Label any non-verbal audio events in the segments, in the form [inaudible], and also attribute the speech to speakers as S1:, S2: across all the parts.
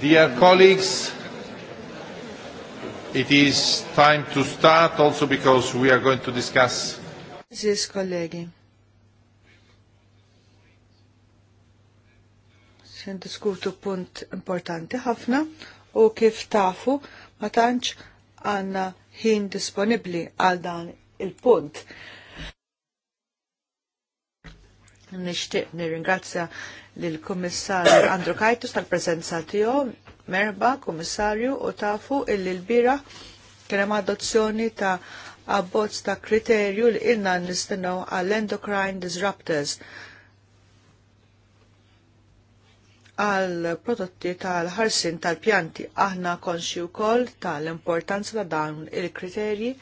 S1: Dear colleagues, it is time to start also because we are going to discuss. Ziz kollegi. Sen diskutu punt importanti ħafna u kif tafu ma tantx għanna ħin disponibli għal dan il-punt. Nixtieq nirringrazzja lill kummissarju Andru Kajtus tal prezenza tiegħu, merba, kummissarju, u tafu illi l-bira kien hemm adozzjoni ta' abbozz ta' kriterju li ilna nistennew għall endocrine disruptors għal prodotti tal-ħarsin tal-pjanti. Aħna konxju wkoll tal-importanza ta' dawn il-kriterji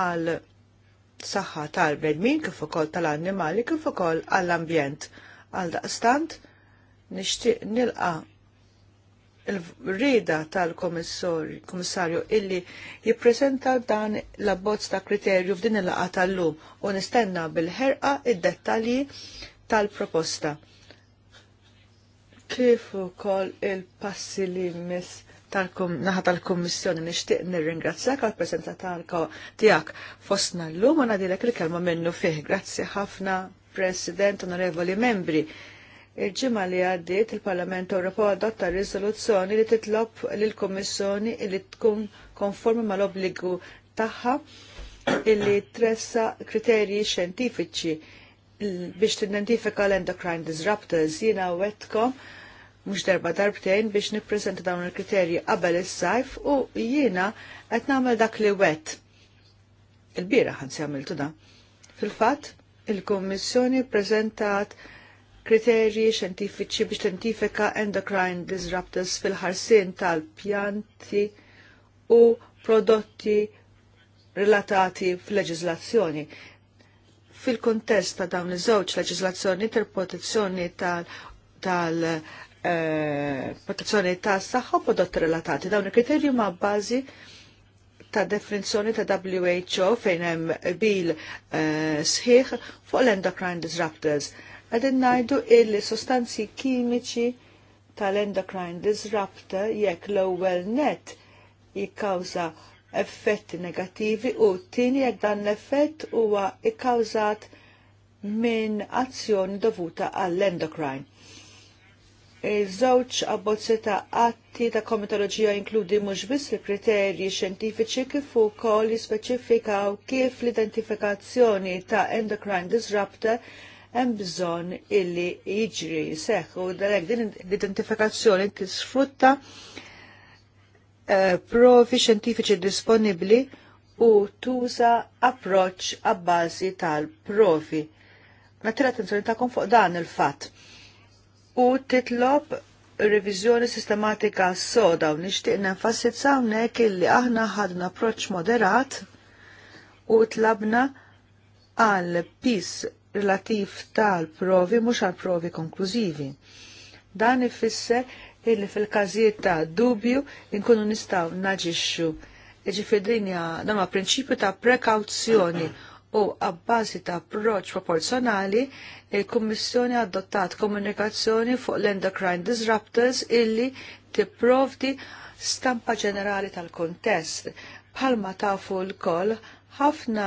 S1: għal saħħa tal-bedmin kif ukoll tal-annimali kif ukoll għall-ambjent. Għal daqstant nixtieq nilqa il-rida tal-komissarju illi jippreżenta dan l-abbozz ta' kriterju f'din il-laqa tal-lum u nistenna bil-ħerqa id-dettalji tal-proposta. Kif ukoll il-passi li miss tal naħa tal-Kommissjoni nixtieq nirringrazzjak għal preżenza tiegħek fostna llum u ngħidilek il-kelma minnu fih. Grazzi ħafna President, onorevoli membri. Il-ġimgħa li għaddiet il-Parlament Ewropew adotta riżoluzzjoni li titlob lill-Kummissjoni li tkun konformi mal-obbligu tagħha illi tressa kriterji xjentifiċi biex t-identifika l-endocrine disruptors jina wetkom mhux darba darbtejn biex nippreżenta dawn il-kriterji qabel is-sajf u jiena qed nagħmel dak li wet. Il-bira ħansi għamiltu da. Fil-fatt, il-Kommissjoni prezentat kriterji xjentifiċi biex tentifika endocrine disruptors fil-ħarsin tal-pjanti u prodotti relatati fil-leġizlazzjoni fil-kontest ta' dawn iż-żewġ leġislazzjoni tal-protezzjoni tal- protezzjoni ta' saħħa u prodotti relatati. Dawn il-kriterju ma' bażi ta' definizjoni ta' WHO fejn hemm bil eh, sħiħ fuq l-endocrine disruptors. Għadin najdu il-sostanzi kimiċi tal-endocrine disruptor jekk l-ewwel net jikkawża effetti negativi u tini jekk dan l-effett huwa ikkawżat minn azzjoni dovuta għall-endocrine Iż-żewġ abbozzi ta' atti ta' komitoloġija inkludi mhux biss il-kriterji xjentifiċi kif ukoll jispeċifikaw kif l-identifikazzjoni ta' endocrine disruptor hemm bżonn illi jiġri seħħ u dalhekk din l-identifikazzjoni tisfrutta eh, provi xjentifiċi disponibbli u tuża approċċ abbażi tal-provi. Nattira attenzjoni ta' fuq dan il-fatt u titlob revizjoni sistematika soda u nixtieq nenfasizza hawnhekk illi aħna ħadna approċċ moderat u tlabna għal pis relativ tal-provi mhux għal provi konklużivi. Dan ifisser illi fil-każijiet ta' dubju inkunu nistgħu naġixxu Eġifedrinja dan ma' prinċipju ta' prekawzjoni u għabbasi ta' approċ proporzjonali il-Kummissjoni adottat komunikazzjoni fuq l-endocrine disruptors illi tipprovdi stampa ġenerali tal-kontest. Palma tafu l-koll ħafna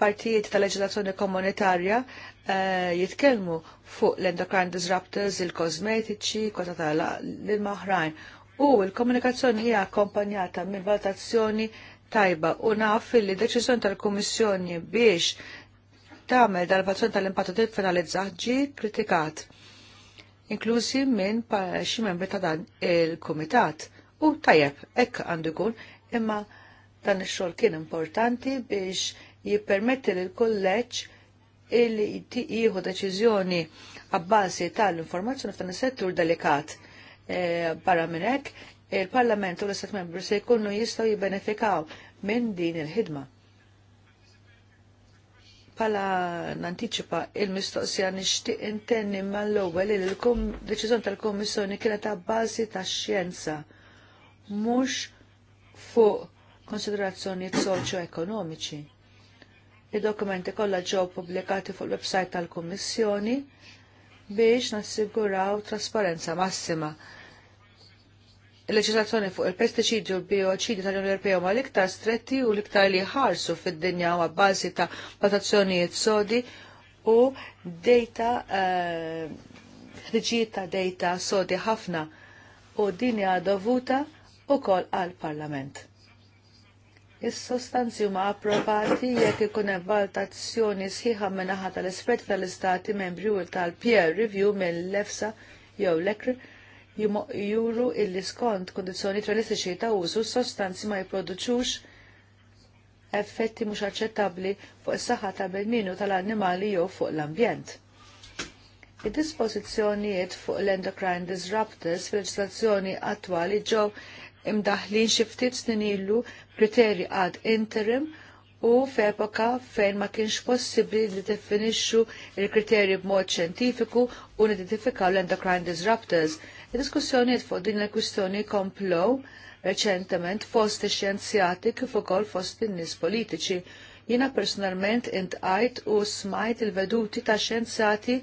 S1: partijiet tal-leġilazzjoni komunitarja uh, jitkelmu fuq l-endocrine disruptors, il-kosmetiċi, kota tal-maħrajn. U l-komunikazzjoni hija akkompanjata minn valutazzjoni tajba u naf li deċiżjoni tal-Kummissjoni biex tagħmel dal-vazzjoni tal-impattu tiffinalizzah ġi kritikat, inklużi minn xi membri ta' dan il-Kumitat. U tajjeb, hekk għandu jkun, imma dan ix-xogħol kien importanti biex jippermetti lil kulleġġ illi jieħu deċiżjoni għabbażi tal-informazzjoni f'dan is-settur delikat. Eh, barra minn hekk il-Parlament u l-Istat Membru se jkunu jistgħu jibbenefikaw minn din il-ħidma. Pala nantiċipa il-mistoqsija nixtieq intenni mal-ewwel li l-deċiżjoni tal-Kommissjoni kienet ta' bażi tax-xjenza mhux fuq konsiderazzjonijiet soċjo-ekonomiċi. Id-dokumenti kollha ġew pubblikati fuq il-website tal-Kummissjoni biex nassiguraw trasparenza massima il-leġislazzjoni fuq il pesticidi u l-bioċidi tal-Unjoni Ewropea ma l-iktar stretti u l-iktar li ħarsu fid-dinja ma bażi ta' valutazzjonijiet sodi u data eh, ħriġijiet ta' data sodi ħafna u dinja hija dovuta wkoll għall-Parlament. Is-sostanzi huma approvati jekk ikun hemm valutazzjoni sħiħa minaħa tal-esperti tal-Istati membri u tal-peer review mill-EFSA jew l-ECRI e juru illi skont kondizjoni realistiċi ta' użu sostanzi ma jipproduċux effetti mhux aċċettabbli fuq is-saħħa ta' bnedmin tal-annimali jew fuq l-ambjent. Id-dispożizzjonijiet fuq l-endocrine disruptors fil-leġislazzjoni attwali ġew imdaħlin xi ftit snin ilu kriterji għad interim u f'epoka fejn ma kienx possibbli li definixxu il-kriterji b'mod xjentifiku u nidentifikaw l-endocrine disruptors Id-diskussjonijiet fuq din il-kwistjoni komplow reċentement fost xjenzjati kif ukoll fost in-nies politiċi. Jiena personalment intqajt u smajt il-veduti ta' xjenzjati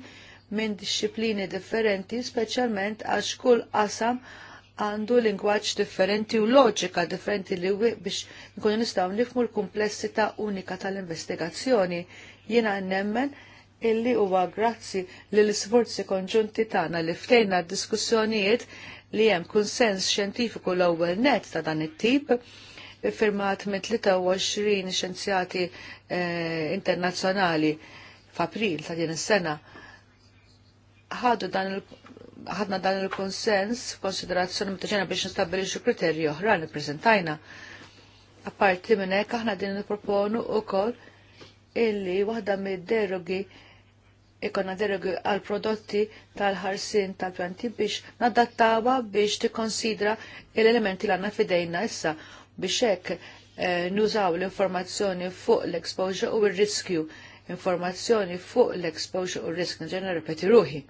S1: minn dixxiplini differenti, speċjalment għax kull qasam għandu lingwaġġ differenti u loġika differenti li biex nkunu nistgħu nifhmu l-kumplessità unika tal-investigazzjoni. Jiena nemmen illi huwa grazzi lill isforzi konġunti tagħna li ftejna diskussjonijiet li hemm kunsens xjentifiku l-ewwel net ta' dan it-tip firmat me 23 xjenzjati eh, internazzjonali f'April ta' din is-sena. Ħadu dan il ħadna dan il-konsens konsiderazzjoni ġena biex nistabilixu kriterji oħra li prezentajna. Apparti minn hekk aħna din nipproponu wkoll illi waħda mid-derogi ikonna deregu għal prodotti tal-ħarsin tal-pjanti biex nadattawa biex tikkonsidra l-elementi l-għanna fidejna issa biex ek eh, nużaw l-informazzjoni fuq l-exposure u r-riskju. Informazzjoni fuq l-exposure u l riskju informazzjoni fuq l exposure u r risk nġenna ripeti ruħi.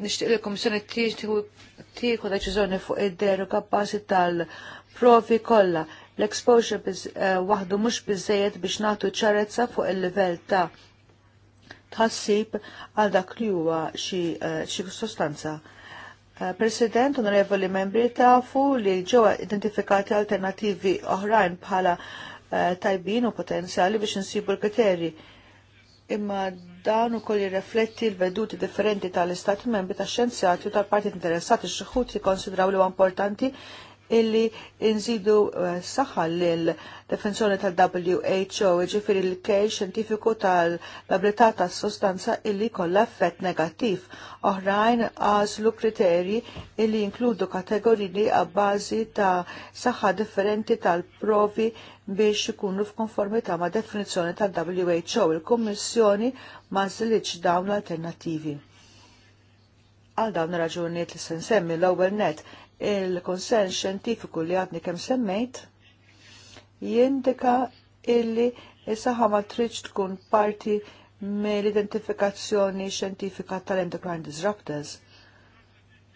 S1: Nishtiq l-Komissjoni tieħu deċiżjoni fuq id-deroga bażi tal-provi kollha l-exposure eh, waħdu mhux biżejjed biex nagħtu ċarezza fuq il-livell ta' tħassib għal dak li huwa xi eh, sostanza. Eh, President, onorevoli membri, tafu li ġewa identifikati alternativi oħrajn bħala eh, tajbin u potenzjali biex nsibu l-kriteri. Imma dan ukoll jirrefletti l-veduti differenti tal-Istati membri tax xjenzjati u tal-parti interessati xi jikkonsidraw li huwa importanti illi nżidu eh, saħħa l-defenzjoni tal-WHO, ġifiri l-kej xentifiku tal labilità tas-sostanza illi kollha effett negattiv. Oħrajn għażlu kriterji illi jinkludu kategoriji għabbażi ta' saħħa differenti tal-provi biex ikunu f'konformità ma' definizzjoni tal-WHO. Il-Kummissjoni ma' żilitx dawn l-alternattivi għal dawn raġunijiet li se nsemmi l-ewwel net il-konsens xjentifiku li għadni kemm semmejt jindika illi saħħa ma tridx tkun parti mill-identifikazzjoni xjentifika tal-endocrine disruptors.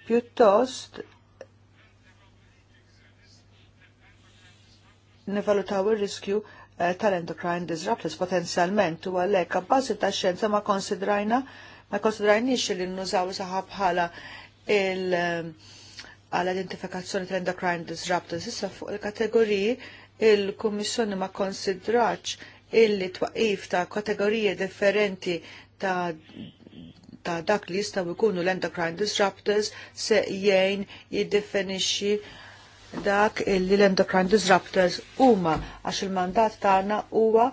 S1: Pjuttost nivalutaw ir-riskju eh, tal-endocrine disruptors potenzjalment u għalhekk għabbasi ta' xjenza ma konsidrajna ma konsidrajniex li nużaw saħħa bħala il- għal identifikazzjoni tal-endocrine disruptors issa fuq il-kategoriji il-Kummissjoni ma konsidraċ illi twaqif ta' kategoriji differenti ta' ta' dak li jistaw ikunu l-endocrine disruptors se jgħin jiddefinixxi dak illi l-endocrine disruptors huma għax il-mandat tagħna huwa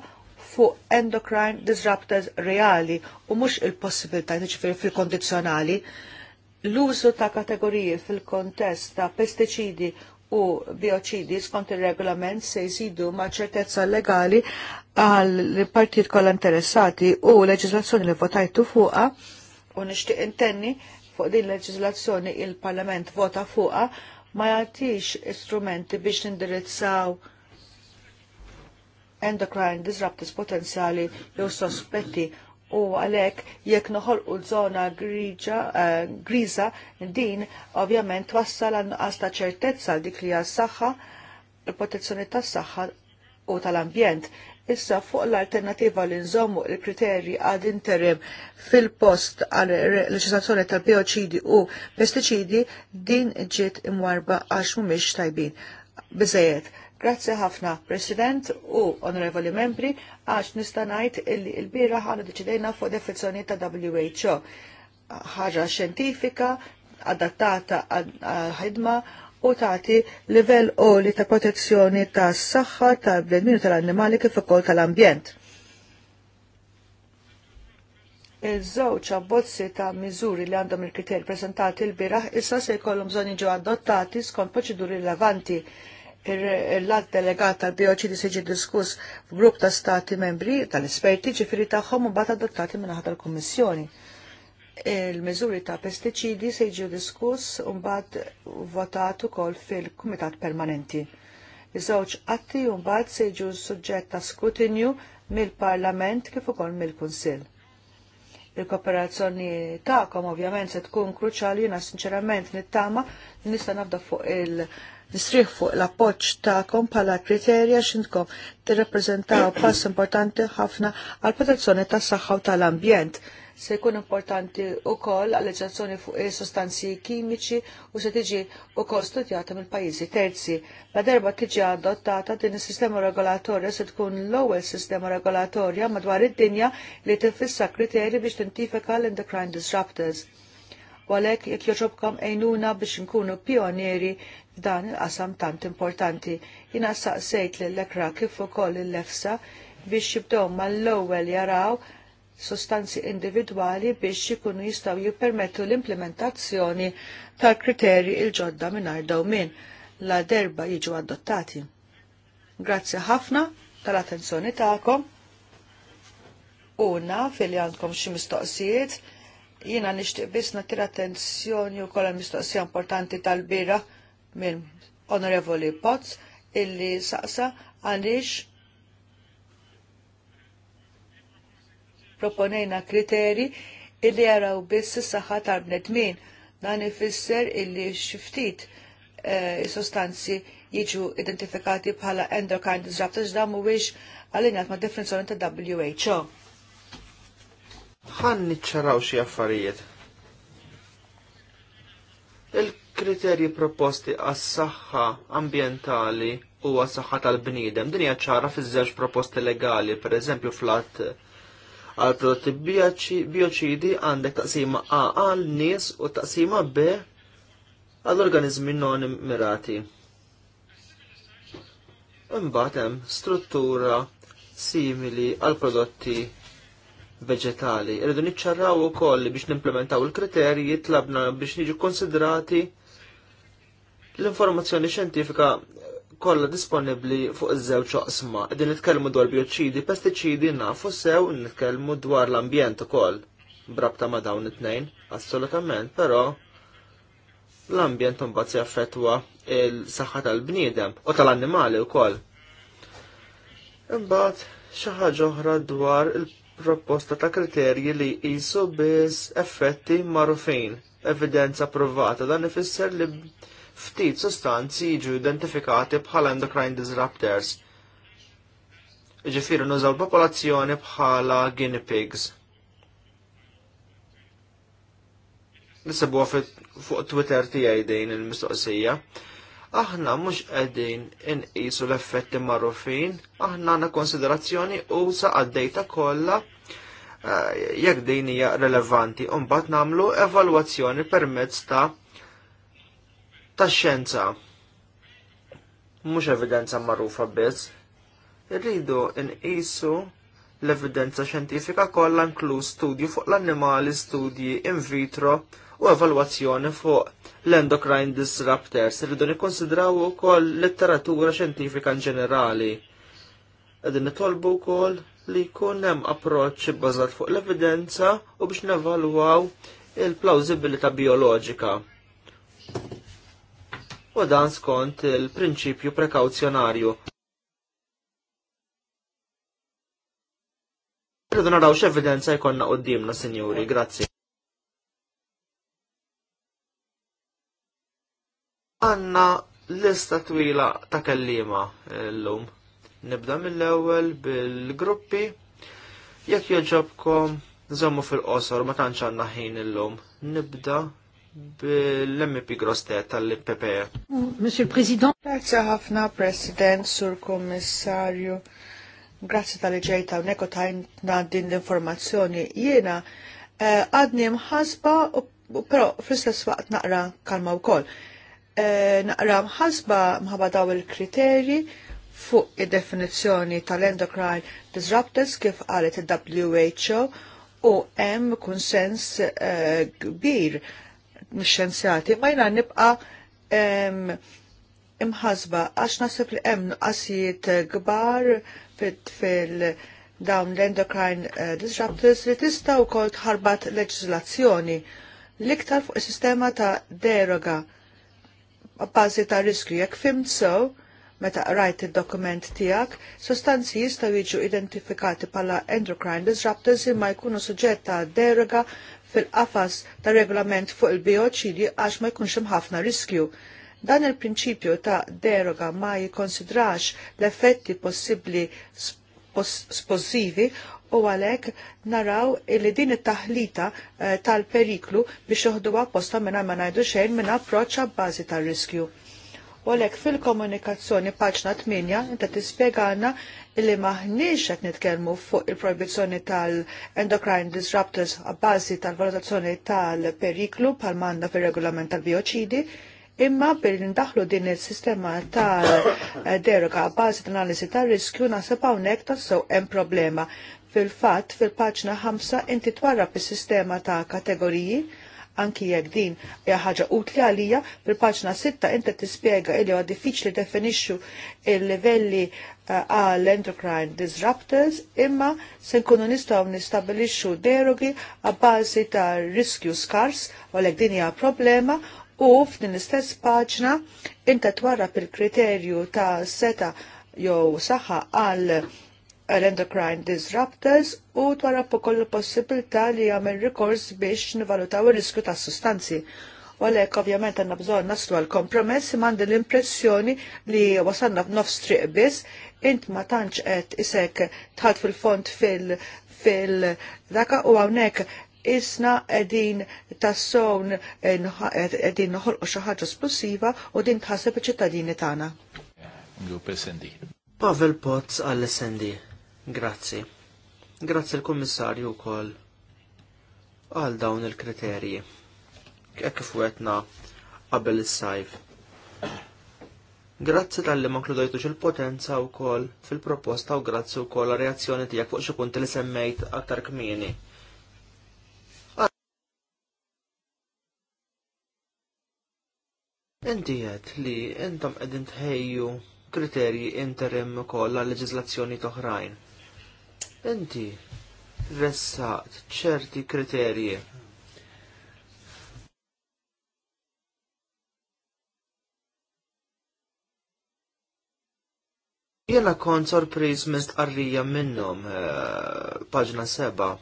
S1: fuq endocrine disruptors reali u mhux il-possibilità ġifieri fil-kondizzjonali. fil kondizzjonali l-użu ta' kategoriji fil-kontest ta' pesticidi u bioċidi skont il-regolament se jżidu ma' ċertezza legali għal partit kollha interessati u leġislazzjoni li votajtu fuqa u nixtieq intenni fuq din leġislazzjoni il-Parlament vota fuqa ma jgħatix istrumenti biex nindirizzaw endocrine disruptors potenzjali jew sospetti u għalek jekk u zona griġa, uh, griża din ovvjament wassal għanqas ta' ċertezza dik li għas-saħħa, il-protezzjoni tas-saħħa u tal-ambjent. Issa fuq l-alternativa li nżommu il-kriterji għad interim fil-post għal leġislazzjoni tal-bioċidi u pestiċidi din ġiet imwarba għax mhumiex tajbin. Biżejjed, Grazzi ħafna, President u Onorevoli Membri, għax nistanajt illi il-bira ħana deċidejna fuq definizzjoni ta' WHO. ħaġa xjentifika, adattata għal-ħidma u tagħti livell li ta' protezzjoni tas saħħa tal-bnedmin tal-annimali kif ukoll tal-ambjent. Il-żewġ abbozzi ta' miżuri li għandhom il-kriterji preżentati l-biraħ issa se jkollhom bżonn jiġu adottati skont proċeduri rilevanti l-għad delegat tal li seġi diskuss f'grupp ta' stati membri tal-esperti ġifiri tagħhom u bat adottati minna ħadd tal-Kummissjoni. Il-miżuri ta' pestiċidi se jiġu diskuss u mbagħad votat ukoll fil-Kumitat Permanenti. Iż-żewġ atti u mbagħad se jiġu suġġett ta' skrutinju mill-Parlament kif ukoll mill-Kunsill. Il-kooperazzjoni tagħkom ovvjament se tkun kruċali, jiena sinċerament nittama nista' nafda fuq il- nisriħ fuq l-appoċ ta'kom pala kriterja xintkom ti reprezentaw pass importanti ħafna għal protezzjoni tas saħħa u tal-ambjent. Se jkun importanti u koll għal leġazzjoni fuq sostanzi kimiċi u se tiġi u koll studjata mill pajjiżi terzi. La derba tiġi adottata din is-sistema regolatorja se tkun l-ewwel sistema regolatorja madwar id-dinja li tiffissa kriterji biex tintifika l-endocrine disruptors u għalhekk jekk joġobkom għajnuna biex nkunu pionieri f'dan il-qasam tant importanti. Jina saqsejt l-lekra kif ukoll il-lefsa biex jibdew mal-ewwel jaraw sostanzi individwali biex ikunu jistgħu jippermettu l-implementazzjoni tal-kriterji il-ġodda mingħajr dawmin la derba jiġu adottati. Grazzi ħafna tal-attenzjoni tagħkom. Una fil-li għandkom xi mistoqsijiet Jina nishtiq biss tira attenzjoni u kolla mistoqsija importanti tal-bira minn Onorevoli Potts illi saqsa għaliex proponejna kriteri illi jaraw biss is-saħħa tal-bnedmin. Dan ifisser illi xiftit e, eh, sostanzi jiġu identifikati bħala endokrine disruptors da mhuwiex għalinjat ma' differenzjoni ta' WHO.
S2: Ħan niċċaraw xi affarijiet. Il-kriterji proposti għas-saħħa ambjentali u għas-saħħa tal-bniedem din hija ċara fiż-żewġ proposti legali, pereżempju fl-att għal prodotti bioċidi għandek taqsima A għal nies u taqsima B għal organizmi non mirati. Imbagħad hemm struttura simili għal prodotti veġetali. Irridu niċċarraw ukoll biex nimplementaw il-kriterji tlabna biex niġi konsiderati l-informazzjoni xjentifika kollha disponibbli fuq iż-żewġ oqsma. Qegħdin nitkellmu dwar bioċidi, pestiċidi, nafu sew, nitkellmu dwar l-ambjent ukoll brabta ma' dawn it-tnejn, assolutament, però l-ambjent mbagħad jaffettwa il-saħħa tal-bniedem u tal-annimali wkoll. Imbagħad xi ħaġa oħra dwar il proposta ta' kriterji li jisu biss effetti marufin, evidenza provata, dan ifisser li ftit sostanzi jiġu identifikati bħala endocrine disruptors. Ġifiru nużaw popolazzjoni bħala guinea pigs. Nisibuwa fuq Twitter tijaj din il-mistoqsija aħna mhux qegħdin inqisu l-effetti marrufin, aħna għandna konsiderazzjoni u sa għaddejta kollha eh, jekk din hija relevanti u mbagħad nagħmlu evalwazzjoni permezz ta' tax-xjenza. Mhux evidenza magħrufa biss. Irridu nqisu l-evidenza xjentifika kollha inkluż studju fuq l-annimali, studji in vitro u evalwazzjoni fuq l-endocrine disruptors. Irridu nikkonsidraw ukoll letteratura xjentifika in ġenerali. Qegħdin nitolbu wkoll li jkun hemm approċċ bbażat fuq l-evidenza u biex nevalwaw il-plawzibilità bioloġika. U dan skont il-prinċipju prekawzjonarju. Irridu naraw x'evidenza jkollna qoddimna, sinjuri, grazzi. Għanna lista twila ta' kellima l-lum. Nibda mill-ewwel bil-gruppi. Jekk joġobkom zommu fil-qosor ma tantx għandna ħin illum. Nibda bil-MP Grostet tal-PPE.
S1: Monsieur President. Grazie ħafna President, Sur Kommissarju Grazzi tal-ġejta u neko tajna din l-informazzjoni. Jiena eh, għadni mħasba, pero fl-istess waqt naqra kalma wkoll. Eh, naqra mħasba mħabba daw il-kriterji fuq id-definizzjoni tal-endocrine disruptors kif qalet il-WHO u hemm konsens eh, kbir mix-xjenzjati ma jina nibqa' imħasba għax nasib li hemm nuqqasijiet kbar fil dawn l-endocrine eh, disruptors li tista' wkoll tħarbat leġiżlazzjoni l-iktar fuq is-sistema ta' deroga b'bażi ta' riskju jekk fimt so meta rajt id-dokument tiegħek, sostanzi jistgħu jiġu identifikati bħala endocrine disruptors imma jkunu suġġett ta' deroga fil-qafas ta' regolament fuq il-bioċidi għax ma jkunx hemm ħafna riskju Dan il-prinċipju ta' deroga ma jikonsidrax l-effetti possibli spożivi u għalek naraw li din it-taħlita eh, tal-periklu biex uħdu posta minna ma najdu xejn minn approċċ bażi tal-riskju. U għalek fil-komunikazzjoni paċna 8 inta tispjegana li maħniex qed nitkellmu fuq il-proibizzjoni tal-endocrine disruptors għabbażi tal-valutazzjoni tal-periklu pal manda fil-regolament tal-bioċidi, imma bil ndaħlu din il-sistema ta' deroga bazi ta' analiżi ta' riskju naħseb hawnhekk tassew hemm problema. Fil-fatt, fil-paġna 5 inti twarrab is-sistema ta' kategoriji anki jekk din hija ħaġa utli għalija fil-paġna 6 inti tispjega illi huwa diffiċli definixxu il-livelli eh, għal endocrine disruptors imma se nkunu nistgħu nistabilixxu derogi għabbażi ta' riskju skars għalhekk din hija problema u f'din istess paġna inta twara il-kriterju ta' seta jew saħħa għal l-endocrine disruptors u twara po ukoll possibilità li jagħmel rikors biex nivalutaw ir-riskju tas sustanzi. U għalhekk ovvjament għandna bżonn naslu għal kompromess għandi l-impressjoni li wasanna f'nofs triq biss int ma tantx qed isek tħadd fil-font fil- fil daka u hawnhekk isna edin tasson eh, eh, edin noħol xi ħaġa splussiva u din tħasseb iċ-ċittadini tagħna.
S2: Pavel Potts għall-SND. Grazzi. Grazzi l-Kummissarju wkoll għal dawn il-kriterji. Kek kif wetna qabel is-sajf. Grazzi tal-li ma kludajtux il-potenza u kol fil-proposta u grazzi u kol la reazzjoni tijak fuq xie punti li semmejt aktar kmini. Inti għed li intom edin tħejju kriterji interim ukoll għal leġizlazzjoni toħrajn. Inti ressaqt ċerti kriterji Jena kont sorpriz minn stqarrija minnhom eh, paġna seba'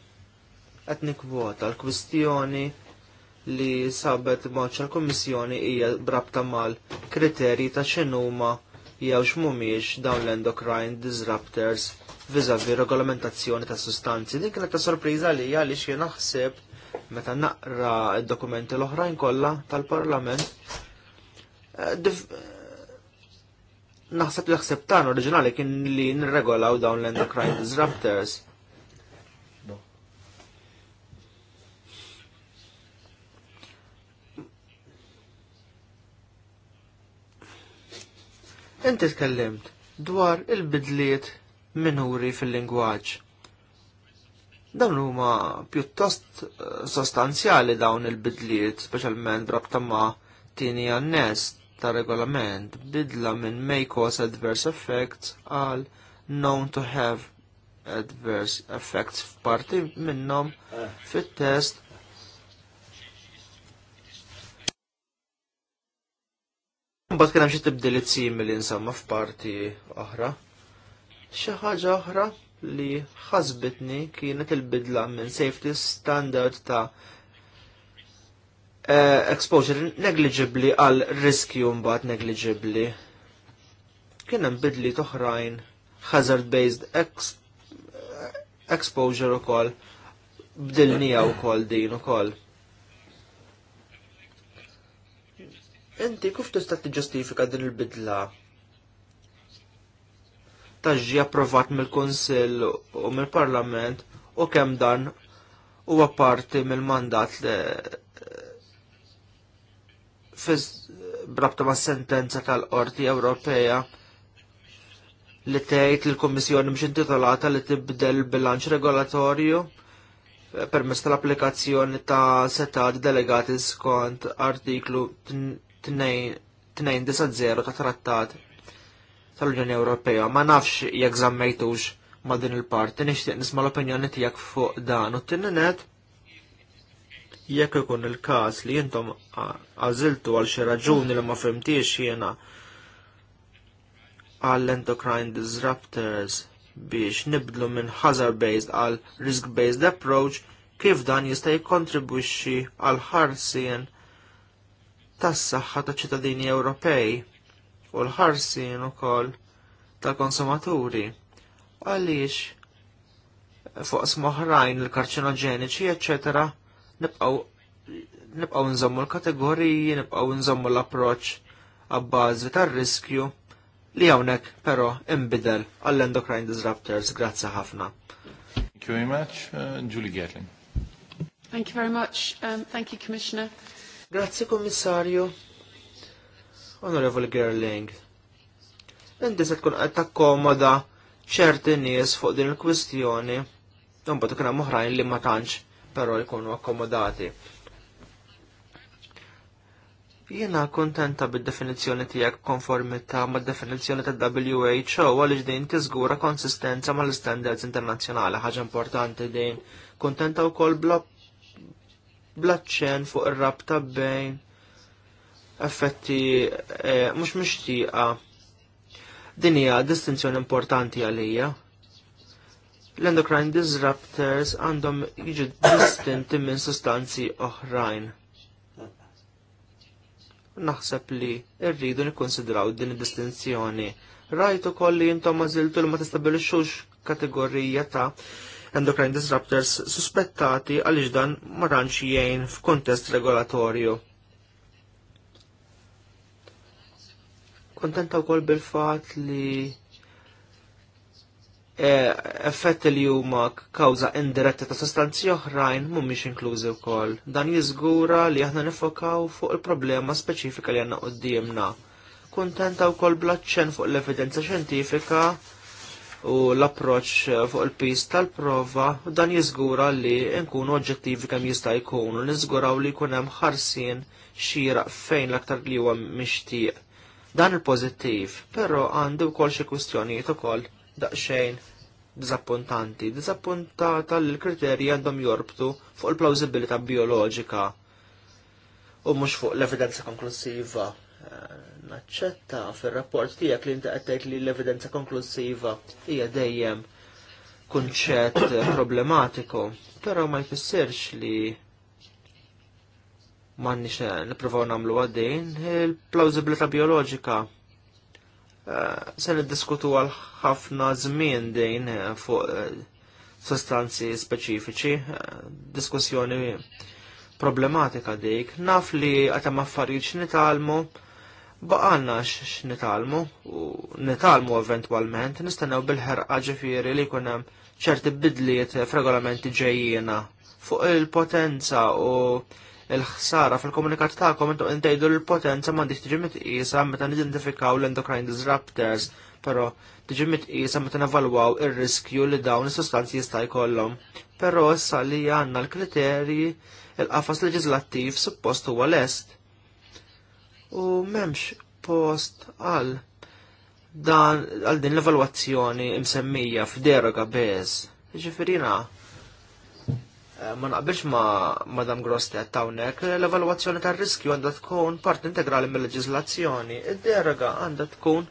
S2: qed nikwota l-kwistjoni li sabet maċ l-Kommissjoni hija brabta mal kriterji ta' x'inhuma jew x'mhumiex dawn l-endocrine disruptors viżavi regolamentazzjoni ta' sustanzi. Din kienet ta' sorpriża li hija li xi naħseb meta naqra d-dokumenti l-oħrajn kollha tal-Parlament. Eh, naħseb li ħseb tan oriġinali kien li nirregolaw dawn l-endocrine disruptors Inti tkellimt dwar il-bidliet minuri fil-lingwaġġ. Dawn huma pjuttost eh, sostanzjali dawn il-bidliet, speċjalment drabta ma' tini għannes ta' regolament bidla minn may cause adverse effects għal known to have adverse effects f'parti minnhom fit-test Mbagħad kien hemm xi tibdiliet simili insemma f'parti oħra. Xi ħaġa oħra li ħasbitni kienet il-bidla minn safety standard ta' eh, exposure negligibli għal riskju mbagħad negligibli. Kien hemm bidli oħrajn hazard-based ex eh, exposure ukoll bdilnija wkoll din ukoll. Inti kif tista' tiġġustifika din il-bidla? Taġġi approvat mill-Kunsill u mill-Parlament u kemm dan huwa parti mill-mandat li fiż brabta ma' sentenza tal-Qorti Ewropea li tgħid li l-Kummissjoni mhix intitolata li tibdel bilanċ regolatorju permess tal-applikazzjoni ta' setat delegati skont artiklu 290 ta' trattat tal-Unjoni Ewropea. Ma nafx jek zammejtux ma' din il-parti, nixtieq nisma' l-opinjoni tiegħek fuq dan u t tinninet jekk ikun il-każ li intom għażiltu għal xi raġuni li ma fimtiex jiena għall endocrine disruptors biex nibdlu minn hazard-based għal risk-based approach kif dan jista' jikkontribwixxi għal ħarsien tas-saħħa taċ ċittadini Ewropej u l-ħarsin ukoll tal-konsumaturi għaliex fuq smoħrajn il-karċinoġeniċi, eccetera, nibqaw nibqaw nżommu l-kategoriji, nibqaw nżommu l-approċ għabbażi tar-riskju li hawnhekk però imbidel għall-endocrine disruptors. Grazzi ħafna. Thank
S1: you very much, uh, Julie Gatlin. Thank you very much. Um, thank you, Commissioner.
S2: Grazzi Kommissarju. Onorevoli Gerling. Inti se tkun qed takkomoda ċerti nies fuq din il-kwistjoni. Imbagħad ikun hemm oħrajn li ma tantx però jkunu akkomodati. Jiena kontenta bid-definizzjoni tiegħek konformità mad-definizzjoni ta' WHO għaliex din tiżgura konsistenza mal-standards internazzjonali ħaġa importanti din. Kontenta wkoll blob blaċċen fuq ir-rabta bejn effetti eh, mhux mixtieqa. Din hija distinzjoni importanti għalija. L-endocrine disruptors għandhom jiġu distinti minn sostanzi oħrajn. Naħseb li rridu nikkonsidraw din id-distinzjoni. Rajtu kolli jintom mażiltu li ma tistabilixux kategorija ta' endocrine disruptors suspettati għaliex dan ma tantx jgħin f'kuntest regolatorju. Kontenta wkoll bil-fatt li eh, effett li huma kawża indiretta ta' sostanzi oħrajn mhumiex inklużi wkoll. Dan jiżgura li aħna nifokaw fuq il-problema speċifika li għandna qudiemna. Kuntenta wkoll blaċċen fuq l-evidenza xjentifika u l-approċ fuq il-pis tal-prova dan jiżgura li nkunu oġġettivi kemm jista' jkunu, niżguraw li jkun hemm ħarsien xieraq fejn l-aktar li huwa mixtieq. Dan il-pożittiv, però għandi wkoll xi kwistjonijiet ukoll daqsxejn diżappuntanti. Diżappuntata li l-kriterji għandhom jorbtu fuq il-plawzibilità bioloġika u mhux fuq l-evidenza konklusiva eh, naċċetta fir-rapport tiegħek li inti qed li l-evidenza konklusiva hija dejjem kunċett problematiku, pero ma jfissirx li m'għandniex eh, nippruvaw namlu għaddejn il-plawzibilità bioloġika eh, se niddiskutu għal ħafna żmien dejn eh, fuq sostanzi speċifiċi, diskussjoni problematika dik. Naf li għatam affarijiet nitalmu, baqanna x'nitalmu u nitalmu eventwalment nistennew bil-ħerqa ġifieri li jkun hemm ċerti bidliet f'regolamenti ġejjina fuq il-potenza u il-ħsara fil-komunikat tagħkom intu intajdu l-potenza m'għandix tiġi mitqisa meta nidentifikaw l-endocrine disruptors, però tiġi mitqisa meta nevalwaw ir-riskju li dawn is-sostanzi jista' jkollhom. Però issa li għandna l-kriterji il-qafas leġislattiv suppost huwa lest u memx post għal dan għal din l-evalwazzjoni imsemmija f'deroga bez. Ġifirina, eh, ma naqbilx ma Madam Grostet hawnhekk, l-evalwazzjoni tar riskju għandha tkun part integrali mill-leġizlazzjoni. Id-deroga għandha tkun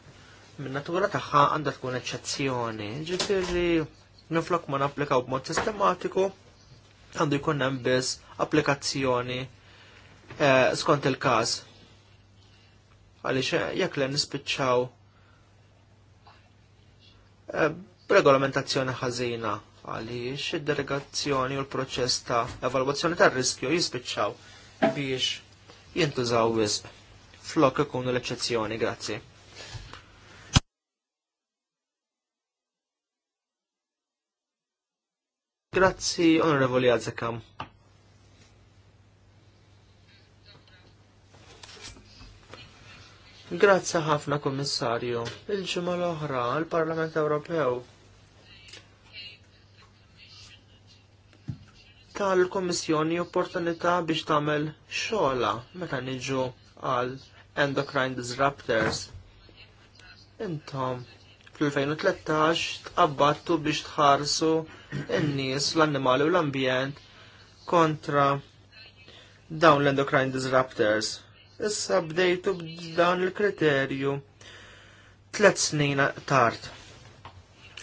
S2: minn natura tagħha għandha tkun eċċezzjoni. Ġifieri niflok ma napplikaw b'mod sistematiku għandu jkun hemm biss applikazzjoni eh, skont il-każ għaliex eh, jekk le nispiċċaw eh, regolamentazzjoni ħażina għaliex id-delegazzjoni u l-proċess ta' evalwazzjoni tar riskju jispiċċaw biex jintużaw wisq. Flok ikunu l-eċċezzjoni, grazzi. Grazzi, onorevoli Azekam. Grazzi ħafna Kummissarju. Il-ġimgħa l-oħra għall parlament Ewropew tal-Kommissjoni opportunità biex tagħmel xogħla meta niġu għal endocrine disruptors. Intom fl-2013 tqabbattu biex tħarsu n-nies, l-annimali u l-ambjent kontra dawn l-endocrine disruptors issa bdejtu b'dan il-kriterju tlet snin tard.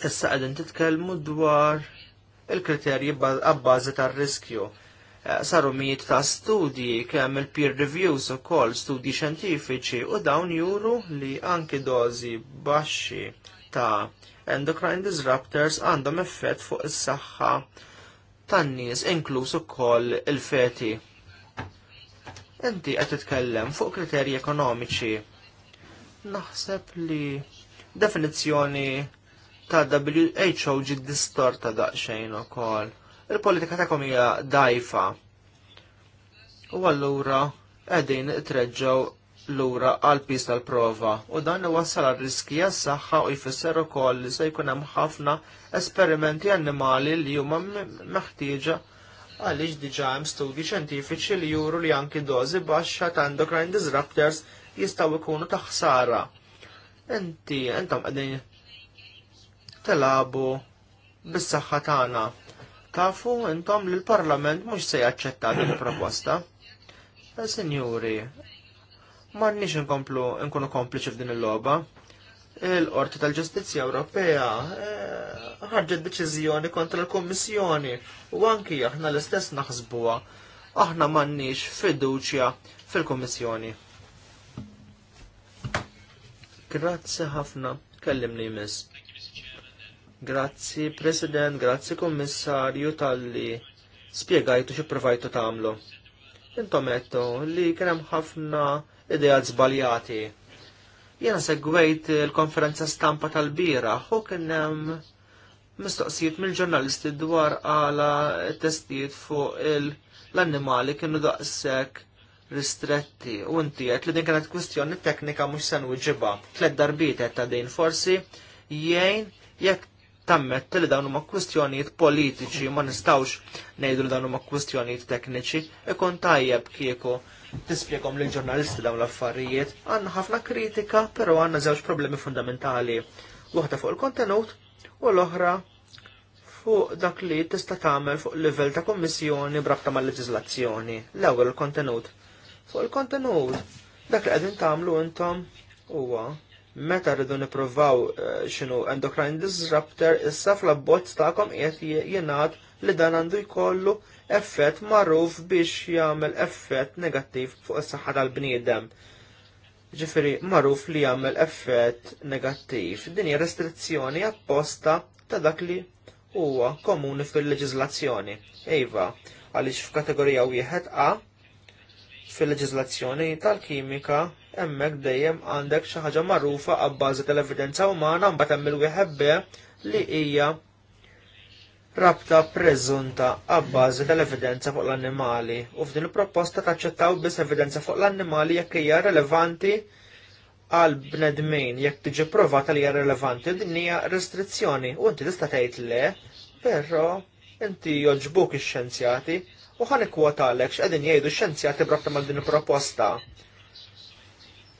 S2: Issa qegħdin titkellmu dwar il-kriterji għabbażi tar-riskju. Eh, saru mijiet ta' studji kemm il-peer reviews ukoll studji xjentifiċi u dawn juru li anki dozi baxxi ta' endocrine disruptors għandhom effett fuq is-saħħa tan-nies inkluż ukoll il-feti. Inti qed titkellem fuq kriterji ekonomiċi. Naħseb li definizzjoni ta' WHO ġi distorta daqsxejn ukoll. Il-politika ta' komija dajfa. U allura qegħdin treġġew lura għal pis tal-prova u dan iwassal għal riski għas-saħħa u jfisser ukoll li se jkun hemm ħafna esperimenti annimali li huma meħtieġa għaliex diġa hemm studji xjentifiċi li juru li anki dożi baxxa ta' endocrine disruptors jistgħu jkunu ta' ħsara. Inti intom qegħdin telabu bis-saħħa tagħna. Tafu intom li l-Parlament mhux se jaċċetta din il-proposta. Eh, Sinjuri, m'għandniex inkomplu nkunu kompliċi f'din il-logħba il-Qorti tal-Ġustizzja Ewropea eh, ħarġet deċiżjoni kontra l-Kommissjoni u anki aħna l-istess naħsbuha aħna m'għandniex fiduċja fil-Kommissjoni. Grazzi ħafna, kellimni miss. Grazzi President, grazzi Kommissarju tal-li spiegajtu xi provajtu tagħmlu. Intometto li kien hemm ħafna ideat żbaljati Jena segwejt il-konferenza stampa tal-bira u kien hemm mistoqsijiet mill-ġurnalisti dwar għala testijiet fuq l-annimali kienu daqsek ristretti u inti li din kienet kwistjoni teknika mhux se nwiġibha. Tliet darbiet qed ta' din forsi jgħin jekk tammet li dawn huma kwistjonijiet politiċi ma nistawx ngħidu li dawn huma kwistjonijiet tekniċi ikun tajjeb kieku tispjegom lill ġurnalisti dawn l-affarijiet, għandna ħafna kritika, però għandna żewġ problemi fundamentali. Waħda fuq il-kontenut u l-oħra fuq dak li tista' tagħmel fuq livell ta' kommissjoni brabta mal-leġiżlazzjoni. L-ewwel il-kontenut. Fuq il-kontenut, dak li qegħdin tagħmlu intom huwa meta rridu nippruvaw eh, x'inhu endocrine disruptor issa fl-abbozz tagħkom qiegħed jingħad li dan għandu jkollu effett magħruf biex jagħmel effett negattiv fuq is-saħħa tal-bniedem. Ġifieri marruf li jagħmel effett negattiv. Din hija restrizzjoni apposta ta' dak li huwa komuni fil-leġiżlazzjoni. Iva, għaliex f'kategorija wieħed A fil-leġiżlazzjoni tal-kimika hemmhekk dejjem għandek xi ħaġa magħrufa għabbażi tal-evidenza umana mbagħad hemm il-wieħed B li hija rabta preżunta għabbażi tal-evidenza fuq l-annimali u f'din il-proposta taċċettaw biss evidenza fuq l-annimali jekk hija relevanti għal bnedmin jekk tiġi provata li hija relevanti din hija restrizzjoni u inti tista' tgħid le, però inti joġbuk ix-xjenzjati u ħan ikkwotalek x'qegħdin jgħidu x-xjenzjati b'rabta mal din il-proposta.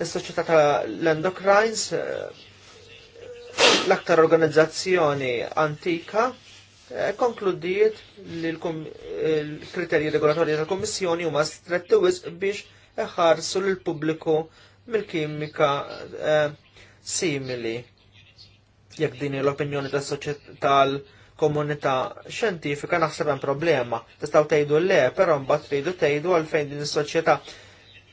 S2: Is-soċjetà tal l-endocrines eh, l-aktar organizzazzjoni antika konkludiet li l-kriterji regolatorji tal komissjoni huma stretti wisq biex iħarsu l pubbliku mill-kimika eh, simili. Jekk din l-opinjoni tal-komunità xjentifika naħseb hemm problema. Tistgħu tgħidu le, però mbagħad tridu tgħidu għalfejn din is-soċjetà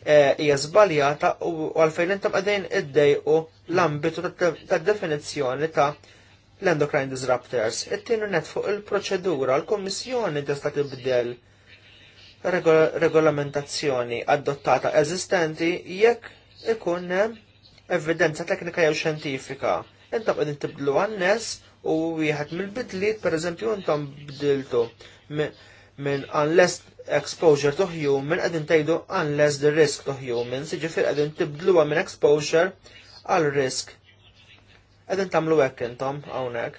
S2: eh, hija żbaljata u għalfejn intom qegħdin iddejqu l-ambitu tad-definizzjoni ta' l-endocrine disruptors. It-tieni net fuq il-proċedura, l-Kommissjoni tista' tibdel regolamentazzjoni adottata eżistenti jekk ikun hemm evidenza teknika jew xjentifika. Intom qegħdin tibdlu għan-nies u wieħed mill-bidliet pereżempju intom bdiltu minn unless exposure to human qegħdin tgħidu unless the risk to human, siġifier qegħdin tibdluha minn exposure għal risk Għedin tamlu hekk intom hawnhekk.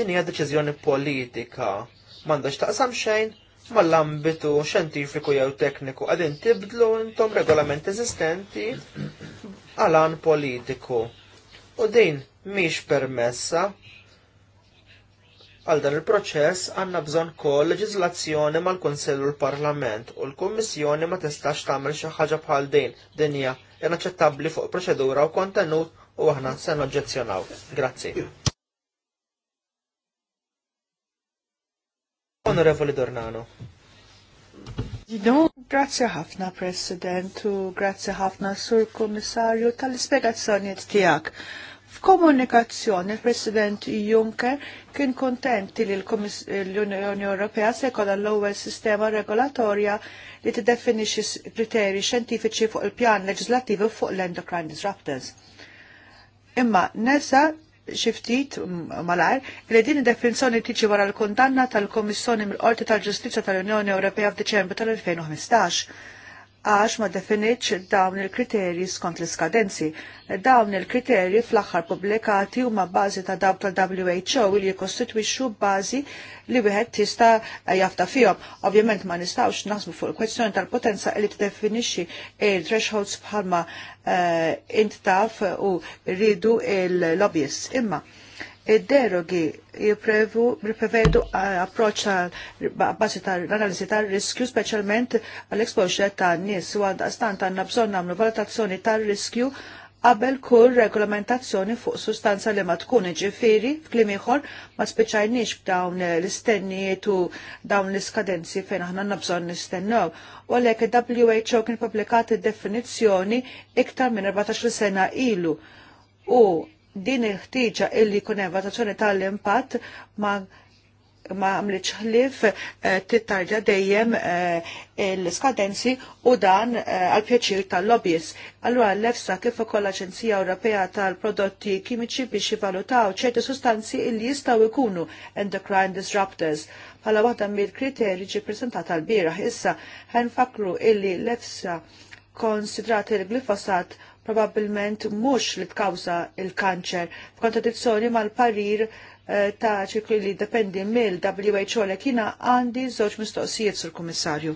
S2: Din hija deċiżjoni politika m'għandax taqsam xejn mal-ambitu xjentifiku jew tekniku qegħdin tibdlu intom regolament eżistenti għalan politiku. U din mhix permessa għal dan il-proċess għanna bżon kol leġizlazzjoni mal-Konsellu l-Parlament u l-Kommissjoni ma tistax tagħmel xi ħaġa bħal din. Din hija inaċċettabbli fuq proċedura u kontenut u aħna se noġġezzjonaw. Grazzi. Onorevoli Dornano.
S1: Grazzi ħafna, President, u grazzi ħafna, Sur Komissarju, tal-ispiegazzjoniet tijak. Komunikazzjoni il-President Juncker kien kontenti li l-Unjoni Ewropea se jkollha l-ewwel sistema regolatorja li tiddefinixxi kriteri xjentifiċi fuq il-pjan leġislattiv fuq l-endocrine disruptors. Imma nesa xiftit malar li din id-definizjoni tiġi wara l kundanna tal kummissjoni mill-Qorti tal ġustizzja tal-Unjoni Ewropea f'Diċembru tal-2015 għax ma definitx dawn il-kriterji skont l-iskadenzi. Dawn il-kriterji fl-aħħar publikati huma bażi ta' dawn tal-WHO li jikostitwixxu bażi li wieħed tista' jafta fihom. Ovvjament ma nistgħux naħsbu fuq il-kwestjoni tal-potenza li tiddefinixxi il-thresholds bħalma eh, int taf u rridu il-lobbyists. Imma Id-derogi riprevedu approċ bazi tal-analizi tal-riskju, specialment għal-exposure ta' nis u għal dastan għanna nabżon namlu valutazzjoni tal-riskju qabel kull regolamentazzjoni fuq sustanza li ma tkun ġifiri f'klimiħor ieħor ma speċajniex b'dawn l-istennijiet u dawn l-iskadenzi fejn aħna nabżon nistennew. U għalhekk il-WHO kien publikat id-definizzjoni iktar minn 14 sena ilu u din il-ħtieġa illi jkun hemm valutazzjoni tal-impatt ma ma għamlitx ħlif eh, tittarġa dejjem eh, l-skadenzi u dan eh, għal-pjaċir tal-lobbies. Allura l-EFSA kif ukoll l-Aġenzija Ewropea tal-Prodotti Kimiċi biex jivalutaw ċerti sustanzi illi jistgħu jkunu endocrine disruptors bħala waħda mill-kriterji ġi preżentata l-bieraħ issa ħenfakru illi l-EFSA konsidrat il-glifosat Probabilment mhux li tkawza il-kanċer f'kontradizzjoni mal-parir eh, ta' ċirkli li dependi mill-WHO li kina għandi żewġ mistoqsijiet sur kummissarju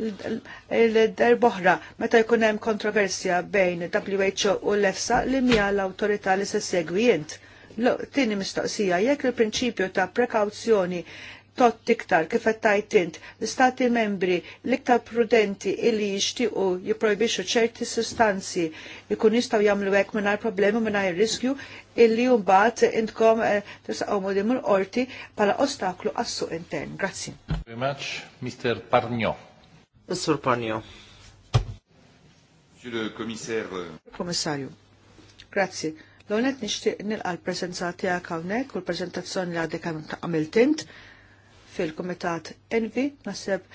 S1: il-derboħra meta jkun hemm kontroversja bejn WHO u l-EFSA li mija l-awtorità li se segwijent. jint. Tini mistoqsija, jekk il-prinċipju ta' prekawzjoni tot iktar kif qed tajt int l-istati membri l-iktar prudenti illi jixtiequ jipprojbixxu ċerti sustanzi jkun jistgħu jagħmlu hekk mingħajr problemi mingħajr riskju illi mbagħad intkom eh, tisqgħu modi mill qorti bħala ostaklu għas-suq intern. Grazzi. Very much, Mr. Parnio. Mr. Parnio. Monsieur le commissaire. Euh, Commissario. Grazzi. L-għonet nishtiq nilqa l-prezenza tijak għawnek u l-prezentazzjoni li għadek għamiltint fil-Komitat Envi, naseb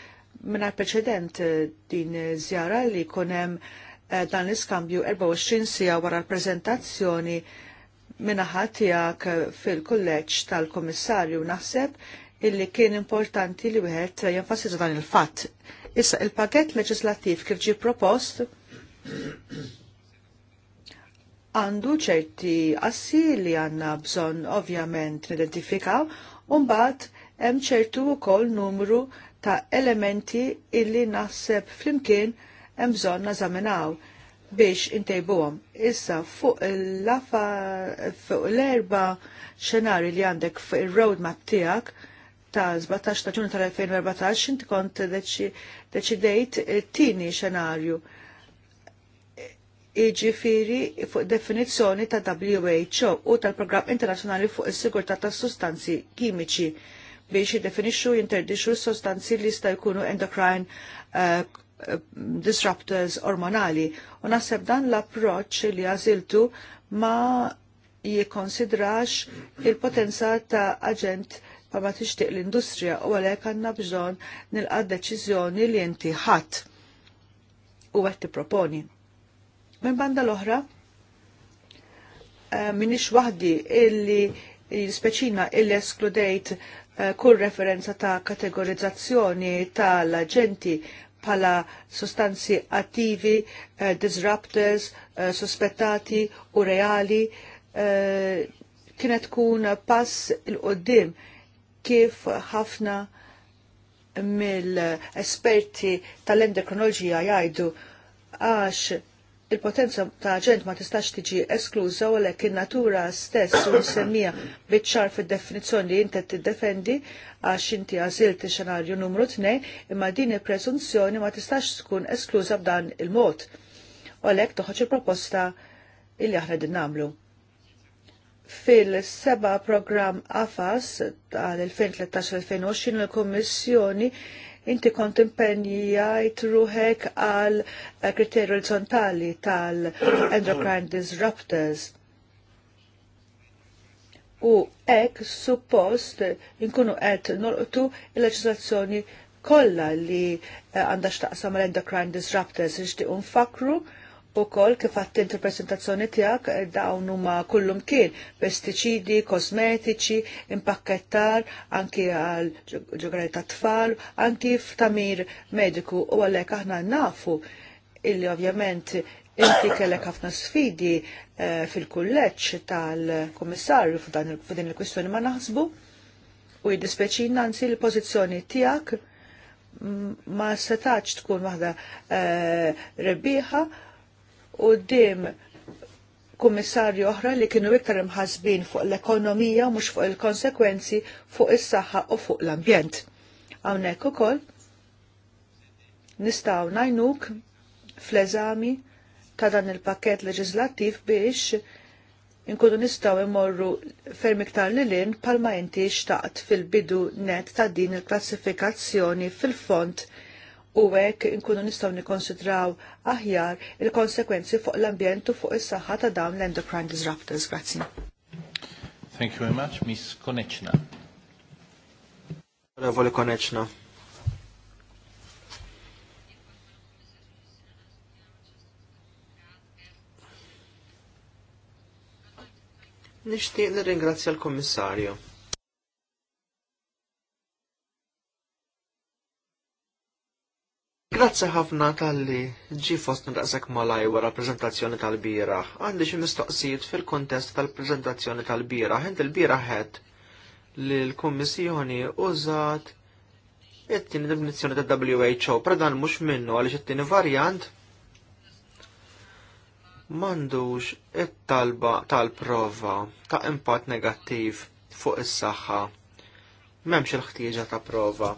S1: minna preċedent eh, din zjara li kunem eh, dan l-iskambju 24 sija wara l-prezentazzjoni minna tijak fil-kolleġġ tal-Komissarju naħseb illi kien importanti li wieħed jenfasizza dan il-fatt. Issa il-pakett leġislattiv kif ġi propost għandu ċerti assi li għanna bżon ovvjament nidentifikaw un bat hemm ċertu wkoll numru ta' elementi illi naħseb flimkien hemm bżonn nażaminaw biex intejbuhom. Issa fuq l-lafa fuq l-erba xenari li għandek fuq il-roadmap tiegħek ta' 17 ta' ġunju tal-2014 inti kont deċidejt tini xenarju. Iġifiri fuq definizzjoni ta' WHO u tal-Programm Internazzjonali fuq is-Sigurtà tas-Sustanzi Kimiċi biex jiddefinixxu jinterdixxu sostanzi li jista' jkunu endocrine uh, uh, disruptors ormonali. U naħseb dan l approċċ li għażiltu ma jikkonsidrax il-potenza ta' aġent pa ma tixtieq l-industrija u għalhekk għandna bżonn nilqa' deċiżjoni li inti ħadd u qed tipproponi. Minn banda l-oħra, eh, minix waħdi illi jispeċina illi eskludejt Eh, kull referenza ta' kategorizzazzjoni tal-aġenti pala sostanzi attivi, eh, disruptors, eh, sospettati u reali eh, kienet tkun pass il-qoddim kif ħafna mill-esperti tal-endokrinoloġija jgħidu għax il-potenza ta' ġent ma tistax tiġi eskluża u lek in-natura stess u semmija biċċar fid-definizzjoni li t tiddefendi għax inti għażilt xenarju numru 2 imma din il-preżunzjoni ma tistax tkun eskluża b'dan il-mod. U għalhekk toħroġ il-proposta illi aħna din nagħmlu. Fil-seba programm AFAS tal-2013-2020 il-Kommissjoni inti kont impenjajt ruħek għal eh, kriterju orizzontali tal-endocrine disruptors. U ek suppost inkunu qed norqtu il-leġislazzjoni kollha li eh, għandha x'taqsam mal-endocrine disruptors nixtiequ nfakru u kol kif għattint il-presentazzjoni tijak eh, dawn huma kullum kien pesticidi, kosmetiċi, impakkettar, anki għal ġugrani ta' tfal, anki f'tamir mediku u għalek aħna nafu illi ovvjament inti kellek ħafna sfidi eh, fil-kulleċ tal-komissarju f'din il-kwistjoni ma naħsbu u jiddispeċina nansi l-pozizjoni tijak mm, ma setax tkun waħda eh, rebbieħa dim kummissarju oħra li kienu iktar imħasbin fuq l-ekonomija mhux fuq il-konsekwenzi fuq is-saħħa u fuq l-ambjent. Hawnhekk ukoll nistgħu najnuk fl-eżami ta' dan il-pakket leġislattiv biex inkunu nistgħu imorru ferm iktar lilin palma inti xtaqt fil-bidu net ta' din il-klassifikazzjoni fil-font u hekk inkunu nistgħu nikkonsidraw aħjar il-konsekwenzi fuq l-ambjent u fuq is-saħħa ta' dawn l-endocrine disruptors. Grazie. Thank you very much, Miss Konechna. Onorevole
S2: Konechna. Nishtiq nirringrazzja l-Kommissarju. Grazzi ħafna tal-li ġi fost nidaqsek malaj wara prezentazzjoni tal bira Għandi xi mistoqsijiet fil-kontest tal-prezentazzjoni tal bira Int il bira ħed li l-Kummissjoni użat it-tieni definizzjoni ta' WHO, pra dan mhux minnu għaliex it-tieni varjant m'għandux it-talba tal-prova ta' impatt negattiv fuq is-saħħa. M'hemmx il-ħtieġa ta' prova.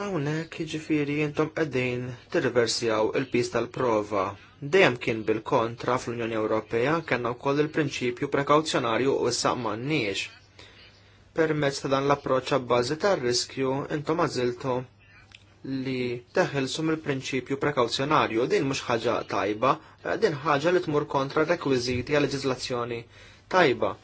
S2: Hawnhekk jiġifieri intom qegħdin tirriversjaw il-pis tal-prova. Dejjem kien bil-kontra fl-Unjoni Ewropea kellna wkoll il-prinċipju prekauzjonarju u issa m'għandniex. Permezz ta' dan l-approċċ għall-bażi tar-riskju intom għażiltu li teħilsu mill-prinċipju prekauzjonarju, din mhux ħaġa tajba, eh, din ħaġa li tmur kontra rekwiżiti għal leġizlazzjoni tajba.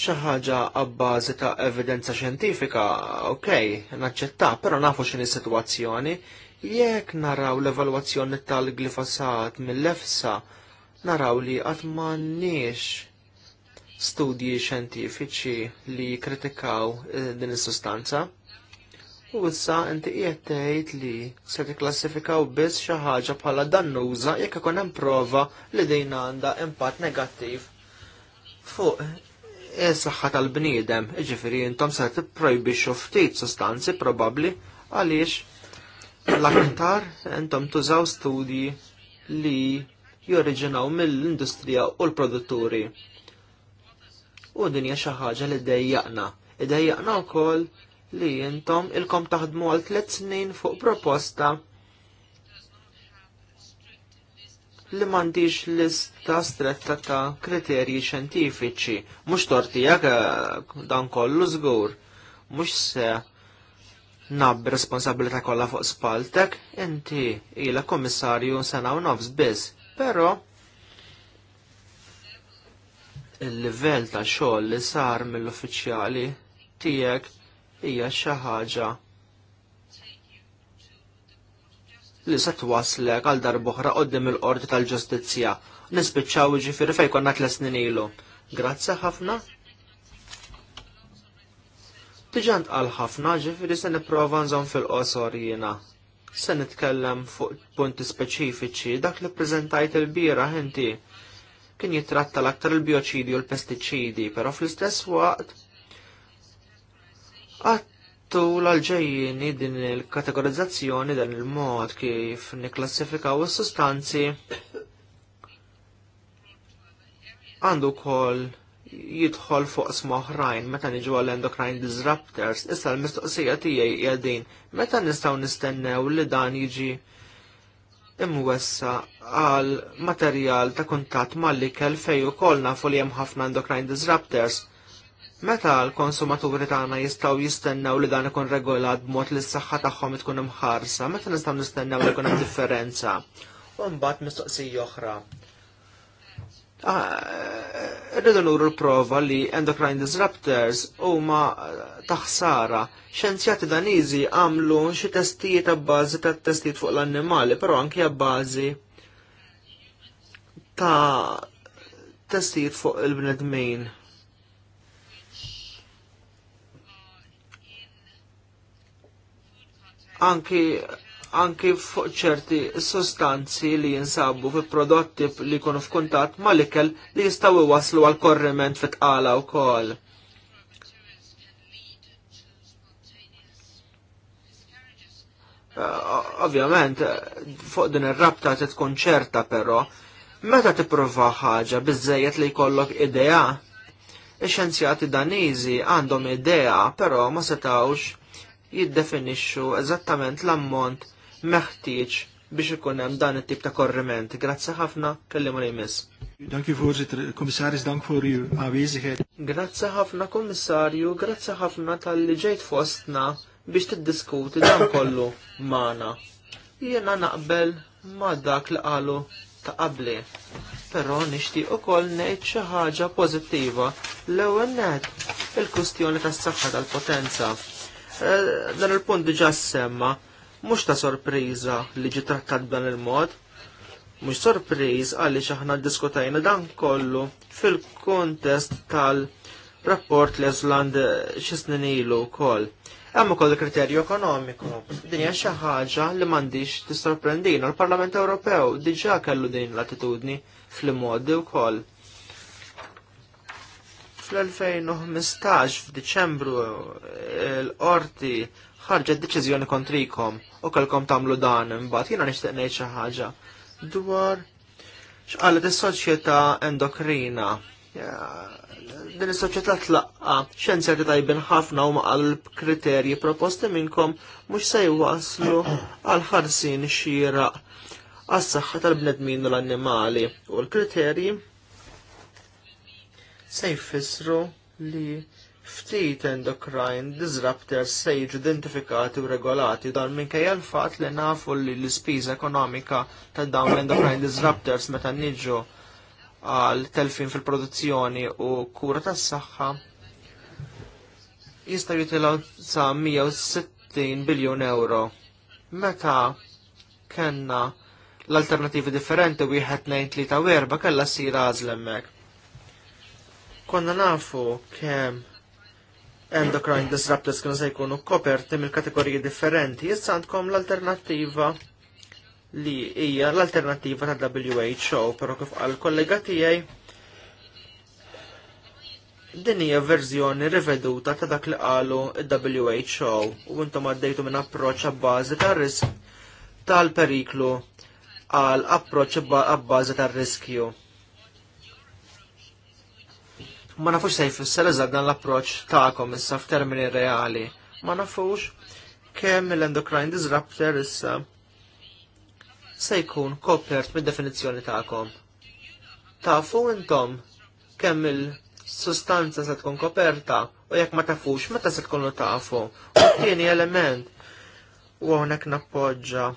S2: xi ħaġa għabbażi ta' evidenza xjentifika, ok, naċċetta, però nafu xini sitwazzjoni. Jekk naraw l-evalwazzjoni tal-glifosat mill-efsa, naraw li qatt m'għandniex studji xjentifiċi li kritikaw eh, din is-sustanza. U issa inti qiegħed tgħid li se tikklassifikaw biss xi ħaġa bħala dannuża jekk ikun hemm prova li din għandha impatt negattiv fuq s-saxħa tal-bniedem, ġifiri intom se tipprojbixxu ftit sostanzi probabbli għaliex l-aktar intom tużaw studji li joriġinaw mill-industrija u l-produtturi. U din hija xi ħaġa li dejjaqna. Idejjaqna wkoll li intom ilkom taħdmu għal tliet snin fuq proposta li mandiġ lista stretta ta' kriterji xjentifiċi. Mux jaka eh, dan kollu zgur. Mux se nab responsabilita kollha fuq spaltek, inti ila komissarju sena u nofs biss. Però il-livell ta' xogħol li sar mill-uffiċjali tiegħek hija xi ħaġa li se twaslek għal darbohra qoddim il-qorti tal-ġustizzja. Nispiċċaw ġifiri fejn konna tles ilu. Grazzi ħafna. Tiġant għal ħafna ġifiri se nipprova nżomm fil-qosor jina. Se nitkellem fuq punti speċifiċi dak li prezentajt il-bira inti kien jitratta l-aktar il-bioċidi u l-pestiċidi, però fl-istess waqt għat tul għalġejjini din il-kategorizzazzjoni dan il-mod kif niklassifikaw is-sustanzi għandu kol jidħol fuq smoħrajn meta niġu għal endocrine disruptors, issa l-mistoqsija tiegħi hija din meta nistgħu nistennew li dan jiġi imwessa għal materjal ta' kuntatt mal-likel fej ukoll nafu li hemm ħafna endocrine disruptors Meta l-konsumaturi tagħna jistgħu jistennew li dan ikun regolat b'mod li s-saħħa tagħhom tkun imħarsa, meta nistgħu nistennew li jkun hemm differenza. U mbagħad mistoqsija oħra. Ah, rridu nuru l-prova li endocrine disruptors huma taħsara. Xenzjati daniżi għamlu xi testijiet abbażi ta' testijiet fuq l-annimali, però anke abbażi ta' testijiet fuq il-bnedmin anki anki fuq ċerti sostanzi li jinsabu fi prodotti li jkunu f'kuntatt ma' ikel li jistgħu waslu għal korriment fit-qala wkoll. Eh, ovvjament, fuq din ir-rabta tkun ċerta però, meta tipprova ħaġa biżejjed li jkollok idea, ix-xjenzjati Daniżi għandhom idea, però ma setawx jiddefinixxu eżattament l-ammont meħtieġ biex ikun hemm dan it-tip ta' korriment. Grazzi ħafna kellim li jmiss. Danki for commissaris, dank voor uw aanwezigheid. Grazzi ħafna kommissarju, grazzi ħafna tal-li ġejt fostna biex tiddiskuti dan kollu magħna. Jiena naqbel ma' dak li qalu ta' qabli. Però nixtieq ukoll ngħid xi ħaġa pożittiva l-ewwel il-kwistjoni tas-saħħa tal-potenza Eh, dan il-punt diġa semma, mhux ta' sorpriża li ġi trattat dan il-mod, mhux sorpriz għaliex aħna ddiskotajna dan kollu fil-kontest tal-rapport li Zland xi snin ilu wkoll. Hemm ukoll kriterju ekonomiku. Din hija xi ħaġa li m'għandix tissorprendina. L-Parlament Ewropew diġà kellu din l-attitudni fl-modi wkoll Fl-2015 f'Diċembru l-qorti ħarġet deċiżjoni kontrikom u kellkom tagħmlu dan imbagħad jiena nixtieq ngħid xi ħaġa dwar x'qalet is-soċjetà endokrina. Din is-soċjetà tlaqqa xjenzjati tajbin ħafna huma għal kriterji proposti minnkom mhux se jwaslu għal ħarsin xieraq għas-saħħa tal-bnedmin u l-annimali u l-kriterji se jfissru li ftit endokrine disruptors se jiġu identifikati u regolati dan minkejja l-fatt li nafu li l-ispiża ekonomika ta' dawn l-endocrine disruptors meta niġu għal telfin fil-produzzjoni u kura tas saħħa jistaw jitilaw sa' 160 biljon euro. Meta kenna l-alternativi differenti u ngħid li ta' werba kellha kella sir għazlemmek Konna nafu kemm endocrine disruptors kienu se jkunu koperti mill kategoriji differenti, issa għandkom l-alternattiva li hija l-alternattiva ta' WHO, però kif għal kollega tiegħi din hija verżjoni riveduta ta' dak li qalu il-WHO u intom għaddejtu minn approċċ bażi ta' risk tal-periklu għal approċċ għabbażi tar riskju ma nafux se s eżatt dan l-approċ tagħkom issa f'termini reali. Ma nafux kemm l-endocrine disruptor issa se jkun kopert mid-definizzjoni tagħkom. Tafu intom kemm il-sustanza se tkun koperta u jekk ma tafux meta se tkunu tafu. U tieni element u hawnhekk nappoġġa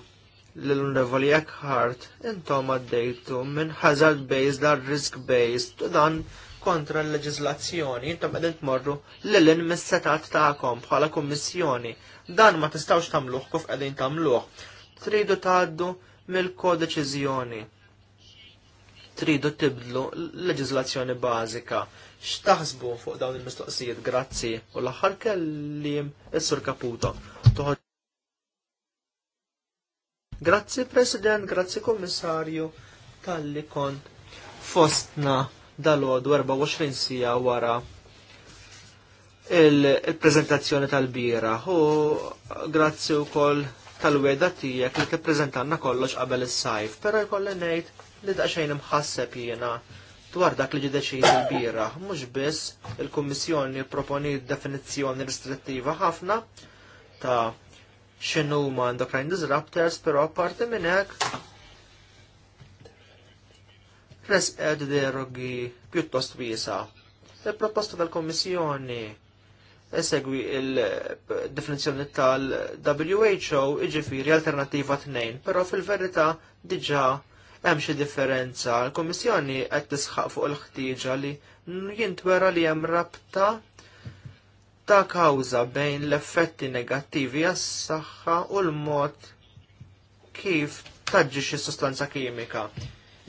S2: l-Unrevoli Eckhart intom għaddejtu minn hazard-based għal risk-based u dan kontra l-leġizlazzjoni, intom qegħdin tmorru l-lin mis-setat tagħkom bħala kummissjoni. Dan ma tistgħux tagħmluh kif qegħdin tagħmluh. Tridu tgħaddu mill kodeċizjoni Tridu tibdlu l-leġizlazzjoni bażika. X'taħsbu fuq dawn il-mistoqsijiet, grazzi, u l-aħħar kellim is-Sur Kaputo. Grazzi President, grazzi Kommissarju, tal-li kont fostna dal-għodu 24 sija wara il-prezentazzjoni tal-bira u grazzi u koll tal-weda tijek li t-prezentanna kollox qabel il-sajf, pero jkolli nejt li daċxajn imħasseb jena dwar dak li ġideċi il-bira, mux biss il-Kommissjoni proponi definizjoni restrittiva ħafna ta' xinu ma' endocrine disruptors, pero apparti minnek resqed derogi pjuttost wiesa. Il-proposta tal-Kommissjoni segwi il-definizjoni tal-WHO iġifiri alternativa 2, pero fil-verità diġa hemm xi differenza. L-Kommissjoni qed tisħaq fuq il-ħtieġa li jintwera li hemm rabta ta' kawza bejn l-effetti negattivi għas-saħħa u l-mod kif taġġi xi sostanza kimika.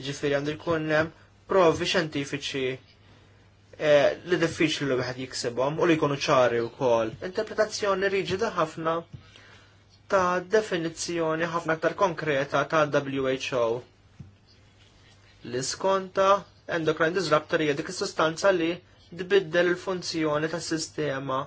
S2: Ġifiri għandu jkun eh, provi xjentifiċi eh, li diffiċli li wieħed jiksibhom u li jkunu ċari wkoll. Interpretazzjoni riġida ħafna ta' definizzjoni ħafna aktar konkreta ta' WHO. L-iskonta endocrine disruptor jedik is-sustanza li dbiddel il-funzjoni tas-sistema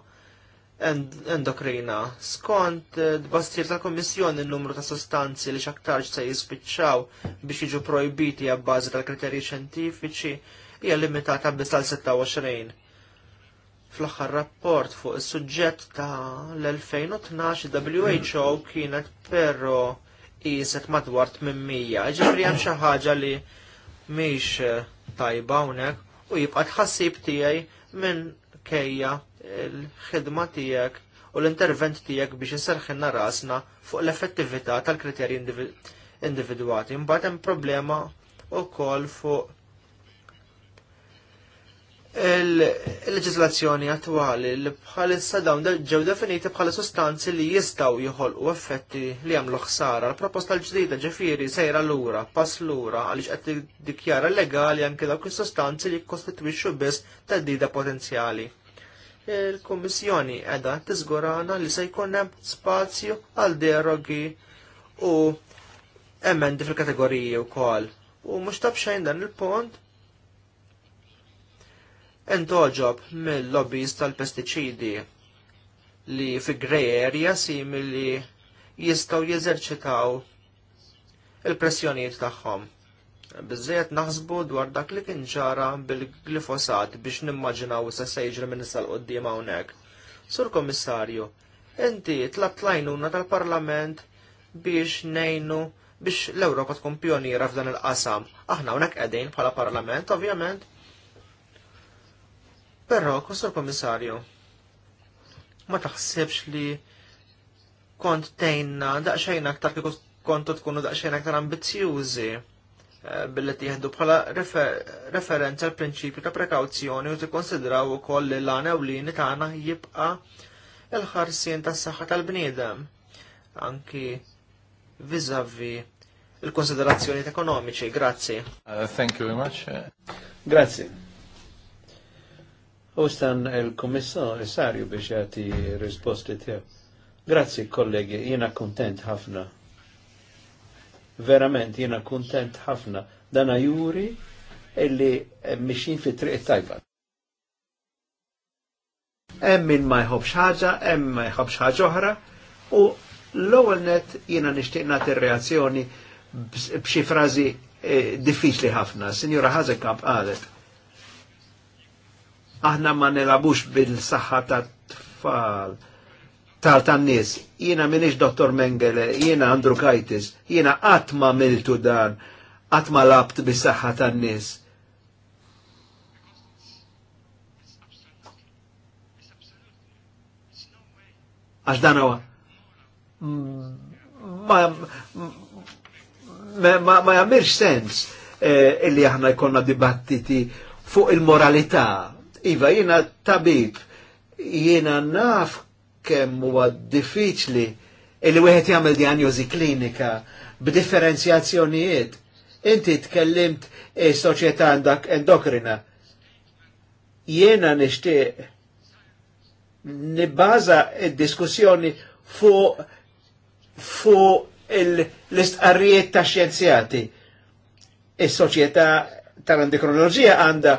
S2: endokrina. Skont eh, d-bastir ta' kommissjoni n-numru ta' sostanzi li xaktarġ se jispiċċaw biex jiġu projbiti għabbażi tal-kriterji xjentifiċi hija limitata biss tal-26. Fl-aħħar rapport fuq is-suġġett ta' l-2012 WHO kienet però qiset madwar 800, ġifri hemm xi ħaġa li mhix eh, tajba hawnhekk u jibqa' tħassib tiegħi minn kejja il-ħidma tiegħek u l-intervent tiegħek biex inserħinna rasna fuq l-effettività tal-kriterji individwati. mbagħad hemm problema wkoll fuq il-leġislazzjoni attwali li bħalissa dawn ġew definiti bħala sostanzi li jistgħu jħolqu effetti li jagħmlu ħsara. L-proposta l-ġdida ġifieri sejra lura, pass lura għaliex qed tiddikjara legali anke dawk is-sostanzi li jikkostitwixxu biss teddida potenzjali il-Kummissjoni qiegħda tiżgurana li se jkun hemm spazju għal derogi u emendi fil-kategoriji wkoll. U mhux tabxejn dan il-pont entoġob mill-lobbies tal-pestiċidi li fi grey area simili jistgħu jeżerċitaw il-pressjonijiet tagħhom. Bizzejet naħsbu dwar dak li kien ġara bil-glifosat biex nimmaġinaw issa se jiġri minn issa l-qoddim hawnhekk. Sur Komissarju, inti tlat lajnuna tal-Parlament biex nejnu biex l-Ewropa tkun pjonira f'dan il-qasam. Aħna hawnhekk qegħdin bħala Parlament, ovvjament. Però, Sur Komissarju, ma taħsibx li kont tejna daqsxejn aktar kieku kontu tkunu daqsxejn aktar ambizzjużi billi tieħdu bħala referenza l prinċipju ta' prekawzjoni u tikkonsidraw ukoll li l-għana u lini tagħna jibqa' l-ħarsien tas-saħħa tal-bniedem. Anki vizavi il-konsiderazzjoni ekonomiċi.
S3: Grazzi.
S1: Uh, thank you very much.
S3: Grazzi. U stan il sarju biex jagħti risposti tiegħu. Grazzi kollegi, jiena kontent ħafna verament jena kontent ħafna dana juri illi mixin fi triq tajba. Hemm min ma jħobx ħaġa, hemm ma jħobx ħaġa oħra, u l-ewwel net jiena nixtieq nagħti reazzjoni b'xi frażi eh, diffiċli ħafna. Sinjura Ħażekab qalet. Aħna ma nilabux bil-saħħa tat-tfal tal-tannis, jiena minix dottor Mengele, jiena Andrukaitis, Kaitis, jiena għatma miltu dan, atma labt bis-saħħa tan-nis. Għax dan awa. ma, jammirx sens eh, illi aħna jkonna dibattiti fuq il-moralità. Iva, jiena tabib, jiena naf kemm huwa diffiċli illi wieħed jagħmel diagnosi klinika b'differenzjazzjonijiet. Inti tkellimt is-soċjetà e għandak endokrina. Jiena nixtieq nibbaża d-diskussjoni fuq fuq l-istqarrijiet ta' xjenzjati. Is-soċjetà tal-endokrinoloġija għandha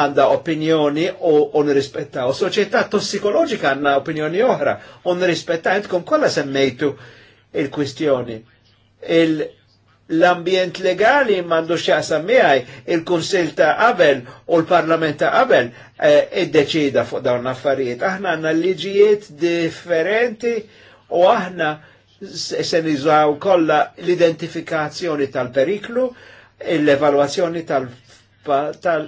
S3: għanda opinjoni u unrispettaw. Soċieta tossikologika għanna opinjoni oħra, unrispettaw, jentkom kolla semmejtu il-kwistjoni. Il kwistjoni l ambjent legali mandu xaqsa miħaj il-Kunsil ta' qabel u l-Parlament ta' qabel eh, id-deċida fuq dawn affarijiet. Aħna għanna liġijiet differenti u aħna se nizaw kolla l-identifikazzjoni tal-periklu, l-evaluazzjoni tal-periklu, tal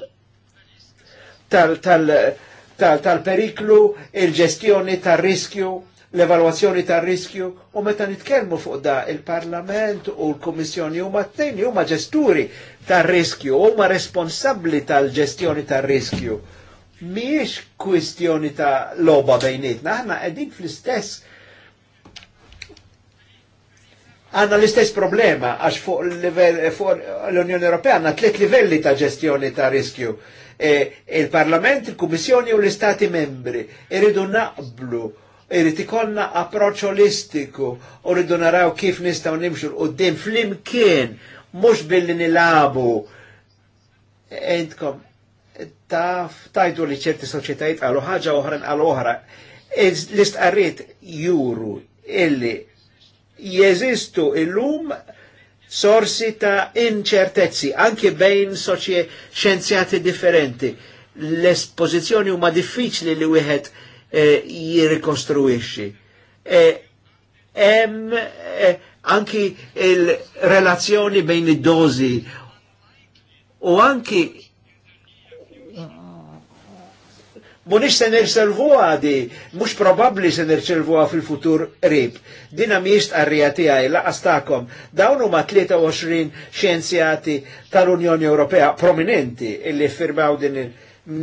S3: tal-periklu, il-ġestjoni tal-riskju, l-evalwazzjoni tal-riskju, u meta nitkellmu fuq da il-Parlament u l komissjoni huma t u huma ġesturi tal-riskju, huma responsabbli tal-ġestjoni tal-riskju. Miex kwistjoni ta' loba bejnietna, aħna qegħdin fl-istess għanna l-istess problema, għax fuq l-Unjoni Ewropea għanna tliet livelli ta' ġestjoni ta' riskju. E, il-Parlament, il-Kummissjoni u l-Istati membri irridu naqblu irrid ikollna approċċ olistiku u rridu naraw kif nistgħu nimxu l qudiem flimkien mhux billi nilabu. Entkom taf tajdu li ċerti soċjetajiet għalu ħaġa oħra għal oħra. L-istqarriet juru illi jeżistu illum sorsi ta' inċertezzi, anke bejn soċie xenzjati differenti. L-espożizzjoni huma diffiċli li wieħed eh, jirrikostruixxi. Hemm e, eh, anki il-relazzjoni bejn id dożi u anki Munix se nirservu għadi, mux probabli se nirservu fil-futur rib. Dina miex għarrija tijaj, laqastakom, dawnu ma 23 xienzjati tal-Unjoni Ewropea prominenti illi firmaw din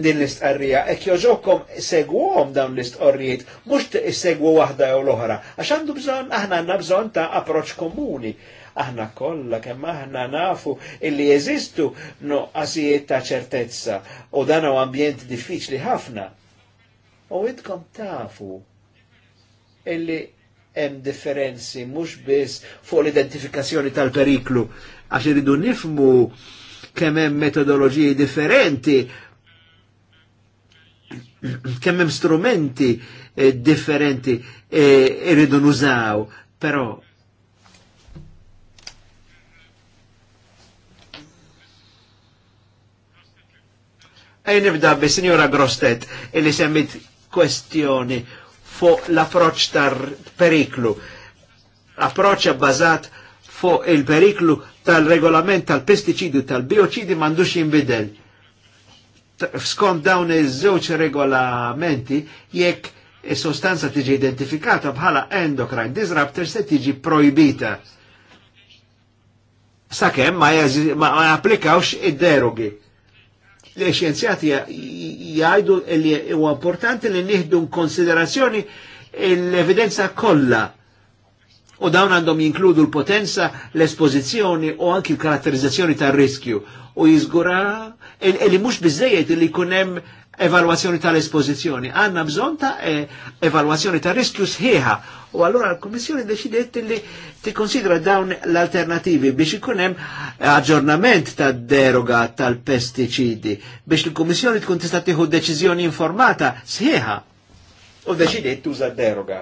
S3: din l-istqarrija, ek joġokom segwom dawn l-istqorrijiet, mux segwu wahda jew l-oħra, għax għandu bżon, aħna għanna bżon ta' approċ komuni aħna kollha kemm aħna nafu illi jeżistu noqqasijiet ta' ċertezza u dan u ambjent diffiċli ħafna. U idkom tafu illi hemm differenzi mhux biss fuq l-identifikazzjoni tal-periklu għax iridu nifmu kemm hemm metodoloġiji differenti kemm hemm strumenti eh, differenti eh, irridu nużaw, però Ej nibda bi Signora Grostet illi semmit kwestjoni fuq l-approċ tar periklu. Approċ bazat fuq il-periklu tal-regolament tal pesticidi tal-bioċidi mandux jimbidel. Skont dawn iż-żewġ regolamenti jekk is-sostanza e tiġi identifikata bħala endocrine disruptor se tiġi projbita. Sakemm ma, ma applikawx id-derogi l-xjenzjati jgħidu li huwa importanti li nieħdu konsiderazzjoni l-evidenza kollha u dawn għandhom jinkludu l-potenza, l-espożizzjoni u anki l-karatterizzazzjoni tar-riskju u jiżgura il li mux bizzejiet il li kunem hemm evalwazzjoni tal espozizjoni Għanna bżon ta' e, evalwazzjoni ta' riskju sħiħa. U allura l komissjoni deċidiet li ti konsidra dawn l-alternativi biex ikunem aġġornament ta' deroga tal pesticidi biex l komissjoni tkun tista' tieħu deċiżjoni informata sħiħa u deċidiet tuża deroga.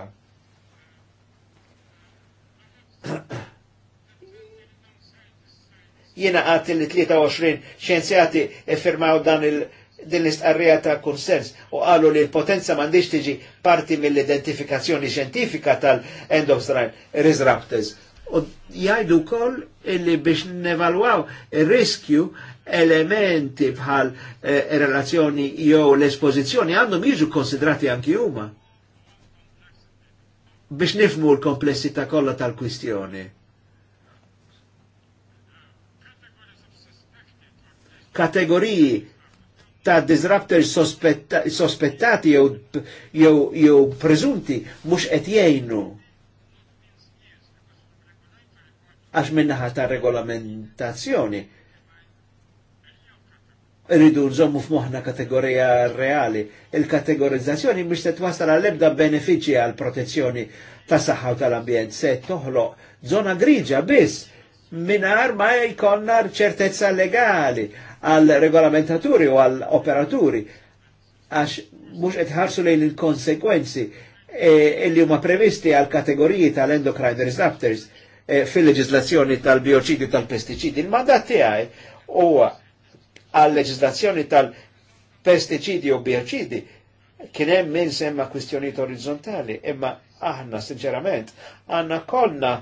S3: Jiena għat li 23 xjenzjati firmaw dan il- din l-istqarrija ta' konsens u qalu li l-potenza mandiġ tiġi parti mill-identifikazzjoni xjentifika tal-endosrine rizraptez. U jgħidu kol illi biex nevalwaw il-riskju elementi bħal eh, relazzjoni jew l-espożizzjoni għandhom jiġu konsidrati anki huma biex nifmu l-komplessità kollha tal-kwistjoni. kategoriji ta' disruptors sospettati jew prezunti mhux qed jgħinu. Għax minnaħa ta' regolamentazzjoni. Rridu nżommu f'moħna kategorija reali. Il-kategorizzazzjoni mhux se twassal għall-ebda benefiċċji għal protezzjoni tas saħħa u tal-ambjent se toħloq zona grigia biss minar ma jkonna ċertezza legali għal regolamentaturi u għal operaturi għax mux etħarsu lejn il-konsekwenzi e, illi huma previsti għal kategoriji tal-endocrine receptors e, fil-leġislazzjoni tal-bioċidi tal-pesticidi. Il-mandat tiegħi huwa għal leġislazzjoni tal-pesticidi u bioċidi kien hemm min semma kwistjonijiet orizzontali, imma aħna sinċerament għandna konna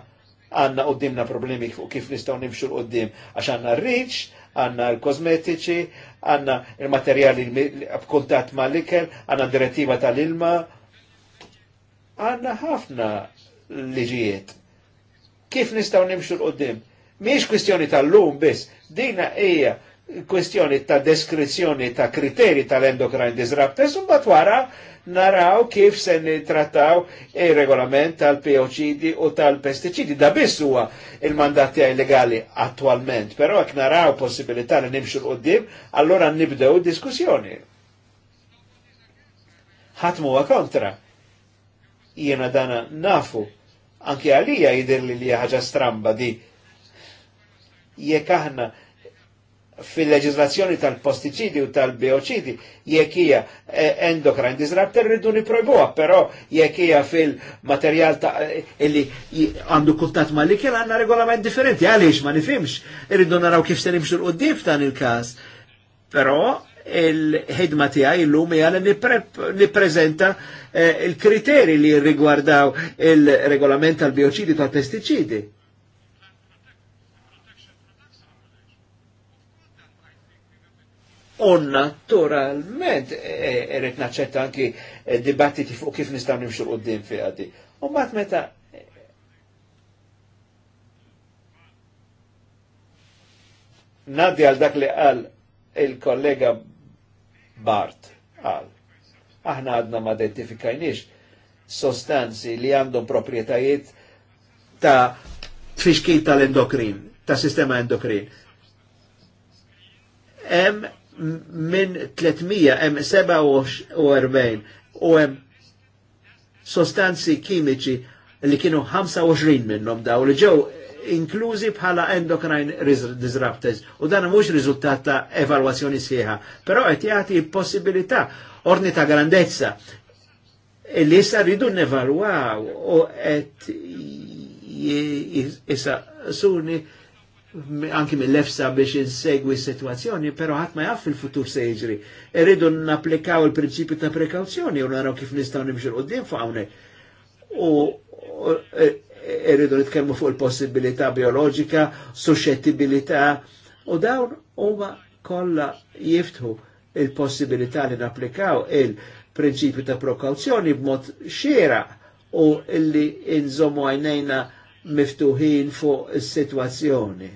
S3: għanna qoddimna problemi kif nistaw nimxu l-qoddim, għax għanna r-riċ, għanna l-kosmetiċi, għanna il-materjali b'kuntat ma' l-ikel, għanna direttiva tal-ilma, għanna ħafna liġijiet. Kif nistaw nimxu l-qoddim? Miex kwistjoni tal-lum biss, dina hija kwestjoni ta' deskrizzjoni ta' kriteri tal endokrine disruptors, un batwara wara naraw kif se nitrattaw il-regolament tal-pioċidi u tal-pesticidi. Da biss huwa il-mandat tiegħi legali attualment, però jekk naraw possibilità li nimxu l-qoddim, allora nibdew diskussjoni. Ħatmu huwa kontra. Jiena dana nafu. Anki għalija jidir li li ħaġa stramba di. Jekk aħna fil-leġizlazzjoni tal-posticidi u tal-bioċidi jekk hija eh, endocrine disruptor rridu niprojbuha, però jekk hija fil-materjal ta' eh, illi għandu kuntat ma' li kiel għandna regolament differenti, għaliex ma nifimx, irridu naraw kif se nimxu l-qudiem f'dan il-każ. Però il-ħidma tiegħi llum hija li nippreżenta eh, il-kriteri li rigwardaw il-regolament tal-bioċidi tal-pestiċidi U naturalment irrid e, e, naċċetta anki e, dibattiti fuq kif nistgħu nimxu qudiem fi għaddi. U mbagħad meta nadi għal dak li qal il-kollega Bart għal. Aħna għadna ma identifikajniex sostanzi li għandhom proprietajiet ta' fixkil tal-endokrin, ta' sistema endokrin. Em minn 300 hemm 47 u hemm sostanzi kimiċi li kienu 25 minnhom daw li ġew inklużi bħala endocrine disruptors u dan mhux riżultat ta' evalwazzjoni sħiħa, però qed jagħti possibilità orni ta' grandezza li issa rridu nevalwaw u qed issa suni anki mill-lefsa biex insegwi situazzjoni pero ħadd ma jaff il-futur se jiġri. Irridu napplikaw il-prinċipju ta' prekawzjoni u naraw kif nistgħu nimxu l-qudiem fawne. U e, irridu nitkellmu fuq il-possibilità biologika, suscettibilità, u dawn huma kollha jiftħu il-possibilità li napplikaw il-prinċipju ta' prekawzjoni b'mod xera u illi inżomu għajnejna miftuħin fuq is-sitwazzjoni.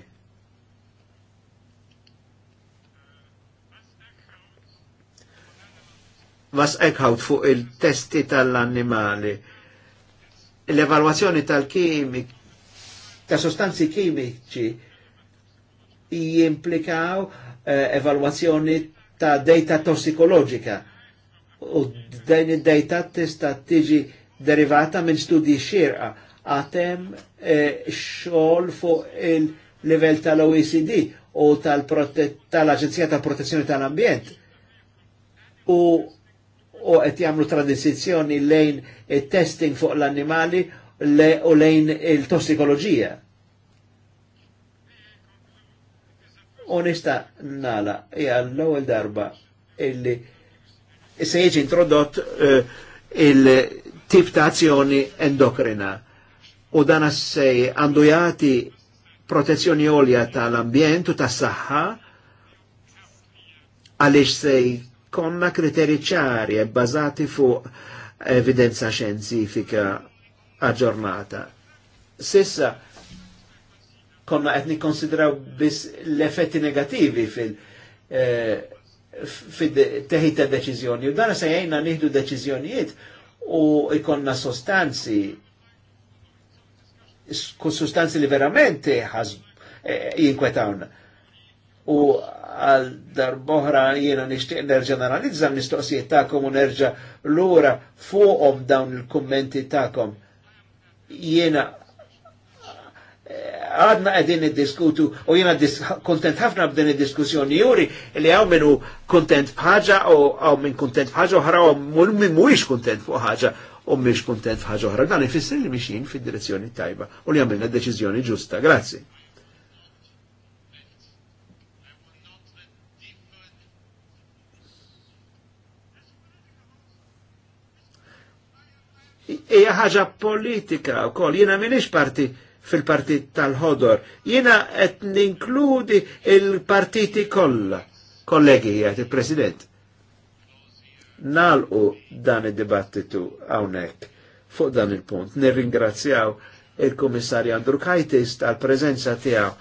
S3: Mas ekħawt fuq il-testi tal-annimali. L-evalwazzjoni tal-kimik, ta' sostanzi kimiċi jimplikaw eh, evalwazzjoni ta' data tossikologika. u din id-data tista' tiġi derivata minn studi xirqa għatem eh, xol fuq il-level tal-OECD u tal-Aġenzija tal-Protezzjoni tal-Ambjent. U u qed jagħmlu tradizzjoni lejn it-testing fuq l-annimali u lejn il-tossikoloġija. U nista nala hija l-ewwel darba illi se jiġi introdott eh, il-tip ta' azzjoni endokrina u dan assej għandu jati protezzjoni olja tal-ambjent u tas-saħħa għaliex se konna kriteri ċari e bazati fuq evidenza xjenzifika aġġornata. Sissa konna qed nikkonsidraw biss l-effetti negativi fil- eh, fid-teħid ta' deċiżjoni. U dan se jgħinna nieħdu deċiżjonijiet u ikonna sostanzi kun sustanzi li verament eh, eh, jinkwetawna. U għal darboħra jiena nishtiq nerġa naralizza mistoqsijiet ta'kom u nerġa l-ura fuqom dawn il-kommenti ta'kom. Jena eh, għadna għedin id-diskutu u jena kontent ħafna b'din id-diskussjoni juri li għaw minnu kontent bħagġa u għaw minn kontent bħagġa u għaw minn muwix kontent fuq ħagġa u mhix kuntent f'ħaġa oħra. Dan ifisser li mixin fid-direzzjoni tajba u li għamilna deċiżjoni ġusta. Grazzi. Ija ħaġa politika wkoll. Jiena minix parti fil-partit tal-ħodor. Jiena qed ninkludi il-partiti kollha. Kollegi jgħat il-President nalqu dan id-dibattitu hawnhekk fuq dan il-punt. Nirringrazzjaw il-Kummissarju Andru Kajtis tal-preżenza tiegħu.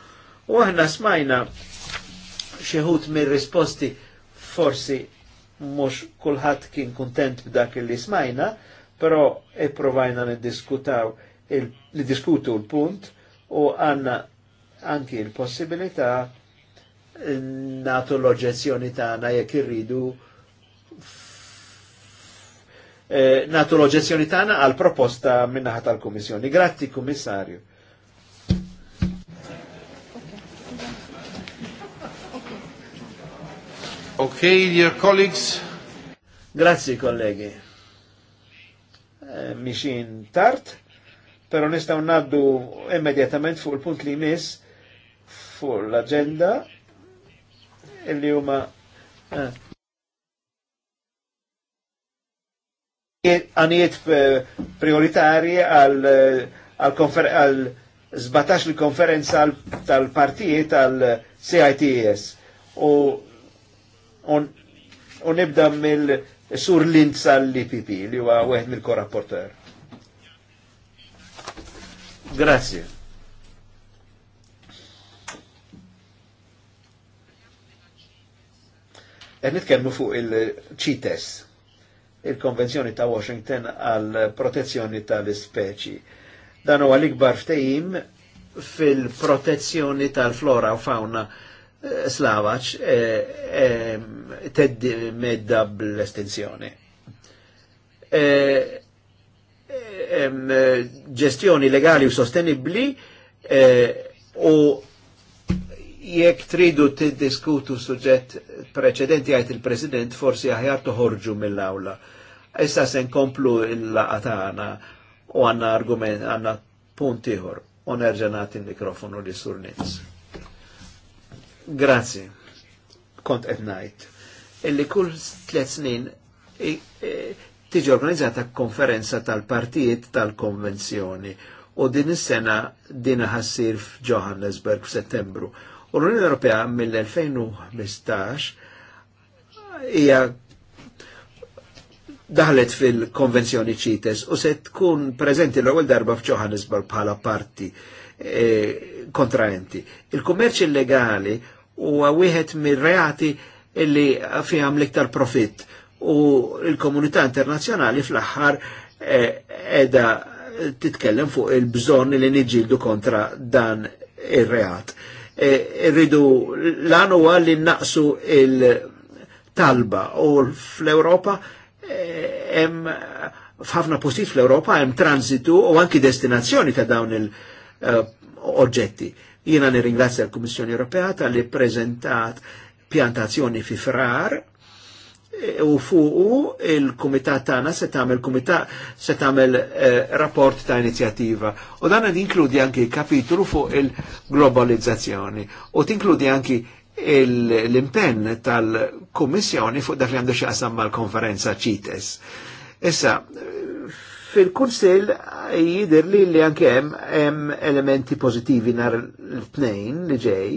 S3: U aħna smajna xeħut mir-risposti forsi mhux kulħadd kien kuntent b'dak li smajna, però ipprovajna niddiskutaw li diskutu l-punt u għanna anki l-possibilità natu l-oġezzjoni tagħna jekk irridu eh, natu l-oġezzjoni tagħna għal proposta minnaħa tal-Kummissjoni. Grazzi Kummissarju. Ok, dear colleagues. Grazzi kollegi. Eh, mixin tart, pero nistaw naddu immediatament fuq il-punt li mis fuq l-agenda il-li huma eh, għaniet eh, prioritari għal 17 eh, konferenza tal-partijiet tal-CITES. Eh, u u nibda mill-sur Linz għall-IPP li huwa wieħed mill-korrapporter. Grazie. Qed nitkellmu fuq il-CITES il-Konvenzjoni ta' Washington għal protezzjoni tal-ispeċi. Dan huwa l-ikbar ftehim fil-protezzjoni tal-flora u fauna eh, slavaċ eh, eh, teddi medda bl-estinzjoni. Ġestjoni legali u sostenibli u jekk tridu tiddiskutu suġġett preċedenti għajt il-President forsi aħjar toħorġu mill-awla. Issa se nkomplu il-laqatana u għanna argument għanna punt ieħor u nerġanat il-mikrofonu li sur Nitz. Grazzi. Kont qed ngħid illi kull tliet snin e, tiġi organizzata konferenza tal-partijiet tal-konvenzjoni u din is-sena din ħassir f'Johannesburg f'Settembru. U l-Unjoni Ewropea mill-2015 hija daħlet fil-konvenzjoni CITES u se tkun preżenti l-ewwel darba f'Johannesburg bħala parti e, kontraenti. Il-kummerċ illegali huwa wieħed mir-reati illi fihom l-iktar profitt u l-komunità internazzjonali fl-aħħar eh, edha titkellem fuq il-bżonn li niġildu kontra dan ir-reat. E, irridu l-għan għalli li naqsu il-talba u fl-Europa hemm e, f'ħafna postijiet fl-Europa hemm transitu u anki destinazzjoni ta' dawn il-oġġetti. E, Jiena nirringrazzja l-Kummissjoni Ewropea tal-li prezentat pjantazzjoni fi frar u fuqu il-kumitat tagħna se tagħmel kumitat se tagħmel eh, rapport ta' inizjativa. U dan qed inkludi anki kapitolu fuq il-globalizzazzjoni u tinkludi anki l-impenn tal kommissjoni fuq dak li għandu xaqsam mal-konferenza CITES. Issa, fil-Kunsil jidir li li anke hemm hemm elementi pozitivi nar l-tnejn li ġej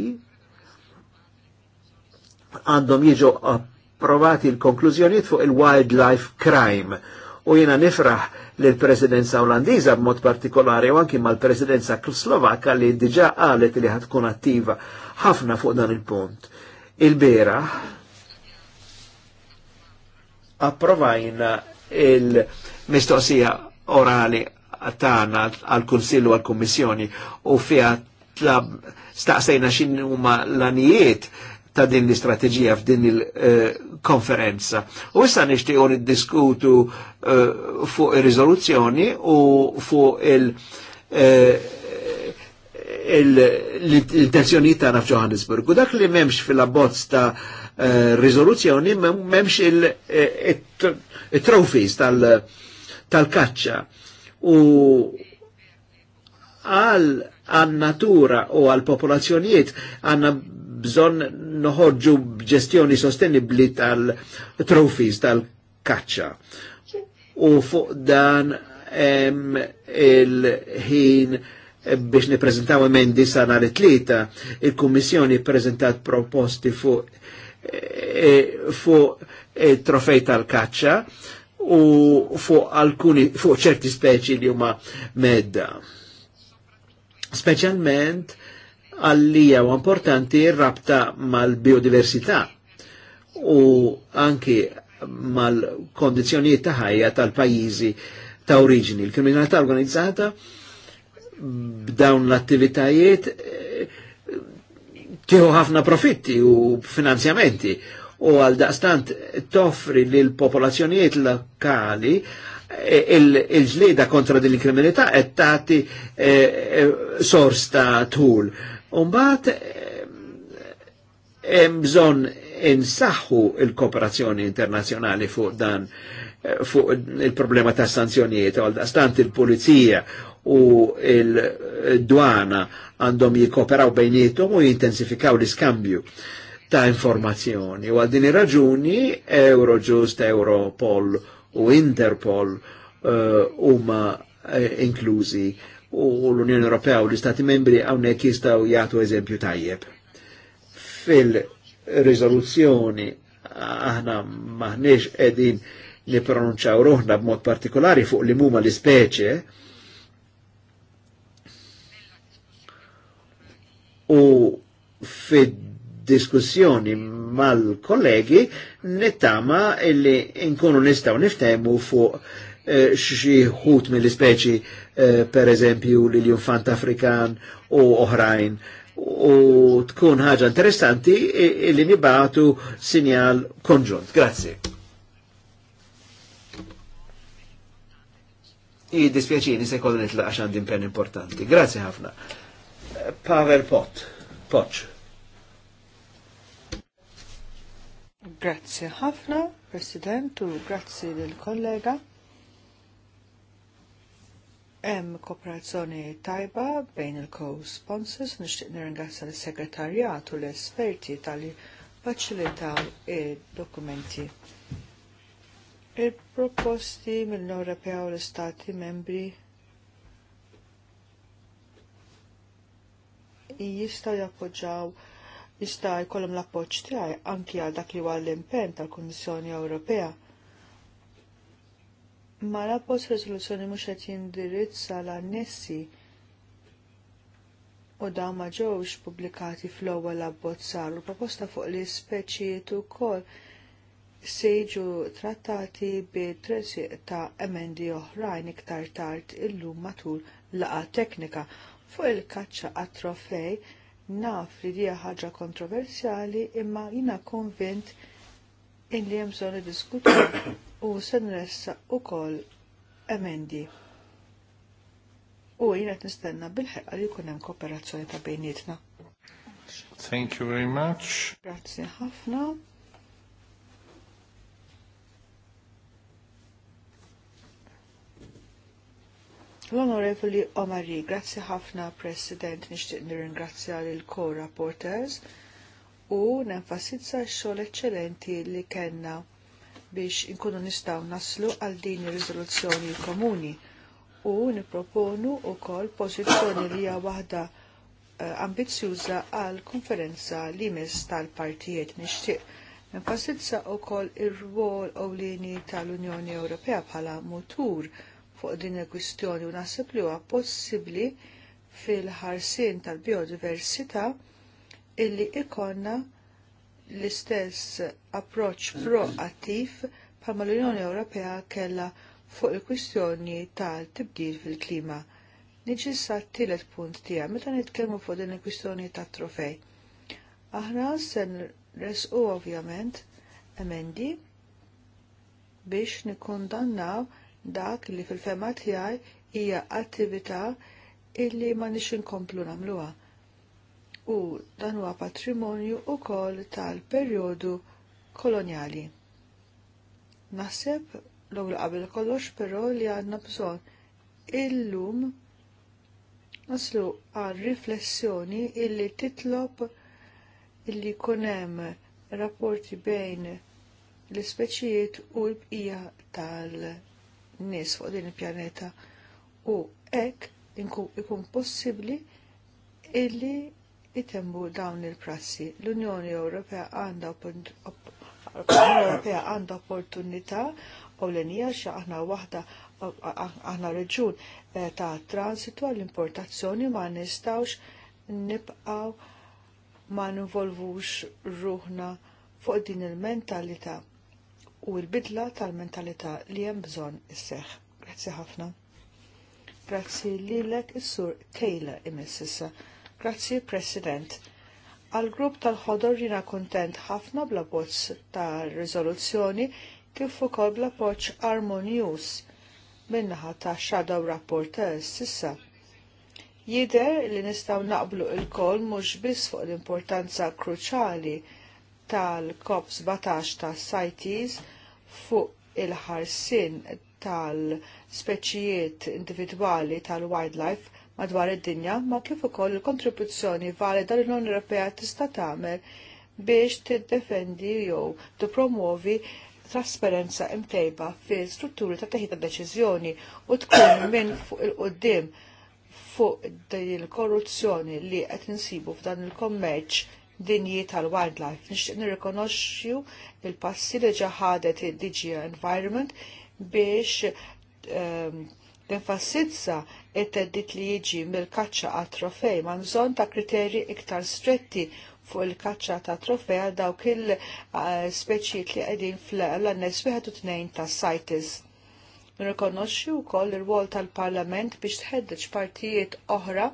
S3: għandhom jiġu approvati l-konklużjoniet fuq il-wildlife crime u jena nifraħ l-presidenza olandiza b'mod partikolari u anki mal-presidenza slovaka li diġa qalet li ħatkun attiva ħafna fuq dan il-punt. Il-bera approvajna il-mistoqsija orali tagħna għal-Kunsillu għal-Kummissjoni u fiha tlab staqsejna x'inhuma l-anijiet ta' din l-istrateġija f'din il-konferenza. U issa nixtieq niddiskutu eh, fuq ir-riżoluzzjoni u fuq il- eh, l-intenzjoni tagħna f'Johannesburg. U dak li memx fil-abbozz ta' eh, riżoluzzjoni memx il trofis tal-kaċċa. U għal għal natura u għal popolazzjonijiet għanna bżon noħorġu b'ġestjoni sostenibli tal-trofis tal kaccia U fuq dan il-ħin biex niprezentaw emendi sa nhar it il-Kummissjoni prezentat proposti fuq e, fuq e, trofej tal kaccia u fuq alkuni fuq ċerti speċi li huma medda. Speċjalment għallija u importanti rabta mal-biodiversità u anki mal kondizjoniet ta' ħajja tal-pajjiżi ta' oriġini. Il-kriminalità organizzata b'dawn l-attivitajiet eh, tieħu ħafna profitti u finanzjamenti u għal daqstant toffri lil popolazzjonijiet lokali eh, il-ġlida kontra din il-kriminalità qed tagħti eh, sors ta' tul Umbat, bżon eh, bżonn insaħħu il-kooperazzjoni internazzjonali fuq dan eh, fuq il-problema ta' sanzjonijiet, għal stant il-pulizija u il-dwana għandhom jikoperaw bejnietom u jintensifikaw l-iskambju ta' informazzjoni. U għal din raġuni Eurojust, Europol u Interpol eh, huma uh, uh, inklużi uh, u l-Unjoni Ewropea u l-Istati membri hawnhekk jistgħu jagħtu eżempju tajjeb. Fil-riżoluzzjoni aħna maħniex qegħdin nipronunċaw ruħna b'mod partikolari fuq li muma l-ispeċe u fid-diskussjoni mal-kollegi nittama illi nkunu nistaw niftemu fuq Eh, xieħut mill-ispeċi eh, per eżempju l-infant afrikan u oħrajn u tkun ħaġa interessanti li nibatu sinjal konġunt. Grazzi. I dispjaċini se kollu nitlaq għax din pen importanti. Grazzi ħafna. Eh, Pavel Pot. Poċ.
S1: Grazie ħafna, President, u grazie del kollega Hemm kooperazzjoni tajba bejn il-co-sponsors, nixtieq nirringrazzja l-segretarjat u l-esperti tal-li faċilitaw id-dokumenti. Il-proposti mill europea Ewropea u l-Istati membri jistaw jappoġġaw jista' jkollhom l-appoġġ tiegħi anki għal dak li huwa l-impenn tal-Kummissjoni Ewropea ma rapport resoluzzjoni mhux qed jindirizza l-annessi u dawn ma ġewx pubblikati fl-ewwel abbozzar u proposta fuq li speċijiet ukoll se jiġu trattati bi tresiq ta' emendi oħrajn iktar tard illum matul laqa teknika fuq il-kaċċa għat-trofej naf li dija ħaġa kontroversjali imma jina konvint illi hemm bżonn diskutu u se u ukoll emendi. U t nistenna bil-ħeqqa li jkun hemm kooperazzjoni ta' bejnietna. Thank you very much. Grazzi ħafna. L-Onorevoli Omari, grazzi ħafna President, nixtieq nirringrazzja l co-rapporters u nenfasizza x-xogħol eċċellenti li kellna biex inkunu nistaw naslu għal din ir-riżoluzzjoni komuni u niproponu wkoll pożizzjoni li hija waħda eh, ambizzjuża għal konferenza li mis tal-partijiet nixtieq. Enfasizza wkoll ir-rwol ewlieni tal-Unjoni Ewropea bħala mutur fuq din il-kwistjoni u naħseb li huwa possibbli fil ħarsien tal-biodiversità illi ikonna l-istess approċ proattiv bħalma l-Unjoni Ewropea kellha fuq il-kwistjoni tal-tibdil fil-klima. Niġi sa t-tielet punt tija, meta nitkellmu fuq din il-kwistjoni tat-trofej. Aħna se nresqu ovvjament emendi biex nikkundannaw dak li fil-fema tiegħi hija attività illi ma nix inkomplu nagħmluha u dan huwa patrimonju ukoll tal-perjodu koloniali. Naħseb l-ewwel qabel kollox però li għandna bżonn illum naslu għal riflessjoni illi titlob illi kunem rapporti bejn l-ispeċijiet u l-bqija tal-nies fuq din il-pjaneta u hekk ikun possibbli illi jitembu dawn il-prassi. L-Unjoni Ewropea għanda Ewropea għandha opportunità u l-inija aħna waħda aħna reġun eh, ta' transitu għall-importazzjoni ma' nistawx nibqaw ma' nivolvux ruħna fuq din il-mentalità u l-bidla tal-mentalità li hemm bżonn isseħ. Grazzi ħafna. Grazzi lilek is-sur Kejla imessissa. Grazzi, President. Għal-grupp tal-ħodor jina kontent ħafna bla bozz ta' rizoluzzjoni kif ukoll bla poċ armonjus minnaħa ta' Shadow Rapporteurs sissa. Jider li nistaw naqblu il-kol mux biss fuq l-importanza kruċali tal-COP 17 ta' CITES fuq il-ħarsin tal-speċijiet individwali tal-wildlife madwar id-dinja, ma kif ukoll il-kontribuzzjoni valida l-Unjoni Ewropea tista' tagħmel biex tiddefendi jew tippromuovi trasparenza imtejba fi strutturi ta' teħita deċiżjoni u tkun minn fuq il-qoddim fuq il-korruzzjoni li qed insibu f'dan il-kommerċ dinji tal-wildlife. Nixtieq nirrikonoxxu il-passi li ġaħadet id-DG Environment biex tenfasizza ehm, it-teddit li jiġi mill-kaċċa għat trofej ma' bżonn ta' kriteri iktar stretti fuq il-kaċċa ta' trofej għal dawk il-speċijiet eh, li qegħdin fl-annes wieħed u tnejn ta' CITES. Nirrikonoxxi wkoll ir-rwol tal-Parlament biex tħeddeġ partijiet oħra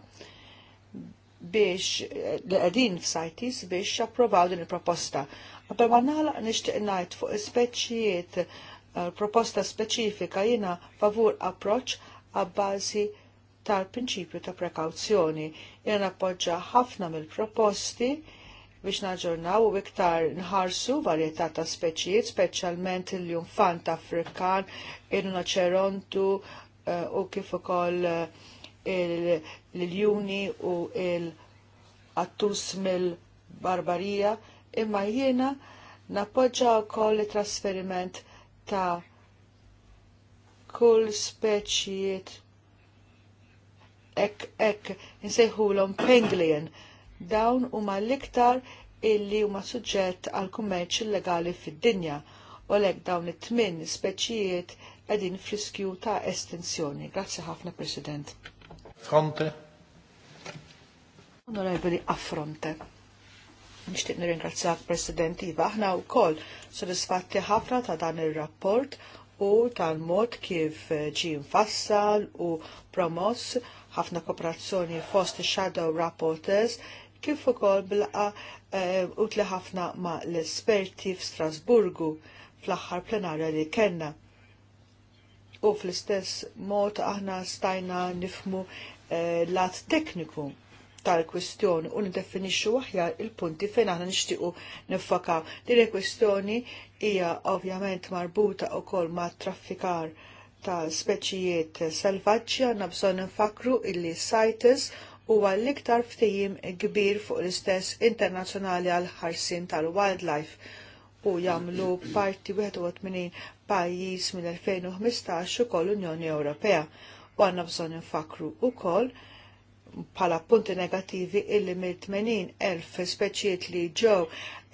S1: biex li qegħdin f'CITES biex approvaw din il-proposta. Qabel ma nagħlaq nixtieq ngħid fuq speċijiet eh, proposta speċifika jiena favur approċċ għabbażi tal-prinċipju ta' prekawzjoni. Jena appoġġa ħafna mill-proposti biex naġġornaw u iktar nħarsu varjetà ta' speċijiet, speċjalment il-jumfant Afrikan, il-noċerontu eh, u kif ukoll eh, l juni u l attus mill-barbarija, imma jiena nappoġġa wkoll it trasferiment ta' kull speċijiet ek ek nsejħulhom penglien. Dawn huma l-iktar illi huma suġġett għal kummerċ illegali fid-dinja u lek dawn it-tmin speċijiet qegħdin friskju ta' estinzjoni. Grazzi ħafna President. Fronte. Onorevoli affronte. Nixtieq nirringrazzjak President Iva, aħna wkoll sodisfatti ħafna ta' dan ir-rapport u tal-mod kif ġie mfassal u promoss ħafna kooperazzjoni fost shadow rapporters kif ukoll bilqa eh, utli ħafna ma l-esperti f'Strasburgu fl-aħħar plenarja li kellna. U fl-istess mod aħna stajna nifmu eh, lat tekniku tal-kwistjoni u nidefinixxu aħjar il-punti fejn aħna nixtiequ nifakaw. Din il-kwistjoni hija ovvjament marbuta wkoll ma' traffikar ta' speċijiet selvaġġi għandna bżonn nfakru illi CITES huwa l-iktar ftehim kbir fuq l-istess internazzjonali għal ħarsien tal-wildlife u jagħmlu parti 81 pajjiż mill-2015 ukoll Unjoni Ewropea. U għandna bżonn infakru wkoll pala punti negativi illi mill-80.000 speċiet li ġew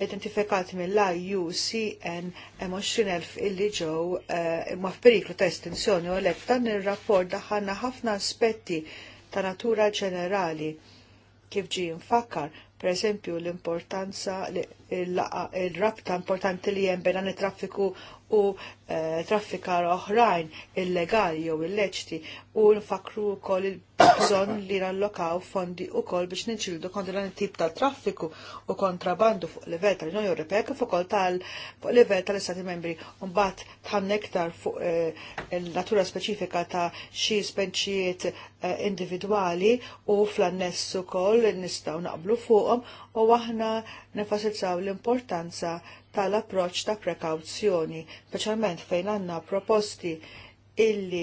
S1: identifikati mill-IUCN hemm elf illi ġew eh, ma f'periklu ta' estinzjoni u lek dan ir-rapport daħna ħafna aspetti ta' natura ġenerali kif ġi nfakkar, per esempio l-importanza, il-rabta importanti li jem bejn it-traffiku u eh, traffikar oħrajn illegali jew illeċti u nfakru wkoll il-bżonn li nallokaw fondi wkoll biex ninċildu kontra dan it-tip tal-traffiku u kontrabandu fuq livell tal-Unjoni Ewropea kif ukoll tal fuq livell tal-Istati Membri u mbagħad tħannektar fuq il-natura eh, speċifika ta' xi spenċijiet eh, individwali u fl-annessu ukoll nistgħu naqblu fuqhom u aħna nefasizzaw l-importanza tal-approċ ta' prekawzjoni, speċjalment fejn għandna proposti illi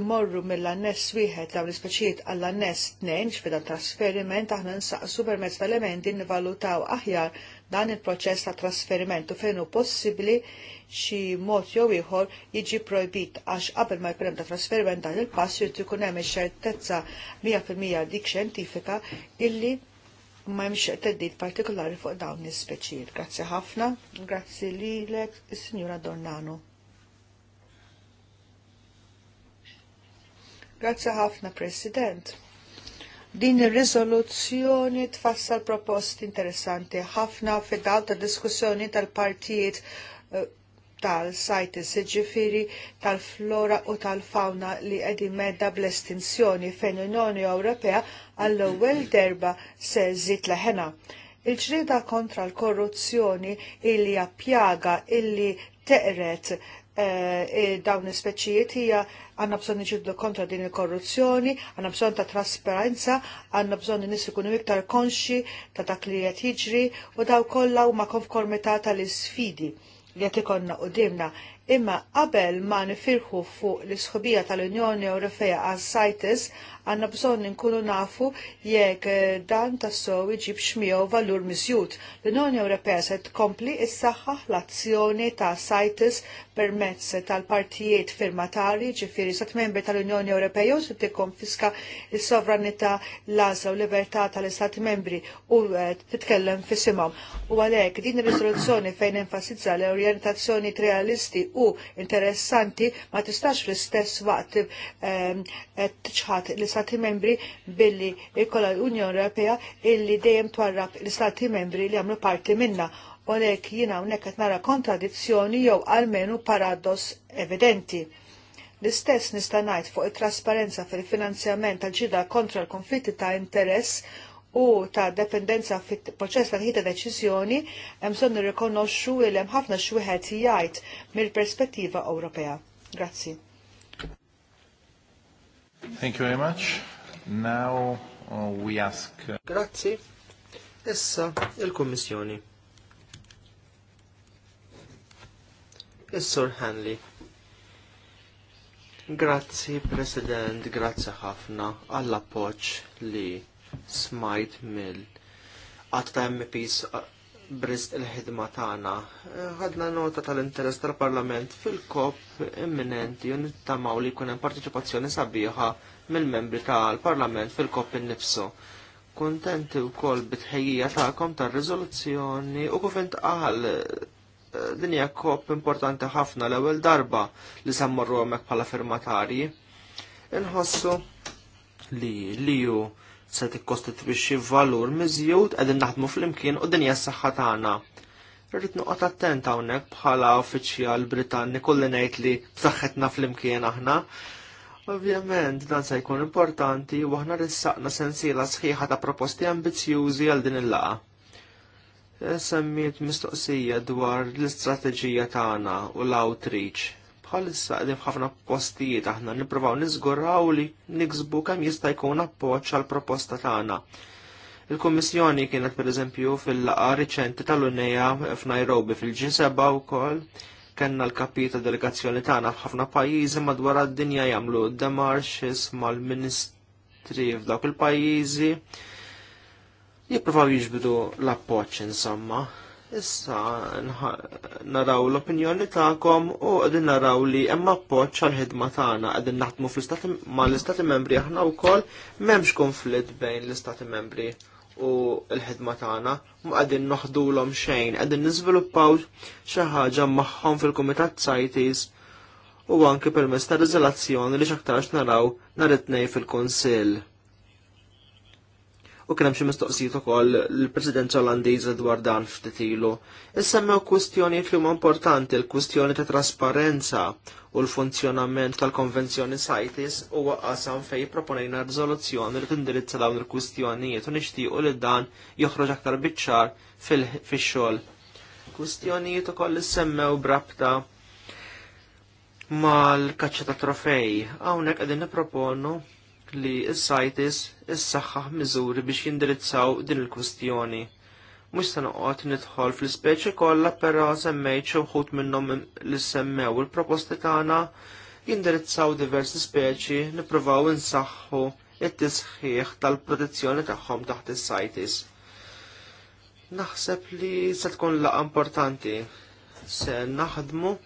S1: immorru mill-annes wieħed dawn l-ispeċijiet għall-annes tnejn x'fida trasferiment aħna nsaqsu permezz tal-elementi nivalutaw aħjar dan il-proċess ta' u fejn hu possibbli xi mod jew ieħor jiġi projbit għax qabel ma jprem ta' trasferiment dan il-pass jrid ikun hemm ix-xertezza 100% dik xjentifika illi ma jemx teddit partikolari fuq dawn is-speċijiet. Grazzi ħafna, grazzi lilek, is signora Dornano. Grazzi ħafna, President. Din ir-riżoluzzjoni tfassal propost interessanti ħafna fid ta' diskussjoni tal-partijiet eh, tal-sajtis ġifiri tal-flora u tal-fauna li qegħdin medda bl-estinzjoni fejn l-Unjoni Ewropea għall-ewwel derba se żid leħena. Il-ġrieda kontra l-korruzzjoni illi pjaga illi teqret eh, dawn l-speċijiet hija għandna bżonn niġibdu kontra din il-korruzzjoni, għandna bżonn ta' trasparenza, għandna bżonn nis ikunu iktar konxi ta' dak li qed jiġri u daw kollha huma konformità tal-isfidi li qed ikonna qudiemna. Imma qabel ma nifirħu fuq l-isħubija tal-Unjoni Ewropea għas sajtis għanna bżonn nkunu nafu jekk eh, dan tassow iġib xmijow valur misjut. L-Unjoni Ewropea se tkompli issaħħaħ l-azzjoni ta' CITES permezz tal-partijiet firmatari ġifieri sat membri tal-Unjoni Ewropea jew se tikkonfiska s-sovranità l-għażla u libertà tal-Istati membri u eh, titkellem fisimhom. U għalhekk din ir-riżoluzzjoni fejn enfasizza l-orjentazzjoni realisti u interessanti ma tistax fl-istess waqt tċħat l sa l-Istati membri billi ikkola l-Unjoni Ewropea illi dejjem twarrab l-Istati membri li għamlu parti minna u lek jina unnek qed nara kontradizzjoni jew almenu paradoss evidenti. L-istess nista' ngħid fuq it-trasparenza fil-finanzjament tal-ġida kontra l-konflitti ta' interess u ta' dependenza fit proċess tal ħita deċiżjoni hemm son nirrikonoxxu il hemm ħafna xi wieħed jgħid mill-perspettiva Ewropea. Grazzi. Thank you very much. Now
S2: uh, we ask... Uh, grazzi. Issa il-Kommissjoni. is Hanley. Grazzi President, grazzi ħafna għall appoġġ li smajt mill qatt ta' MPs brist il-ħidma tagħna. Ħadna nota tal-interess tal-Parlament fil-kop imminenti u nittamaw li jkun hemm partiċipazzjoni sabiħa mill-membri tal-Parlament fil-kop innifsu. Kuntenti wkoll bitħejjija tagħkom tar-riżoluzzjoni u kif intqal eh, din hija kop importanti ħafna l-ewwel darba li semmorru hemmhekk bħala firmatarji. Inħossu li li ju se tikkostitwixxi valur miżjud qegħdin naħdmu flimkien u dinja s-saħħa tagħna. Rrid noqgħod attent hawnhekk bħala uffiċjal Britanniku li ngħid li b'saħħetna flimkien aħna. Ovvjament dan se jkun importanti u aħna rissaqna sensiela sħiħa ta' proposti ambizzjużi għal din il laqgħa Semmiet mistoqsija dwar l-istrateġija tagħna u l-outreach bħalissa qegħdin f'ħafna postijiet aħna nippruvaw niżguraw li niksbu kemm jista' jkun appoġġ għal proposta tagħna. Il-Kummissjoni kienet pereżempju fil-laqa riċenti tal-Unija f'Nairobi fil-G7 wkoll kenna l kapita delegazzjoni tagħna f'ħafna pajjiżi madwar id-dinja jagħmlu demarxis mal-ministri f'dawk il-pajjiżi jippruvaw jiġbidu l-appoġġ insomma. Issa naraw l-opinjoni tagħkom u għedin naraw li hemm poċ għal ħidma tagħna qegħdin naħdmu fl-istati istati membri aħna wkoll m'hemmx konflitt bejn l-istati membri u l-ħidma tagħna ma l-om xejn, qegħdin niżviluppaw xi ħaġa magħhom fil-kumitat CITES u anke per mesta riżolazzjoni li x'aktarx naraw nhar it-tnejn fil-Kunsill u kienem xie xi u ukoll l-President Olandiża dwar dan ftit ilu. u kwistjonijiet li huma importanti l-kwistjoni ta' trasparenza u l-funzjonament tal-Konvenzjoni CITES huwa qasam fejn proponajna riżoluzzjoni li tindirizza dawn il-kwistjonijiet u nixtiequ li dan joħroġ aktar biċċar fix-xogħol. Kwistjonijiet ukoll semmew brabta mal-kaċċa ta' trofej. Hawnhekk qegħdin nipproponu li s-sajtis s-saxħaħ miżuri biex jindirizzaw din il kustjoni Mux sanuqot noqgħod nidħol fl-ispeċi kollha però semmejt xi wħud minnhom li semmew il-proposti tagħna jindirizzaw diversi speċi nippruvaw insaħħu it-tisħiħ tal-protezzjoni tagħhom taħt is-sajtis. Naħseb li se tkun la importanti se naħdmu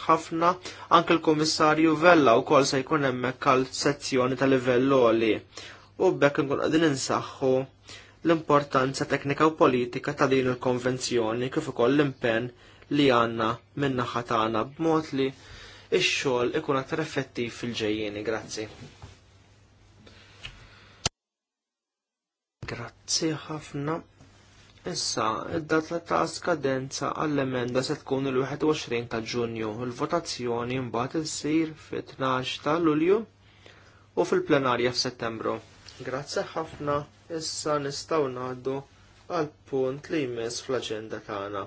S2: ħafna, anke l-Kummissarju Vella wkoll se jkun hemmhekk għal sezzjoni ta' livell oli. U bekk nkun qegħdin insaħħu l-importanza teknika u politika ta' din il-konvenzjoni kif ukoll l-impenn li għandna min-naħa tagħna b'mod li ix-xogħol ikun aktar effettiv fil-ġejjieni. Grazzi. Grazzi ħafna. Issa, id dat ta' skadenza għall-emenda se tkun il-21 ta' ġunju, il-votazzjoni mbagħad issir fit-12 ta' Lulju u fil-plenarja f'Settembru. Grazzi ħafna, issa nistgħu ngħaddu għal punt li jmiss fl-aġenda tagħna.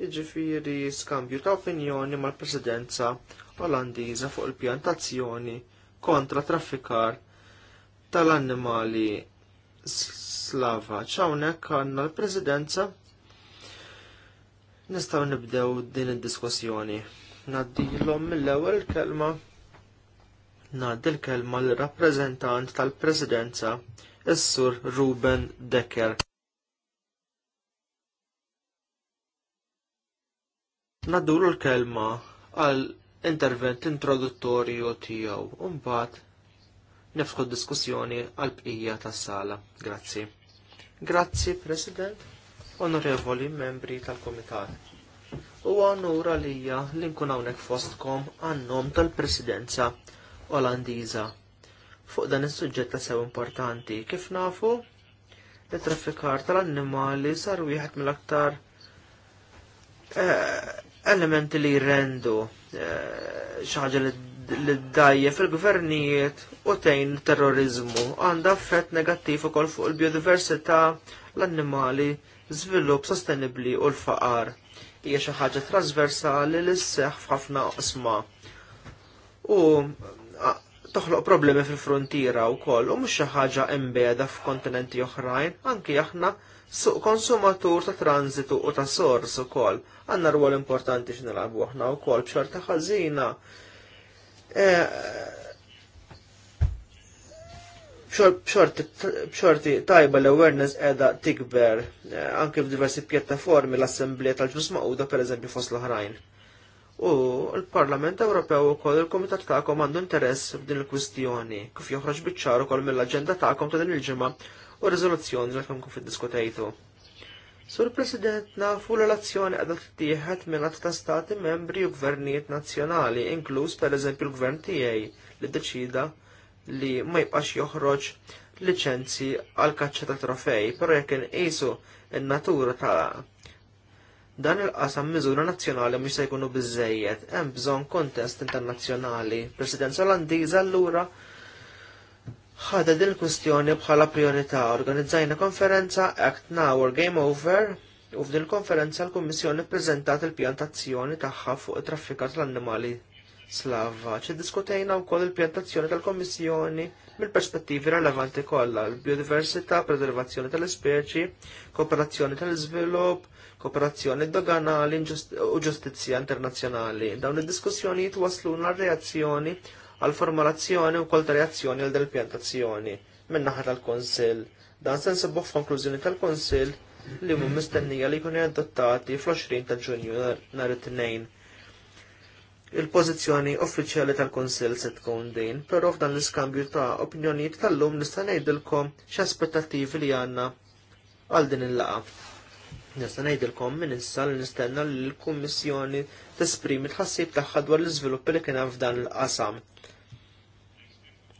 S2: Jiġifieri skambju ta' opinjoni mal-Presidenza Olandiża fuq il-pjantazzjoni kontra traffikar tal-annimali Slava. ċawnek għanna l-presidenza. Nistaw nibdew din id-diskussjoni. Naddilhom mill-ewwel kelma Naddi l-kelma l-rappreżentant tal-presidenza, is-sur Ruben Decker. Naddulu l-kelma għal intervent introduttorju tiegħu, u nefħu diskussjoni għal bqija tas-sala. Grazzi. Grazzi, President, onorevoli membri tal-Komitat. U għanura lija li nkun hawnhekk fostkom għannom tal-Presidenza Olandiża. Fuq dan is-suġġett ta' sew importanti, kif nafu, it-traffikar tal-annimali sar wieħed mill-aktar eh, elementi li jirrendu eh, xaġa li l-dajje fil-gvernijiet u tejn terrorizmu għandha effett negattiv ukoll fuq il-biodiversità, l-annimali, żvilupp sostenibbli u l-faqar. Hija xi ħaġa trasversali li sseħħ f'ħafna qisma. U toħloq problemi fil-frontiera wkoll u mhux xi ħaġa imbeda f'kontinenti oħrajn, anki aħna suq konsumatur ta' transitu u ta' sors ukoll għandna rwol importanti x'nilagħbu aħna wkoll b'xorta ħażina bxorti eh, tajba l-awareness edha tikber eh, anke f'diversi pjattaformi l-Assemblea tal-ġus maquda per eżempju fost l-oħrajn. U l-Parlament Ewropew ukoll il-Kumitat tagħkom għandu interess f'din il-kwistjoni kif joħroġ biċċar ukoll mill-aġenda tagħkom ta' din il-ġimgħa u riżoluzzjoni li tkun kif iddiskutejtu. Sur President nafu l-azzjoni għadha tittieħed minn ta' stati membri u gvernijiet nazzjonali, inkluż eżempju l-gvern tiegħi li deċida li ma jibqax joħroġ liċenzi għal kaċċa ta' trofej, però jekk inqisu n-natura ta' dan il-qasam miżura nazzjonali mhux se jkunu biżejjed, hemm bżonn kontest internazzjonali. Presidenza Olandiża allura ħada din il-kwistjoni bħala priorità organizzajna konferenza Act Now or Game Over u f'din il-konferenza l-Kummissjoni ppreżentat il-pjantazzjoni tagħha fuq it traffika tal-annimali slava. Ċi diskutejna wkoll il-pjantazzjoni tal-Kommissjoni mill-perspettivi relevanti kollha, l-biodiversità, preservazzjoni tal-ispeċi, kooperazzjoni tal-iżvilupp, kooperazzjoni doganali u ġustizzja internazzjonali. Dawn id-diskussjonijiet l reazzjoni għal formulazzjoni u kol reazzjoni għal del-pjantazzjoni minn naħa tal-Konsil. Dan sens buħ konklużjoni tal-Konsil li mu mistennija li jkun adottati fl-20 ta' ġunju nhar it-tnejn. Il-pożizzjoni uffiċjali tal-Konsil se tkun din, però f'dan l-iskambju ta' opinjonijiet tal-lum nista' ngħidilkom x'aspettattivi li għandna għal din il-laqa. Nista' ngħidilkom minn issa li nistenna li l-Kummissjoni tesprimi tħassib tagħha dwar l-iżvilupp li kien hemm f'dan il-qasam.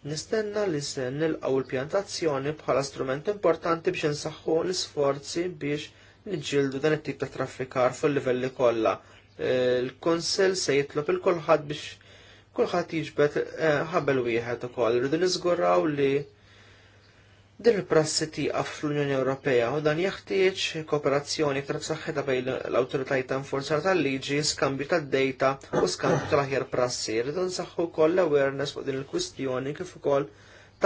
S2: Nistenna li se nilqaw il-pjantazzjoni bħala strument importanti biex insaħħu l-isforzi biex niġġieldu dan it-tip ta' traffikar fil-livelli kollha. Eh, Il-Kunsill se jitlob il kulħadd biex kulħadd jiġbed eh, ħabel wieħed ukoll. Rridu niżguraw li Din il-prassi tieqaf fl-Unjoni Ewropea u dan jeħtieġ kooperazzjoni t b'saħħetha bejn l-awtoritajiet ta' nfurzar tal-liġi, skambju tad-dejta u skambju tal-aħjar prassi. Rridu nsaħħu wkoll l-awareness fuq din il-kwistjoni kif ukoll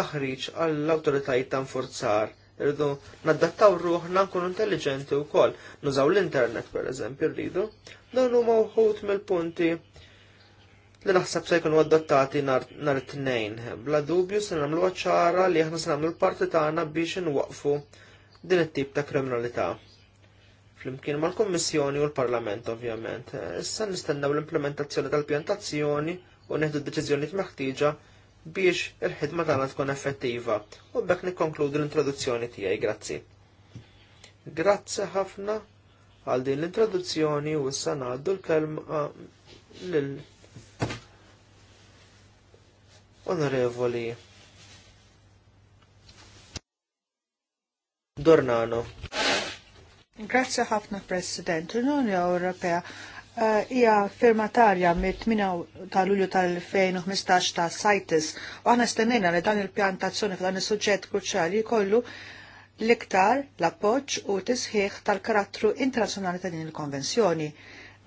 S2: taħriġ għall-awtoritajiet ta' nfurzar. Rridu naddattaw ruħna nkunu intelligenti wkoll. Nużaw l-internet pereżempju rridu. Dan huma wħud mill-punti li naħseb se jkunu adottati nhar it-tnejn. Bla dubju se nagħmlu ċara li aħna se nagħmlu l-parti tagħna biex inwaqfu din it-tip ta' kriminalità. Flimkien mal-Kommissjoni u l-Parlament ovvjament. Issa nistennew l-implementazzjoni tal-pjantazzjoni u neħdu d-deċiżjonijiet meħtieġa biex il-ħidma tagħna tkun effettiva u bekk nikkonkludi l-introduzzjoni tiegħi, grazzi. Grazzi ħafna għal din l-introduzzjoni u issa ngħaddu l-kelma eh, lil Onorevoli Dornano.
S1: Grazie ħafna President. L-Unjoni Ewropea eh, hija firmatarja mit-8 ta' Lulju tal-2015 ta' CITES u aħna stennejna li dan il-pjantazzjoni f'dan is-suġġett kruċjali jkollu l-iktar l-appoġġ u tisħiħ tal-karattru internazzjonali ta' din il-konvenzjoni.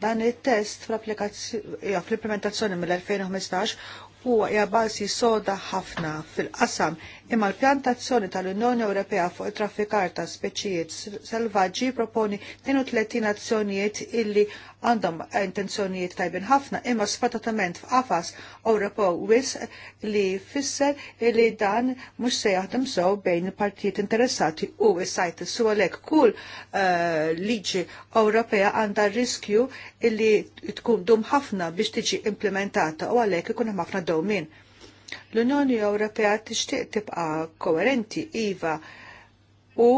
S1: Dan it-test eh, fl-implementazzjoni mill-2015 huwa hija bażi soda ħafna fil-qasam imma l-pjantazzjoni tal-Unjoni Ewropea fuq it-traffikar ta' speċijiet selvaġġi proponi 32 azzjonijiet illi għandhom intenzjonijiet tajbin ħafna imma sfatatament f'qafas Ewropew wis li fisser illi dan mhux se jaħdem sew bejn partijiet interessati u s-sajt su għalhekk kull uh, liġi Ewropea għandha riskju illi tkun dum ħafna biex tiġi implementata u għalhekk ikun hemm ħafna dowmin L-Unjoni Ewropea tixtieq tibqa' koerenti iva u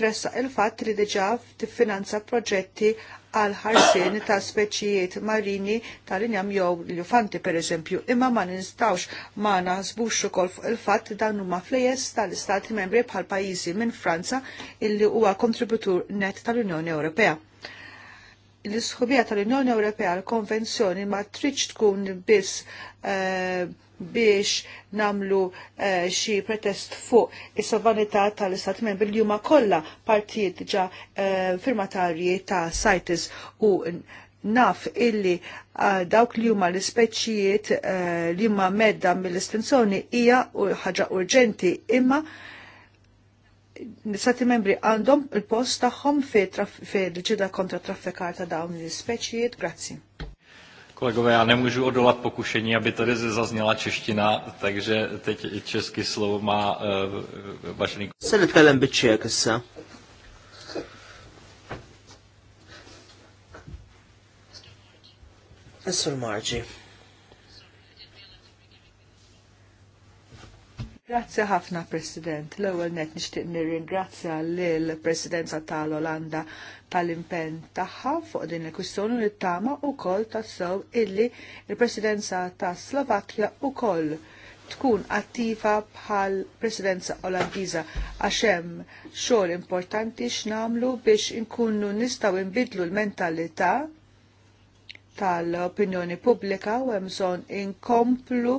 S1: tressa il-fatt li diġà tiffinanza proġetti għal ħarsien ta' speċijiet marini tal-injam jew l-jufanti pereżempju, imma ma nistawx ma naħsbux ukoll fuq il-fatt dan huma flejes tal-Istati membri bħal pajjiżi minn Franza illi huwa kontributur net tal-Unjoni Ewropea l-isħubija tal-Unjoni Ewropea l-Konvenzjoni ma tridx tkun biss eh, biex namlu eh, xi pretest fuq is-sovranità tal-Istat membri li huma kollha partijiet ġa eh, firmatarji ta' CITES u naf illi dawk li huma l-ispeċijiet li huma medda mill-istinzjoni hija ħaġa urġenti imma l membri għandhom il-post tagħhom l ġida kontra traffikar ta' dawn l-speċijiet. Grazzi. Kolegové, já nemůžu odolat pokušení, aby tady zazněla čeština, takže teď český slovo má uh, vašený...
S2: Se netkellem bitček, se. Essur Marġi.
S1: Grazzi ħafna, President. L-ewwel net nixtieq nirringrazzja lill presidenza tal-Olanda tal-impenn tagħha fuq din il-kwistjoni li tama wkoll tassew illi l presidenza tas Slovakkja wkoll tkun attiva bħal presidenza olandiza għaxem xogħol importanti x'namlu biex inkunnu nistgħu nbidlu l-mentalità tal-opinjoni pubblika u hemm bżonn inkomplu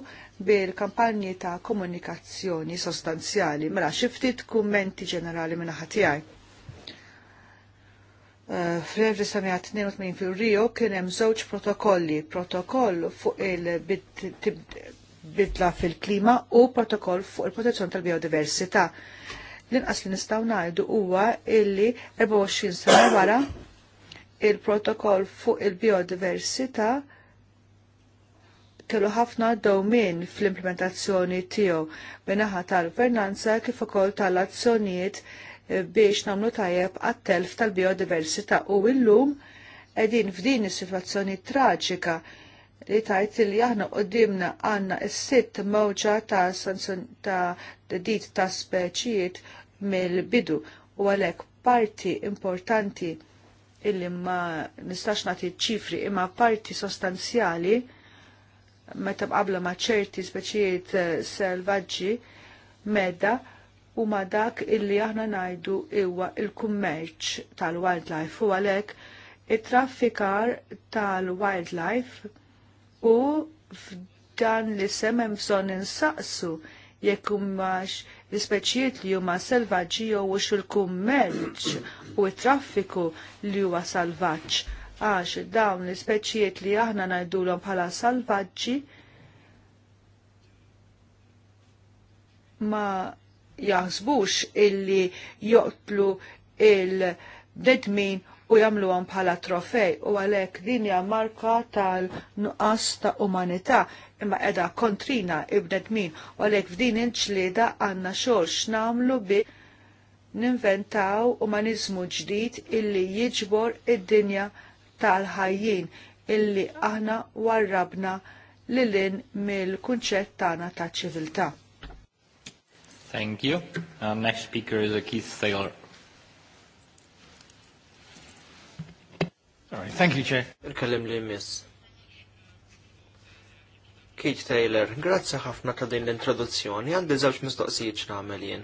S1: bil-kampanji ta' komunikazzjoni sostanzjali. Mela xi ftit kummenti ġenerali minn ħatijaj. Uh, eh, Fl-1982 fil-Rio kien hemm żewġ protokolli, protokoll fuq il-bidla fil-klima u protokoll fuq il-protezzjoni tal-biodiversità. L-inqas li nistgħu ngħidu huwa illi 24 sena wara il-protokoll fuq il-biodiversità kellu ħafna dowmin fl-implementazzjoni tiegħu minaħa tal-gvernanza kif ukoll tal-azzjonijiet eh, biex nagħmlu tajjeb għat-telf tal-biodiversità u llum qegħdin f'din is-sitwazzjoni traġika li tajt li aħna qoddimna għandna s-sitt mowġa ta' ta' dit ta' speċijiet mill-bidu u għalhekk parti importanti illi ma nistax nagħti ċifri imma parti sostanzjali meta qabla ma ċerti speċijiet eh, selvaġġi medda huma dak illi aħna ngħidu iwa il-kummerċ tal-wildlife u għalhekk it-traffikar tal-wildlife u f'dan li semem bżonn insaqsu jekk hummax l-ispeċijiet li huma selvaġġi jew x il-kummerċ u t-traffiku li huwa salvaġġ għax dawn l-ispeċijiet li aħna ngħidulhom bħala salvaġġi ma jaħsbux illi joqtlu il-dedmin u jagħmluhom bħala trofej u għalhekk din hija marka tal-nuqqas ta' umanità imma edha kontrina ibnedmin u għalhekk f'din il għanna għandna x'namlu bi ninventaw umanizmu ġdid illi jiġbor id-dinja tal-ħajjin illi aħna warrabna lilin mill-kunċett tagħna ta' ċiviltà. Thank you. Our next speaker is Keith Taylor
S2: Sorry, thank you, Chair. Nkellem li miss. Keith Taylor, grazzi ħafna ta' din l-introduzzjoni, għandi żewġ mistoqsijiet x'nagħmel jien.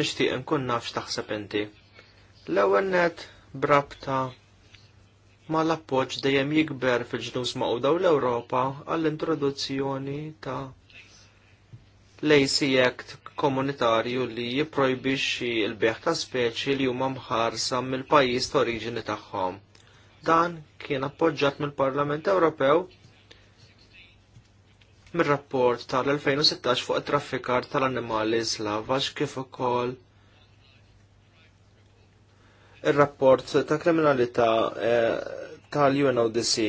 S2: Nixtieq nkun naf x'taħseb inti. L-ewwel net brabta ma l-appoġġ dejjem jikber fil-ġnus maqda u l-Ewropa għall-introduzzjoni ta' l Act komunitarju li jipprojbixxi l-beħ ta' speċi li huma mħarsa mill-pajjiż ta' oriġini tagħhom. Dan kien appoġġjat mill-Parlament Ewropew mir-rapport tal-2016 fuq it-traffikar tal-annimali slavax kif ukoll ir-rapport ta' kriminalità eh, tal-UNODC.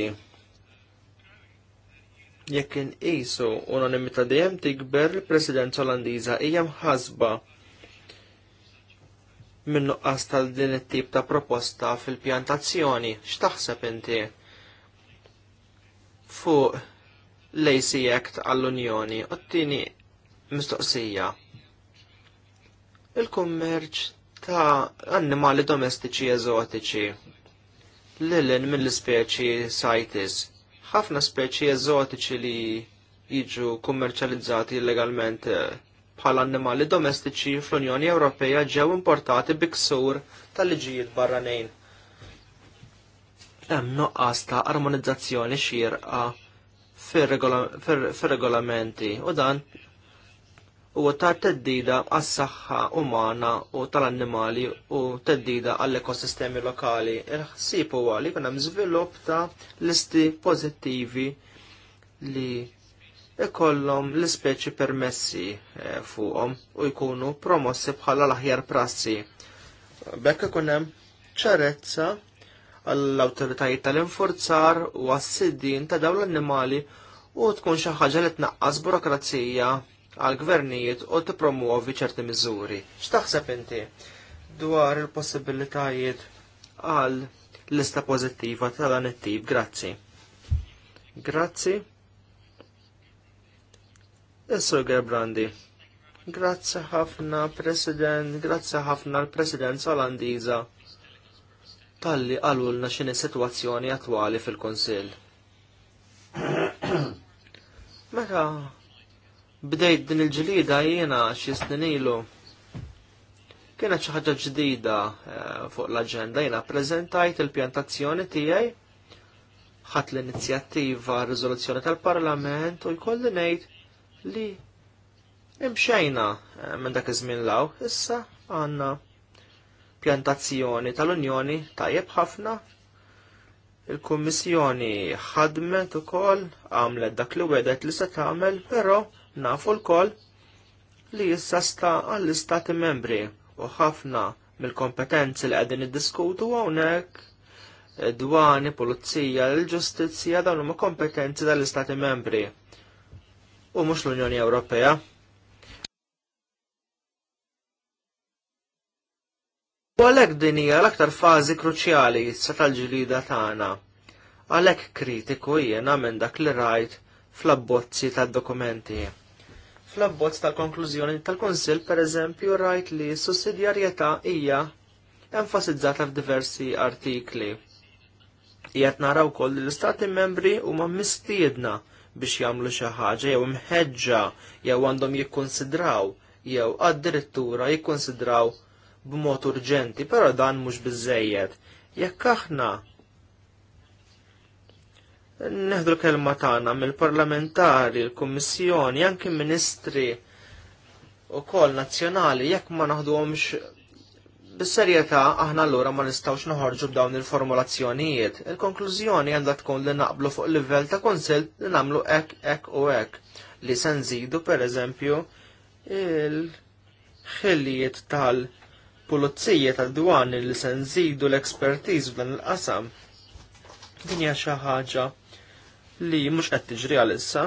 S2: Jekk inqisu unanimita dejjem tikber il-Presidenza Olandiża hija mħasba minnu qastal tal din it-tip ta' proposta fil-pjantazzjoni. X'taħseb inti fuq l-AC Act għall-Unjoni u t-tieni mistoqsija. Il-kummerċ ta' annimali domestiċi eżotiċi lilin mill-ispeċi sajtis ħafna speċi eżotiċi li jiġu kummerċjalizzati illegalment eh, bħala annimali domestiċi fl-Unjoni Ewropea ġew importati biksur tal-liġijiet barranin. Hemm noqqas ta' armonizzazzjoni xierqa fir-regolamenti u dan U ta' teddida għas-saħħa umana u tal-annimali u teddida għall-ekosistemi lokali. il ħsib huwa li kuna żvilupp ta' listi pożittivi li ikollhom l-ispeċi permessi eh, fuqhom u jkunu promossi bħala l-aħjar prassi. Bekk ikun hemm ċarezza għall-awtoritajiet tal-infurzar u għas-siddin ta' dawn l-annimali u tkun xi ħaġa li tnaqqas burokrazija għal gvernijiet u t-promuovi ċerti miżuri. X'taħseb inti dwar il-possibilitajiet għal lista pożittiva tal dan it-tip? Grazzi. Grazzi. Is-Sur Grazzi ħafna President, grazzi ħafna l-Presidenza Olandiża talli għalulna xini situazzjoni attwali fil-Konsil. [clears throat] Meta Bdejt din il-ġlida jiena xi snin ilu. Kienet xi ħaġa ġdida eh, fuq l-aġenda jiena ppreżentajt il-pjantazzjoni tiegħi ħadd l-inizjattiva riżoluzzjoni tal-Parlament u jkolli ngħid li imxejna eh, minn dak iż-żmien law issa għandna pjantazzjoni tal-Unjoni tajjeb ħafna. Il-Kummissjoni ħadmet ukoll għamlet dak li wedet li se tagħmel, però Nafu l-koll li jissa sta għall-istati membri u ħafna mill-kompetenzi li għedin id-diskutu għonek dwani, pulizija, l-ġustizja dawn huma kompetenzi tal-istati membri u mhux l-Unjoni Ewropea. U għalhekk din hija l-aktar fażi kruċjali sa tal-ġlida tagħna. Għalhekk kritiku jiena minn dak li rajt fl-abbozzi tad-dokumenti. Fl-abbozz tal-konklużjoni tal-Kunsill pereżempju rajt li s-sussidjarjetà hija enfasizzata f'diversi artikli. Jed nara wkoll li l-istati membri huma mistiedna biex jagħmlu xi ħaġa jew imħeġġa jew għandhom jikkonsidraw jew addirittura jikkonsidraw b'mod urġenti, però dan mhux biżejjed. Jekk aħna neħdu l-kelma tagħna mill-parlamentari, l-kummissjoni, anki ministri u kol nazzjonali, jekk ma naħduhomx bis-serjetà aħna allura ma nistgħux noħorġu b'dawn il-formulazzjonijiet. Il-konklużjoni għandha tkun li naqblu fuq livell ta' konsil li nagħmlu hekk ek u hekk li se nżidu pereżempju il-ħilijiet tal-pulizija tad-dwani li se nżidu l-ekspertiż f'dan il-qasam. Dinja xi ħaġa li mhux qed tiġri għal issa.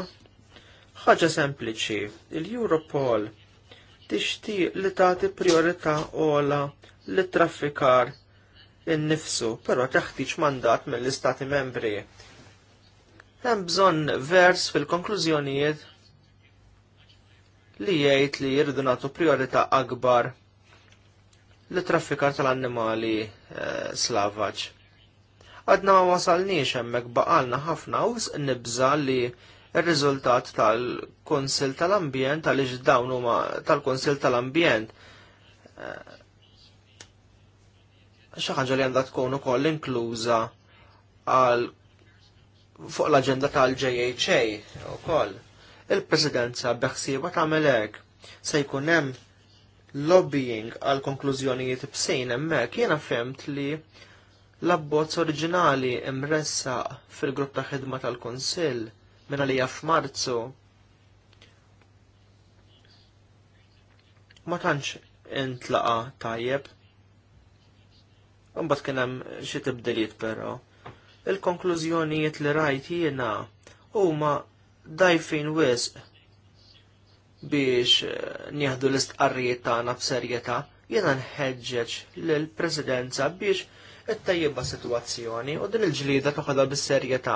S2: Ħaġa sempliċi, il-Europol tixtieq li tagħti priorità ola li traffikar innifsu, però teħtieġ mandat mill-Istati Membri. Hemm bżonn vers fil-konklużjonijiet li jgħid li jirdu nagħtu priorità akbar li traffikar tal-annimali eh, slavaġ. Għadna ma wasalniex hemmhekk baqalna ħafna u nibża li r riżultat tal konsil tal-Ambjent għaliex dawn huma tal-Kunsil tal-Ambjent eh, xi ħaġa li għandha tkun ukoll inkluża għal fuq l-aġenda tal-JHA ukoll. Il-Presidenza beħsieba tagħmel hekk se jkun hemm lobbying għal konklużjonijiet b'sejn hemmhekk jiena fimt li L-abbozz oriġinali imressa fil-grupp ta' ħidma tal-Kunsill minn għalija f'Marzu ma tantx intlaqa tajjeb. Imbagħad kien hemm xi tibdiliet però. Il-konklużjonijiet li rajt jiena huma dajfin wisq biex eh, nieħdu l-istqarrijiet tagħna b'serjetà jiena nħeġġeġ lill-Presidenza biex it-tajjibba situazzjoni u din il-ġlida toħodha bis-serjetà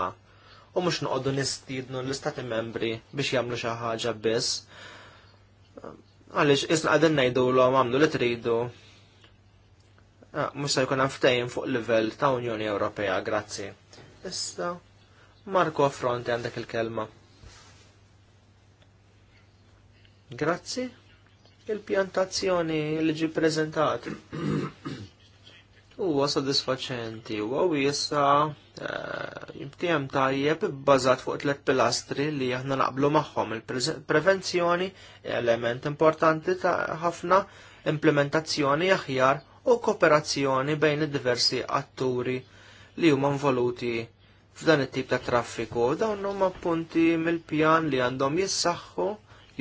S2: u mhux noqogħdu nistiednu l-istati membri biex jagħmlu xi ħaġa biss. Għaliex isna qegħdin ngħidulhom għamlu li tridu. Ah, mhux se jkun hemm ftehim fuq livell ta' Unjoni Ewropea, grazzi. Issa Marko Affronti għandek il-kelma. Grazzi il-pjantazzjoni li ġi prezentat huwa sodisfaċenti għaw wiesa eh, jimtiem tajjeb bazat fuq tliet pilastri li aħna naqblu magħhom il-prevenzjoni, element importanti ta' ħafna, implementazzjoni aħjar u kooperazzjoni bejn id-diversi atturi li huma involuti f'dan it-tip ta' traffiku. Dawn huma punti mill-pjan li għandhom jissaħħu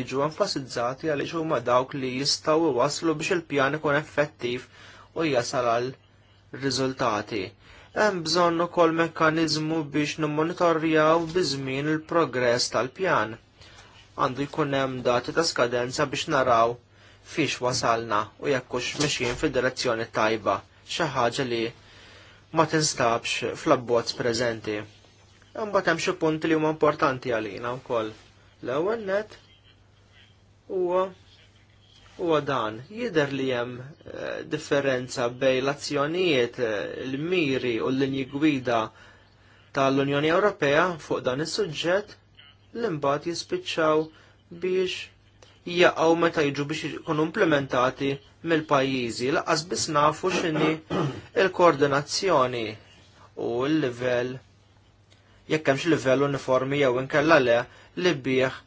S2: jiġu enfasizzati għaliex huma dawk li jistgħu waslu biex il-pjan ikun effettiv u jasal għal riżultati. Hemm bżonn ukoll mekkaniżmu biex nimmonitorjaw biżmien il-progress tal-pjan. Għandu jkun hemm dati ta' skadenza biex naraw fiex wasalna u jekk hux mexjin fid-direzzjoni tajba, xi ħaġa li ma tinstabx fl-abbozz preżenti. Imbagħad hemm xi punti li huma importanti għalina wkoll. L-ewwel net huwa u għadan jider li jem eh, differenza bej l-azzjonijiet, eh, l-miri u l-linji gwida tal-Unjoni Ewropea fuq dan is-suġġett l-imbat jispiċċaw biex jaqgħu meta jiġu biex jkunu implementati mill-pajjiżi laqas biss nafu x'inhi l-koordinazzjoni u l-livell jekk hemmx livell uniformi jew inkella le li bih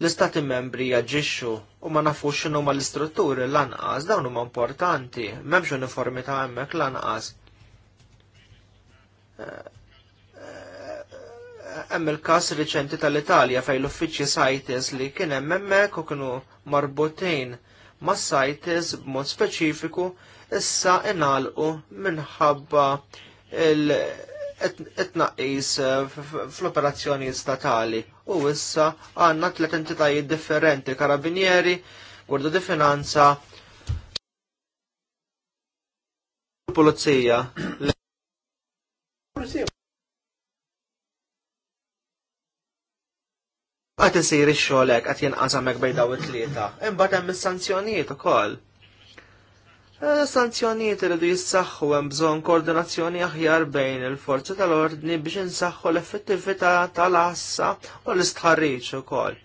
S2: l-istati membri jaġixxu u ma nafux xinu ma l-istrutturi lanqas dawn huma importanti, m'hemmx uniformità hemmhekk lanqas. Hemm il-każ riċenti tal-Italja fejn l-uffiċċji sajtis li kien hemm hemmhekk u kienu marbutin mas sajtis b'mod speċifiku issa inalqu minħabba il- etnaqis eh, fl-operazzjoni statali u issa għanna tlet entitajiet differenti, karabinieri, gwardu di finanza, polizija. Għat isir ix-xogħol hekk qed jinqas hemmhekk bejn daw it-tlieta, imbagħad hemm is-sanzjonijiet ukoll. Eh, sanzjonijiet irridu jissaxħu hemm bżonn koordinazzjoni aħjar bejn il-forzi tal-ordni biex insaħħu l-effettività tal-assa u l-istħarriġ ukoll.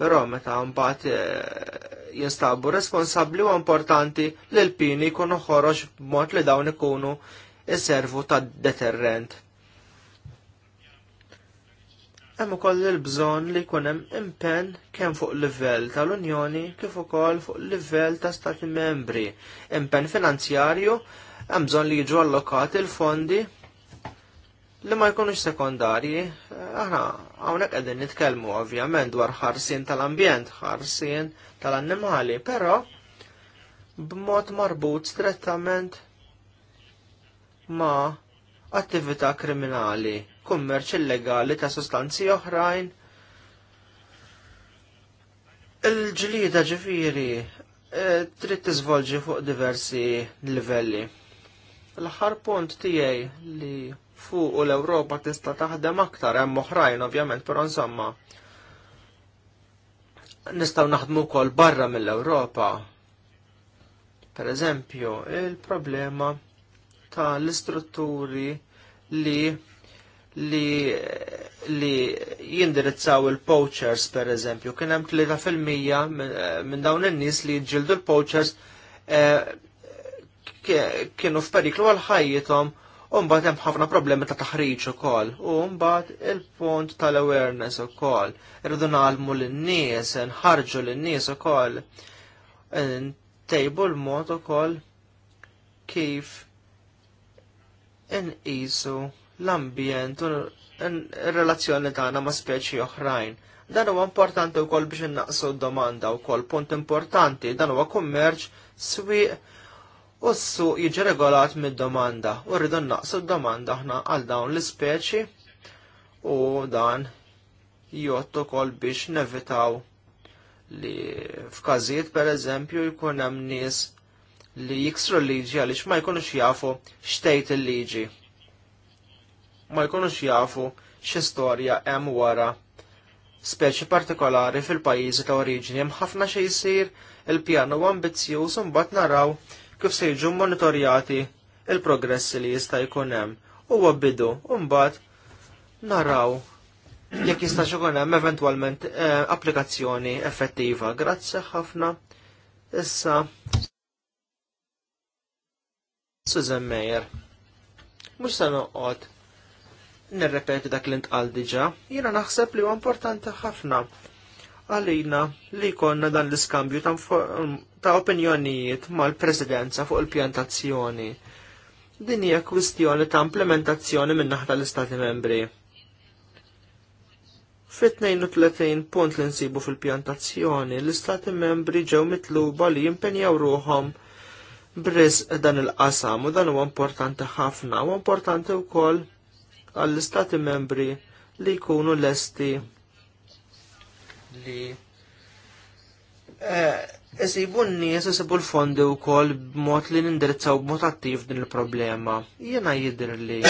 S2: Però meta mbagħad eh, jinstabu responsabbli u importanti li l-pini jkunu ħoroġ b'mod li dawn ikunu s-servu ta' deterrent. Hemm ukoll il-bżonn li jkun hemm impenn kemm fuq livell tal-Unjoni kif ukoll fuq livell ta' Stati membri. Impenn finanzjarju hemm bżonn li jiġu allokati l-fondi li ma jkunux sekondarji. Aħna hawnhekk qegħdin nitkellmu ovvjament dwar ħarsien tal-ambjent, ħarsien tal-annimali, però b'mod marbut strettament ma' attività kriminali kummerċ illegali ta' sostanzi oħrajn. Il-ġlida ġifiri eh, trid tiżvolġi fuq diversi livelli. L-aħħar punt tiegħi li fuq l-Ewropa tista' taħdem aktar hemm oħrajn ovvjament, però insomma nistgħu naħdmu wkoll barra mill-Ewropa. Per eżempju, il-problema tal istrutturi li li li jindirizzaw il-poachers per eżempju, kien hemm tlieta fil-mija minn eh, dawn in-nies li jġildu l-poachers eh, kienu f'periklu għal ħajjithom u mbagħad hemm ħafna problemi ta' taħriġ ukoll u mbagħad il-punt tal-awareness ukoll. Irridu nagħlmu lin-nies, nħarġu lin-nies ukoll. Ntejbu l-mod ukoll kif inqisu l-ambjent u r-relazzjoni tagħna ma' speċi oħrajn. Dan huwa importanti wkoll biex innaqsu d-domanda wkoll punt importanti dan huwa kummerċ swieq u s-suq jiġi regolat mid-domanda u rridu naqsu d-domanda aħna għal dawn l-ispeċi u dan jottu kol biex nevitaw li f'każijiet per eżempju jkun hemm nies li jiksru l-liġi għaliex ma jkunux jafu xtejt il-liġi ma jkunux jafu x'istorja hemm wara speċi partikolari fil-pajjiżi ta' oriġini hemm ħafna xejn jsir il-pjan huwa ambizzjuż u mbagħad naraw kif se jiġu monitorjati il-progressi li jista' jkun hemm. Huwa bidu u mbagħad naraw jekk jista' ikun hemm eventwalment eh, applikazzjoni effettiva. Grazzi ħafna. Issa Susan Meyer. Mhux se noqgħod nirrepeti dak li ntqal diġa, jiena naħseb li huwa importanti ħafna għalina li konna dan l-iskambju mm, ta' opinjonijiet mal-presidenza fuq il-pjantazzjoni. Din hija kwistjoni ta' implementazzjoni minn naħta l-Istati membri. Fit-32 punt li nsibu fil-pjantazzjoni, l-Istati membri ġew mitluba li jimpenjaw ruhom bris dan il-qasam u dan huwa importanti ħafna u importanti wkoll għall-istati membri li jkunu lesti li eh, Esibu n-nies esibu l-fondi u kol b'mod li nindirizzaw b'mod attiv din il-problema. Jena jidir li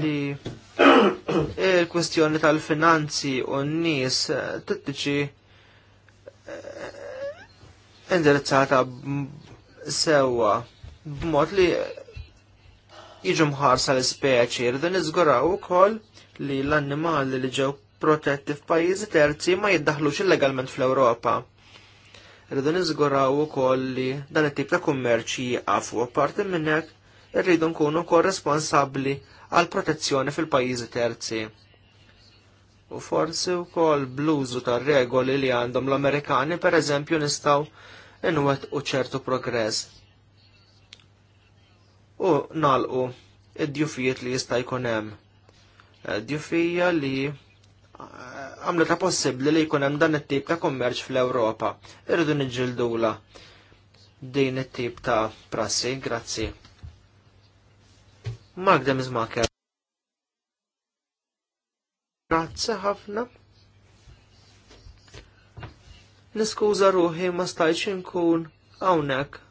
S2: li il-kwestjoni tal-finanzi u n-nies eh, tittiċi eh, indirizzata sewa b'mod li jiġu mħarsa l-speċi, irridu niżguraw ukoll li l-annimali li ġew protetti f'pajjiżi terzi ma jiddaħlux illegalment fl-Ewropa. Rridu niżguraw ukoll li dan it-tip ta' kummerċi jieqaf u apparti minn hekk irridu nkunu wkoll responsabbli għal protezzjoni fil-pajjiżi terzi. U forsi wkoll bluzu tar regoli li għandhom l-Amerikani pereżempju nistgħu inwet u ċertu progress u nalqu id-djufijiet li jista' jkun hemm. Eh, djufija li eh, għamlu ta' possibbli li jkun hemm dan it-tip ta' kummerċ fl-Ewropa. Irridu niġġildula din it-tip ta' prassi, grazzi. Magda Mizmaker. Grazzi ħafna. Niskuża ruħi ma stajċin kun hawnhekk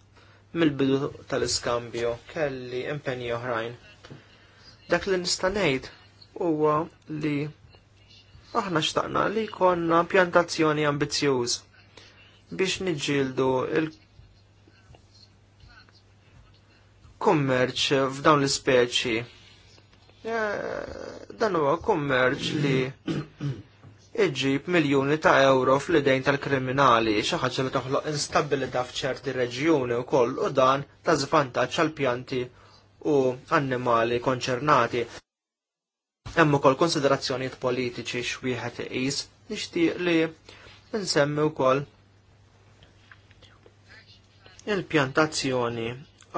S2: mill-bidu tal-iskambju kelli impenji oħrajn. Dak li nista' ngħid huwa li aħna xtaqna li jkollna pjantazzjoni ambizzjuż biex niġġieldu il kummerċ f'dawn l-ispeċi. Eh, dan huwa kummerċ li iġib miljuni ta' euro fl-idejn tal-kriminali xi ħaġa li toħloq instabilità f'ċerti reġjuni wkoll u dan ta' żvantaġġ għal pjanti u annimali konċernati. Hemm ukoll konsiderazzjonijiet politiċi x'wieħed iqis nixtieq li nsemmi wkoll il-pjantazzjoni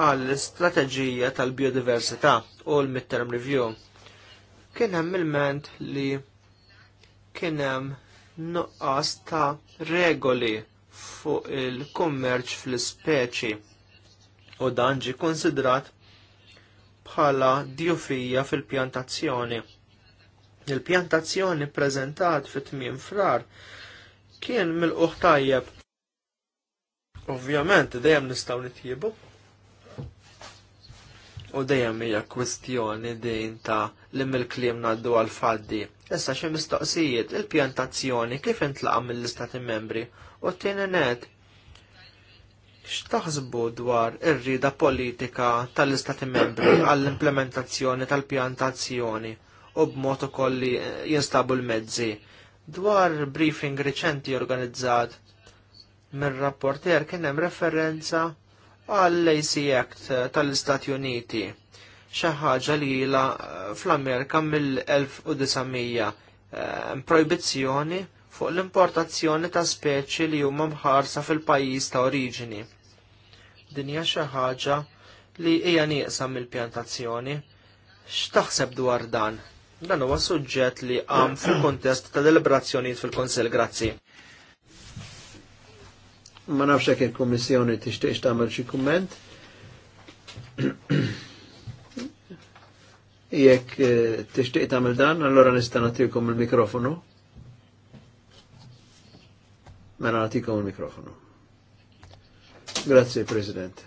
S2: għall-istrateġija tal-biodiversità u l-midterm review. Kien hemm il-ment li kien hemm nuqqas ta' regoli fuq il-kummerċ fl-ispeċi u dan ġie konsidrat bħala djufija fil-pjantazzjoni. Il-pjantazzjoni prezentat fit tmiem frar kien mill tajjeb. Ovvjament, dejjem nistgħu nitjiebu. U dejjem hija kwestjoni din ta' li mill-kliem naddu għal faddi. Issa xi mistoqsijiet il-pjantazzjoni kif intlaqa mill-Istati Membri u t-tieni net x'taħsbu dwar ir-rida politika tal-Istati Membri għall-implementazzjoni tal-pjantazzjoni u b'mod ukoll li jinstabu l-mezzi. Dwar briefing riċenti organizzat mir-rapporter kien hemm referenza għall-AC Act tal-Istati Uniti, xaħġa ħaġa li la eh, fl-Amerika mill-1900 eh, proibizzjoni fuq l-importazzjoni ta' speċi li huma mħarsa fil-pajjiż ta' oriġini. Din hija xi ħaġa li hija nieqsa mill-pjantazzjoni. X'taħseb dwar dan? Dan huwa suġġett li għam fil-kontest ta' deliberazzjonijiet fil-Konsell Grazzi
S3: ma nafx hekk il-Kummissjoni tixtieq tagħmel xi kumment. [clears throat] Jekk eh, tixtieq tagħmel dan, allora nista' nagħtikom il-mikrofonu. Mela nagħtikom il-mikrofonu. Grazie, President.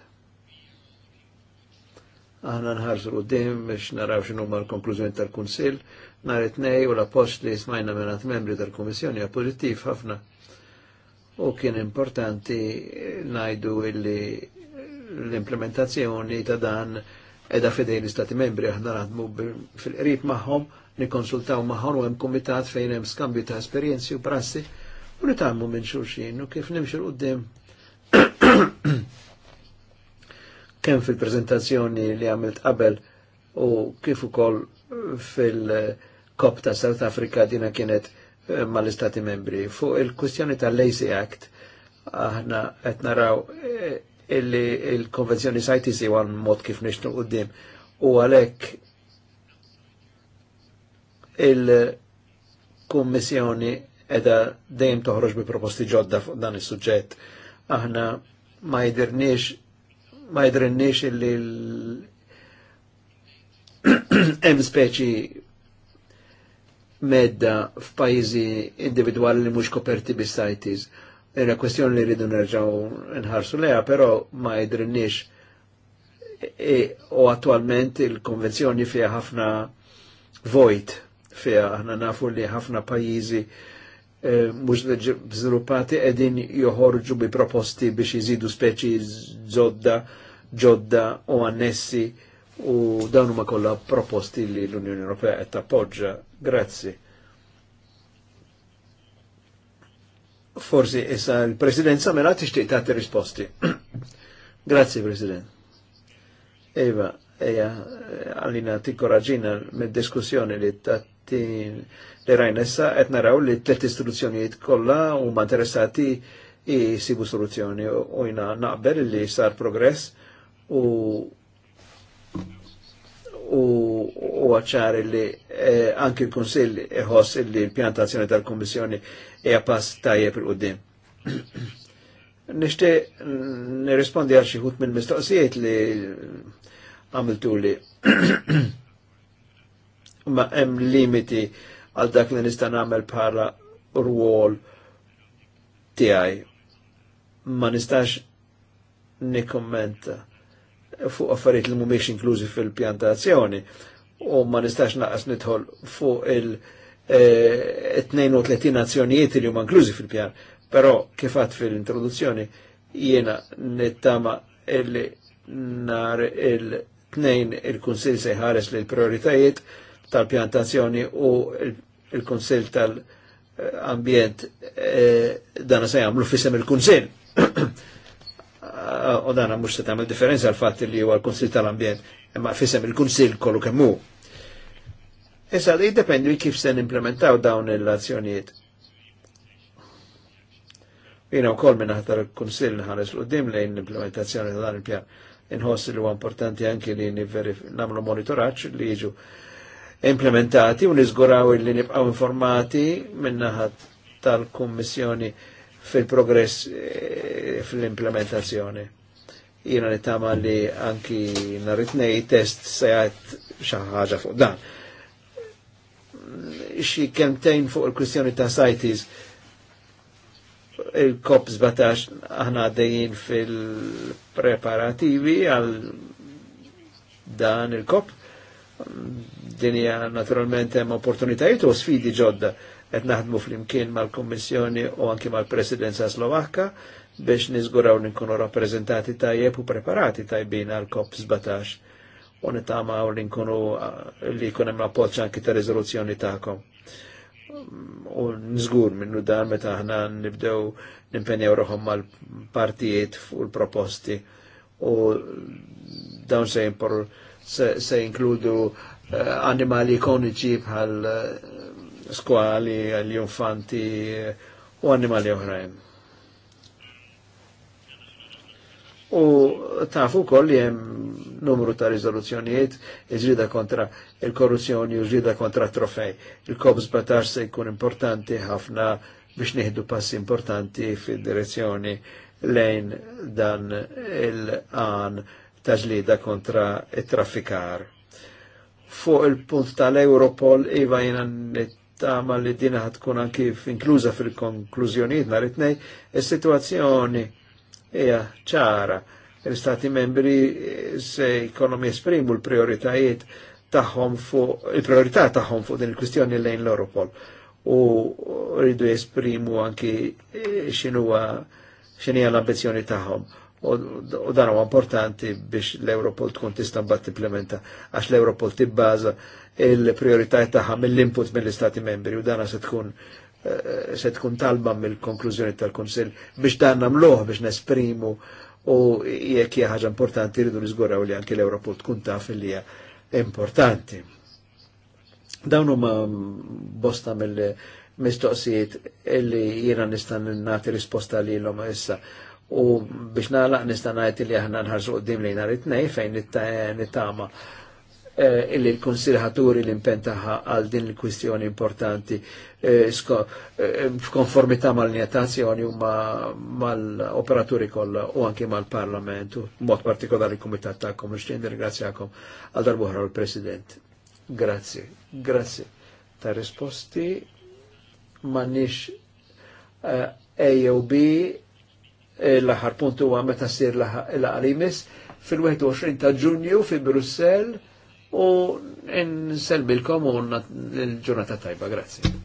S3: Aħna nħarsu l-qoddim biex naraw x'inhu l-konklużjoni tal-Kunsill nhar it-tnej u l-appost li smajna mingħand membri tal-Kummissjoni hija pożittiv ħafna u kien importanti najdu illi l-implementazzjoni ta' dan edha fidejn l-Istati membri aħna naħdmu fil-qrib magħhom, nikkonsultaw magħhom u hemm kumitat fejn hemm skambju ta' esperjenzi u prassi u nitalmu minn xulxin u kif nimxu qudiem [coughs] kemm fil-preżentazzjoni li għamilt qabel u kif ukoll fil- kop ta' South Africa dina kienet Eh, mal-Istati membri. Fuq il-kwistjoni tal-Lazy Act, aħna qed naraw eh, illi il-konvenzjoni sajtisi għan mod kif nixtu qoddim u għalek il-kommissjoni edha dejjem toħroġ bi proposti ġodda fuq dan is-suġġett. Aħna ma jidirniex ma jidrinniex illi [clears throat] hemm speċi medda f'pajjiżi individwali li mhux koperti bis-sajtis. Era kwestjoni li rridu nerġgħu nħarsu leha, però ma jidrinniex e, u attualment il-konvenzjoni fiha ħafna vojt fiha aħna nafu li ħafna pajjiżi E, mux żviluppati edin joħorġu bi proposti biex jizidu speċi zodda, ġodda u annessi u dawn huma kollha proposti li l-Unjoni Ewropea qed tappoġġa Grazzi. Forsi issa l-President Samela tixtieq tagħti risposti. [clears throat] Grazie, President. Eva, eja, għallina tikkoraġina mid-diskussjoni li tatti li rajna issa qed naraw li t-tlet istituzzjonijiet u ma interessati jisibu soluzzjoni u jina naqbel li sar progress u u għacċar li eh, anki l-Konsill iħoss li l-pjantazzjoni tal-Kommissjoni hija pass tajjeb il-qudiem. [clears throat] Nishti nirrispondi għal xi ħut mill-mistoqsijiet li għamiltu li [clears throat] ma hemm limiti għal dak li nista' nagħmel bħala rwol tiegħi. Ma nistax nikkommenta fuq affarijiet li mhumiex inklużi fil-pjantazzjoni u ma nistax naqas nidħol fuq il-32 eh, nazzjonijiet li huma inklużi fil-pjan. Però kif kifat fil-introduzzjoni jiena nittama illi nar il-tnejn il-Kunsil se ħares li l-prioritajiet tal-pjantazzjoni u il-Kunsil tal-ambjent eh, dana se jagħmlu fisem il-Kunsil. [clears throat] u dana mux se tamil differenza għal-fat li huwa l-Konsil tal-Ambjent, imma fissem il-Konsil kollu kemmu. Issa li jiddependi kif se implementaw dawn il-azzjonijiet. Jina u koll minna ħtar il-Konsil nħares l-qoddim lejn l-implementazzjoni ta' dan il-pjan. Inħoss li huwa importanti anki li namlu monitoraċ li jiġu implementati u nizguraw li nibqaw informati minnaħat tal-Kommissjoni fil-progress eh, fil-implementazzjoni. Jina li tama li anki narritnej test sejat xaħġa fuq dan. Xi kemtejn fuq il-kwistjoni ta' sajtis il kop zbatax aħna għaddejjin fil-preparativi għal dan il kop Dinja naturalment hemm opportunitajiet u sfidi ġodda qed naħdmu fl-imkien mal kummissjoni u anki mal-Presidenza Slovakka biex nizguraw ninkunu rappresentati tajjeb u preparati tajbin għal COP17 u nitamaw li ninkunu eh, li kunem appoċ anki ta' rizoluzzjoni ta'kom. U nizgur minnu dan meta ħna nibdew nimpenjaw roħom mal partijiet u l-proposti u dawn se, impor, se, se inkludu uh, animali ikoniċi bħal uh, eh, skwali, għal-infanti u uh, animali oħrajn. U tafu koll jem numru ta' rizoluzzjonijiet iġrida kontra il-korruzzjoni u ġrida kontra trofej. il kobz batax se jkun importanti ħafna biex nieħdu passi importanti fid-direzzjoni lejn dan il-għan ta' ġlida kontra il-traffikar. Fuq il-punt tal-Europol, Iva jena nittama li dina ħatkun anki finkluza fil konklużjonijiet nar it il-situazzjoni Eja, ċara. L-Stati membri eh, se jkonom jesprimu l-prioritajiet tagħhom fuq il-priorità tagħhom fuq din il-kwistjoni lejn l-Europol u rridu jesprimu anki eh, xinuwa xinija l-ambizjoni tagħhom. U dan huwa importanti biex l-Europol tkun tista' mbagħad tipplementa għax l-Europol tibbaża il-prioritajiet tagħha mill-input mill-Istati membri u dan se tkun Eh, se tkun talba mill-konklużjoni tal-Konsil biex dan namluħ biex nesprimu u jekk hija ħaġa importanti rridu niżgurraw li anke l-Ewropol tkun taf li hija importanti. Dawn huma bosta mill-mistoqsijiet illi jiena nista' nagħti risposta lilhom issa. U biex nagħlaq nista' ngħid li aħna nħarsu qudiem li nhar it-tnejn fejn nittama' Eh, illi l-konsilħaturi l-impen għal din il-kwistjoni importanti eh, eh, f'konformità mal-linjatazzjoni u mal-operaturi koll u anke mal-Parlament u mod partikolari l komitat tagħkom għal darbuħra l-President. Grazie, grazie. ta' risposti A u B l sir l fil-21 ta' Ġunju fi u n-selbilkom u n ġurnata tajba, grazie.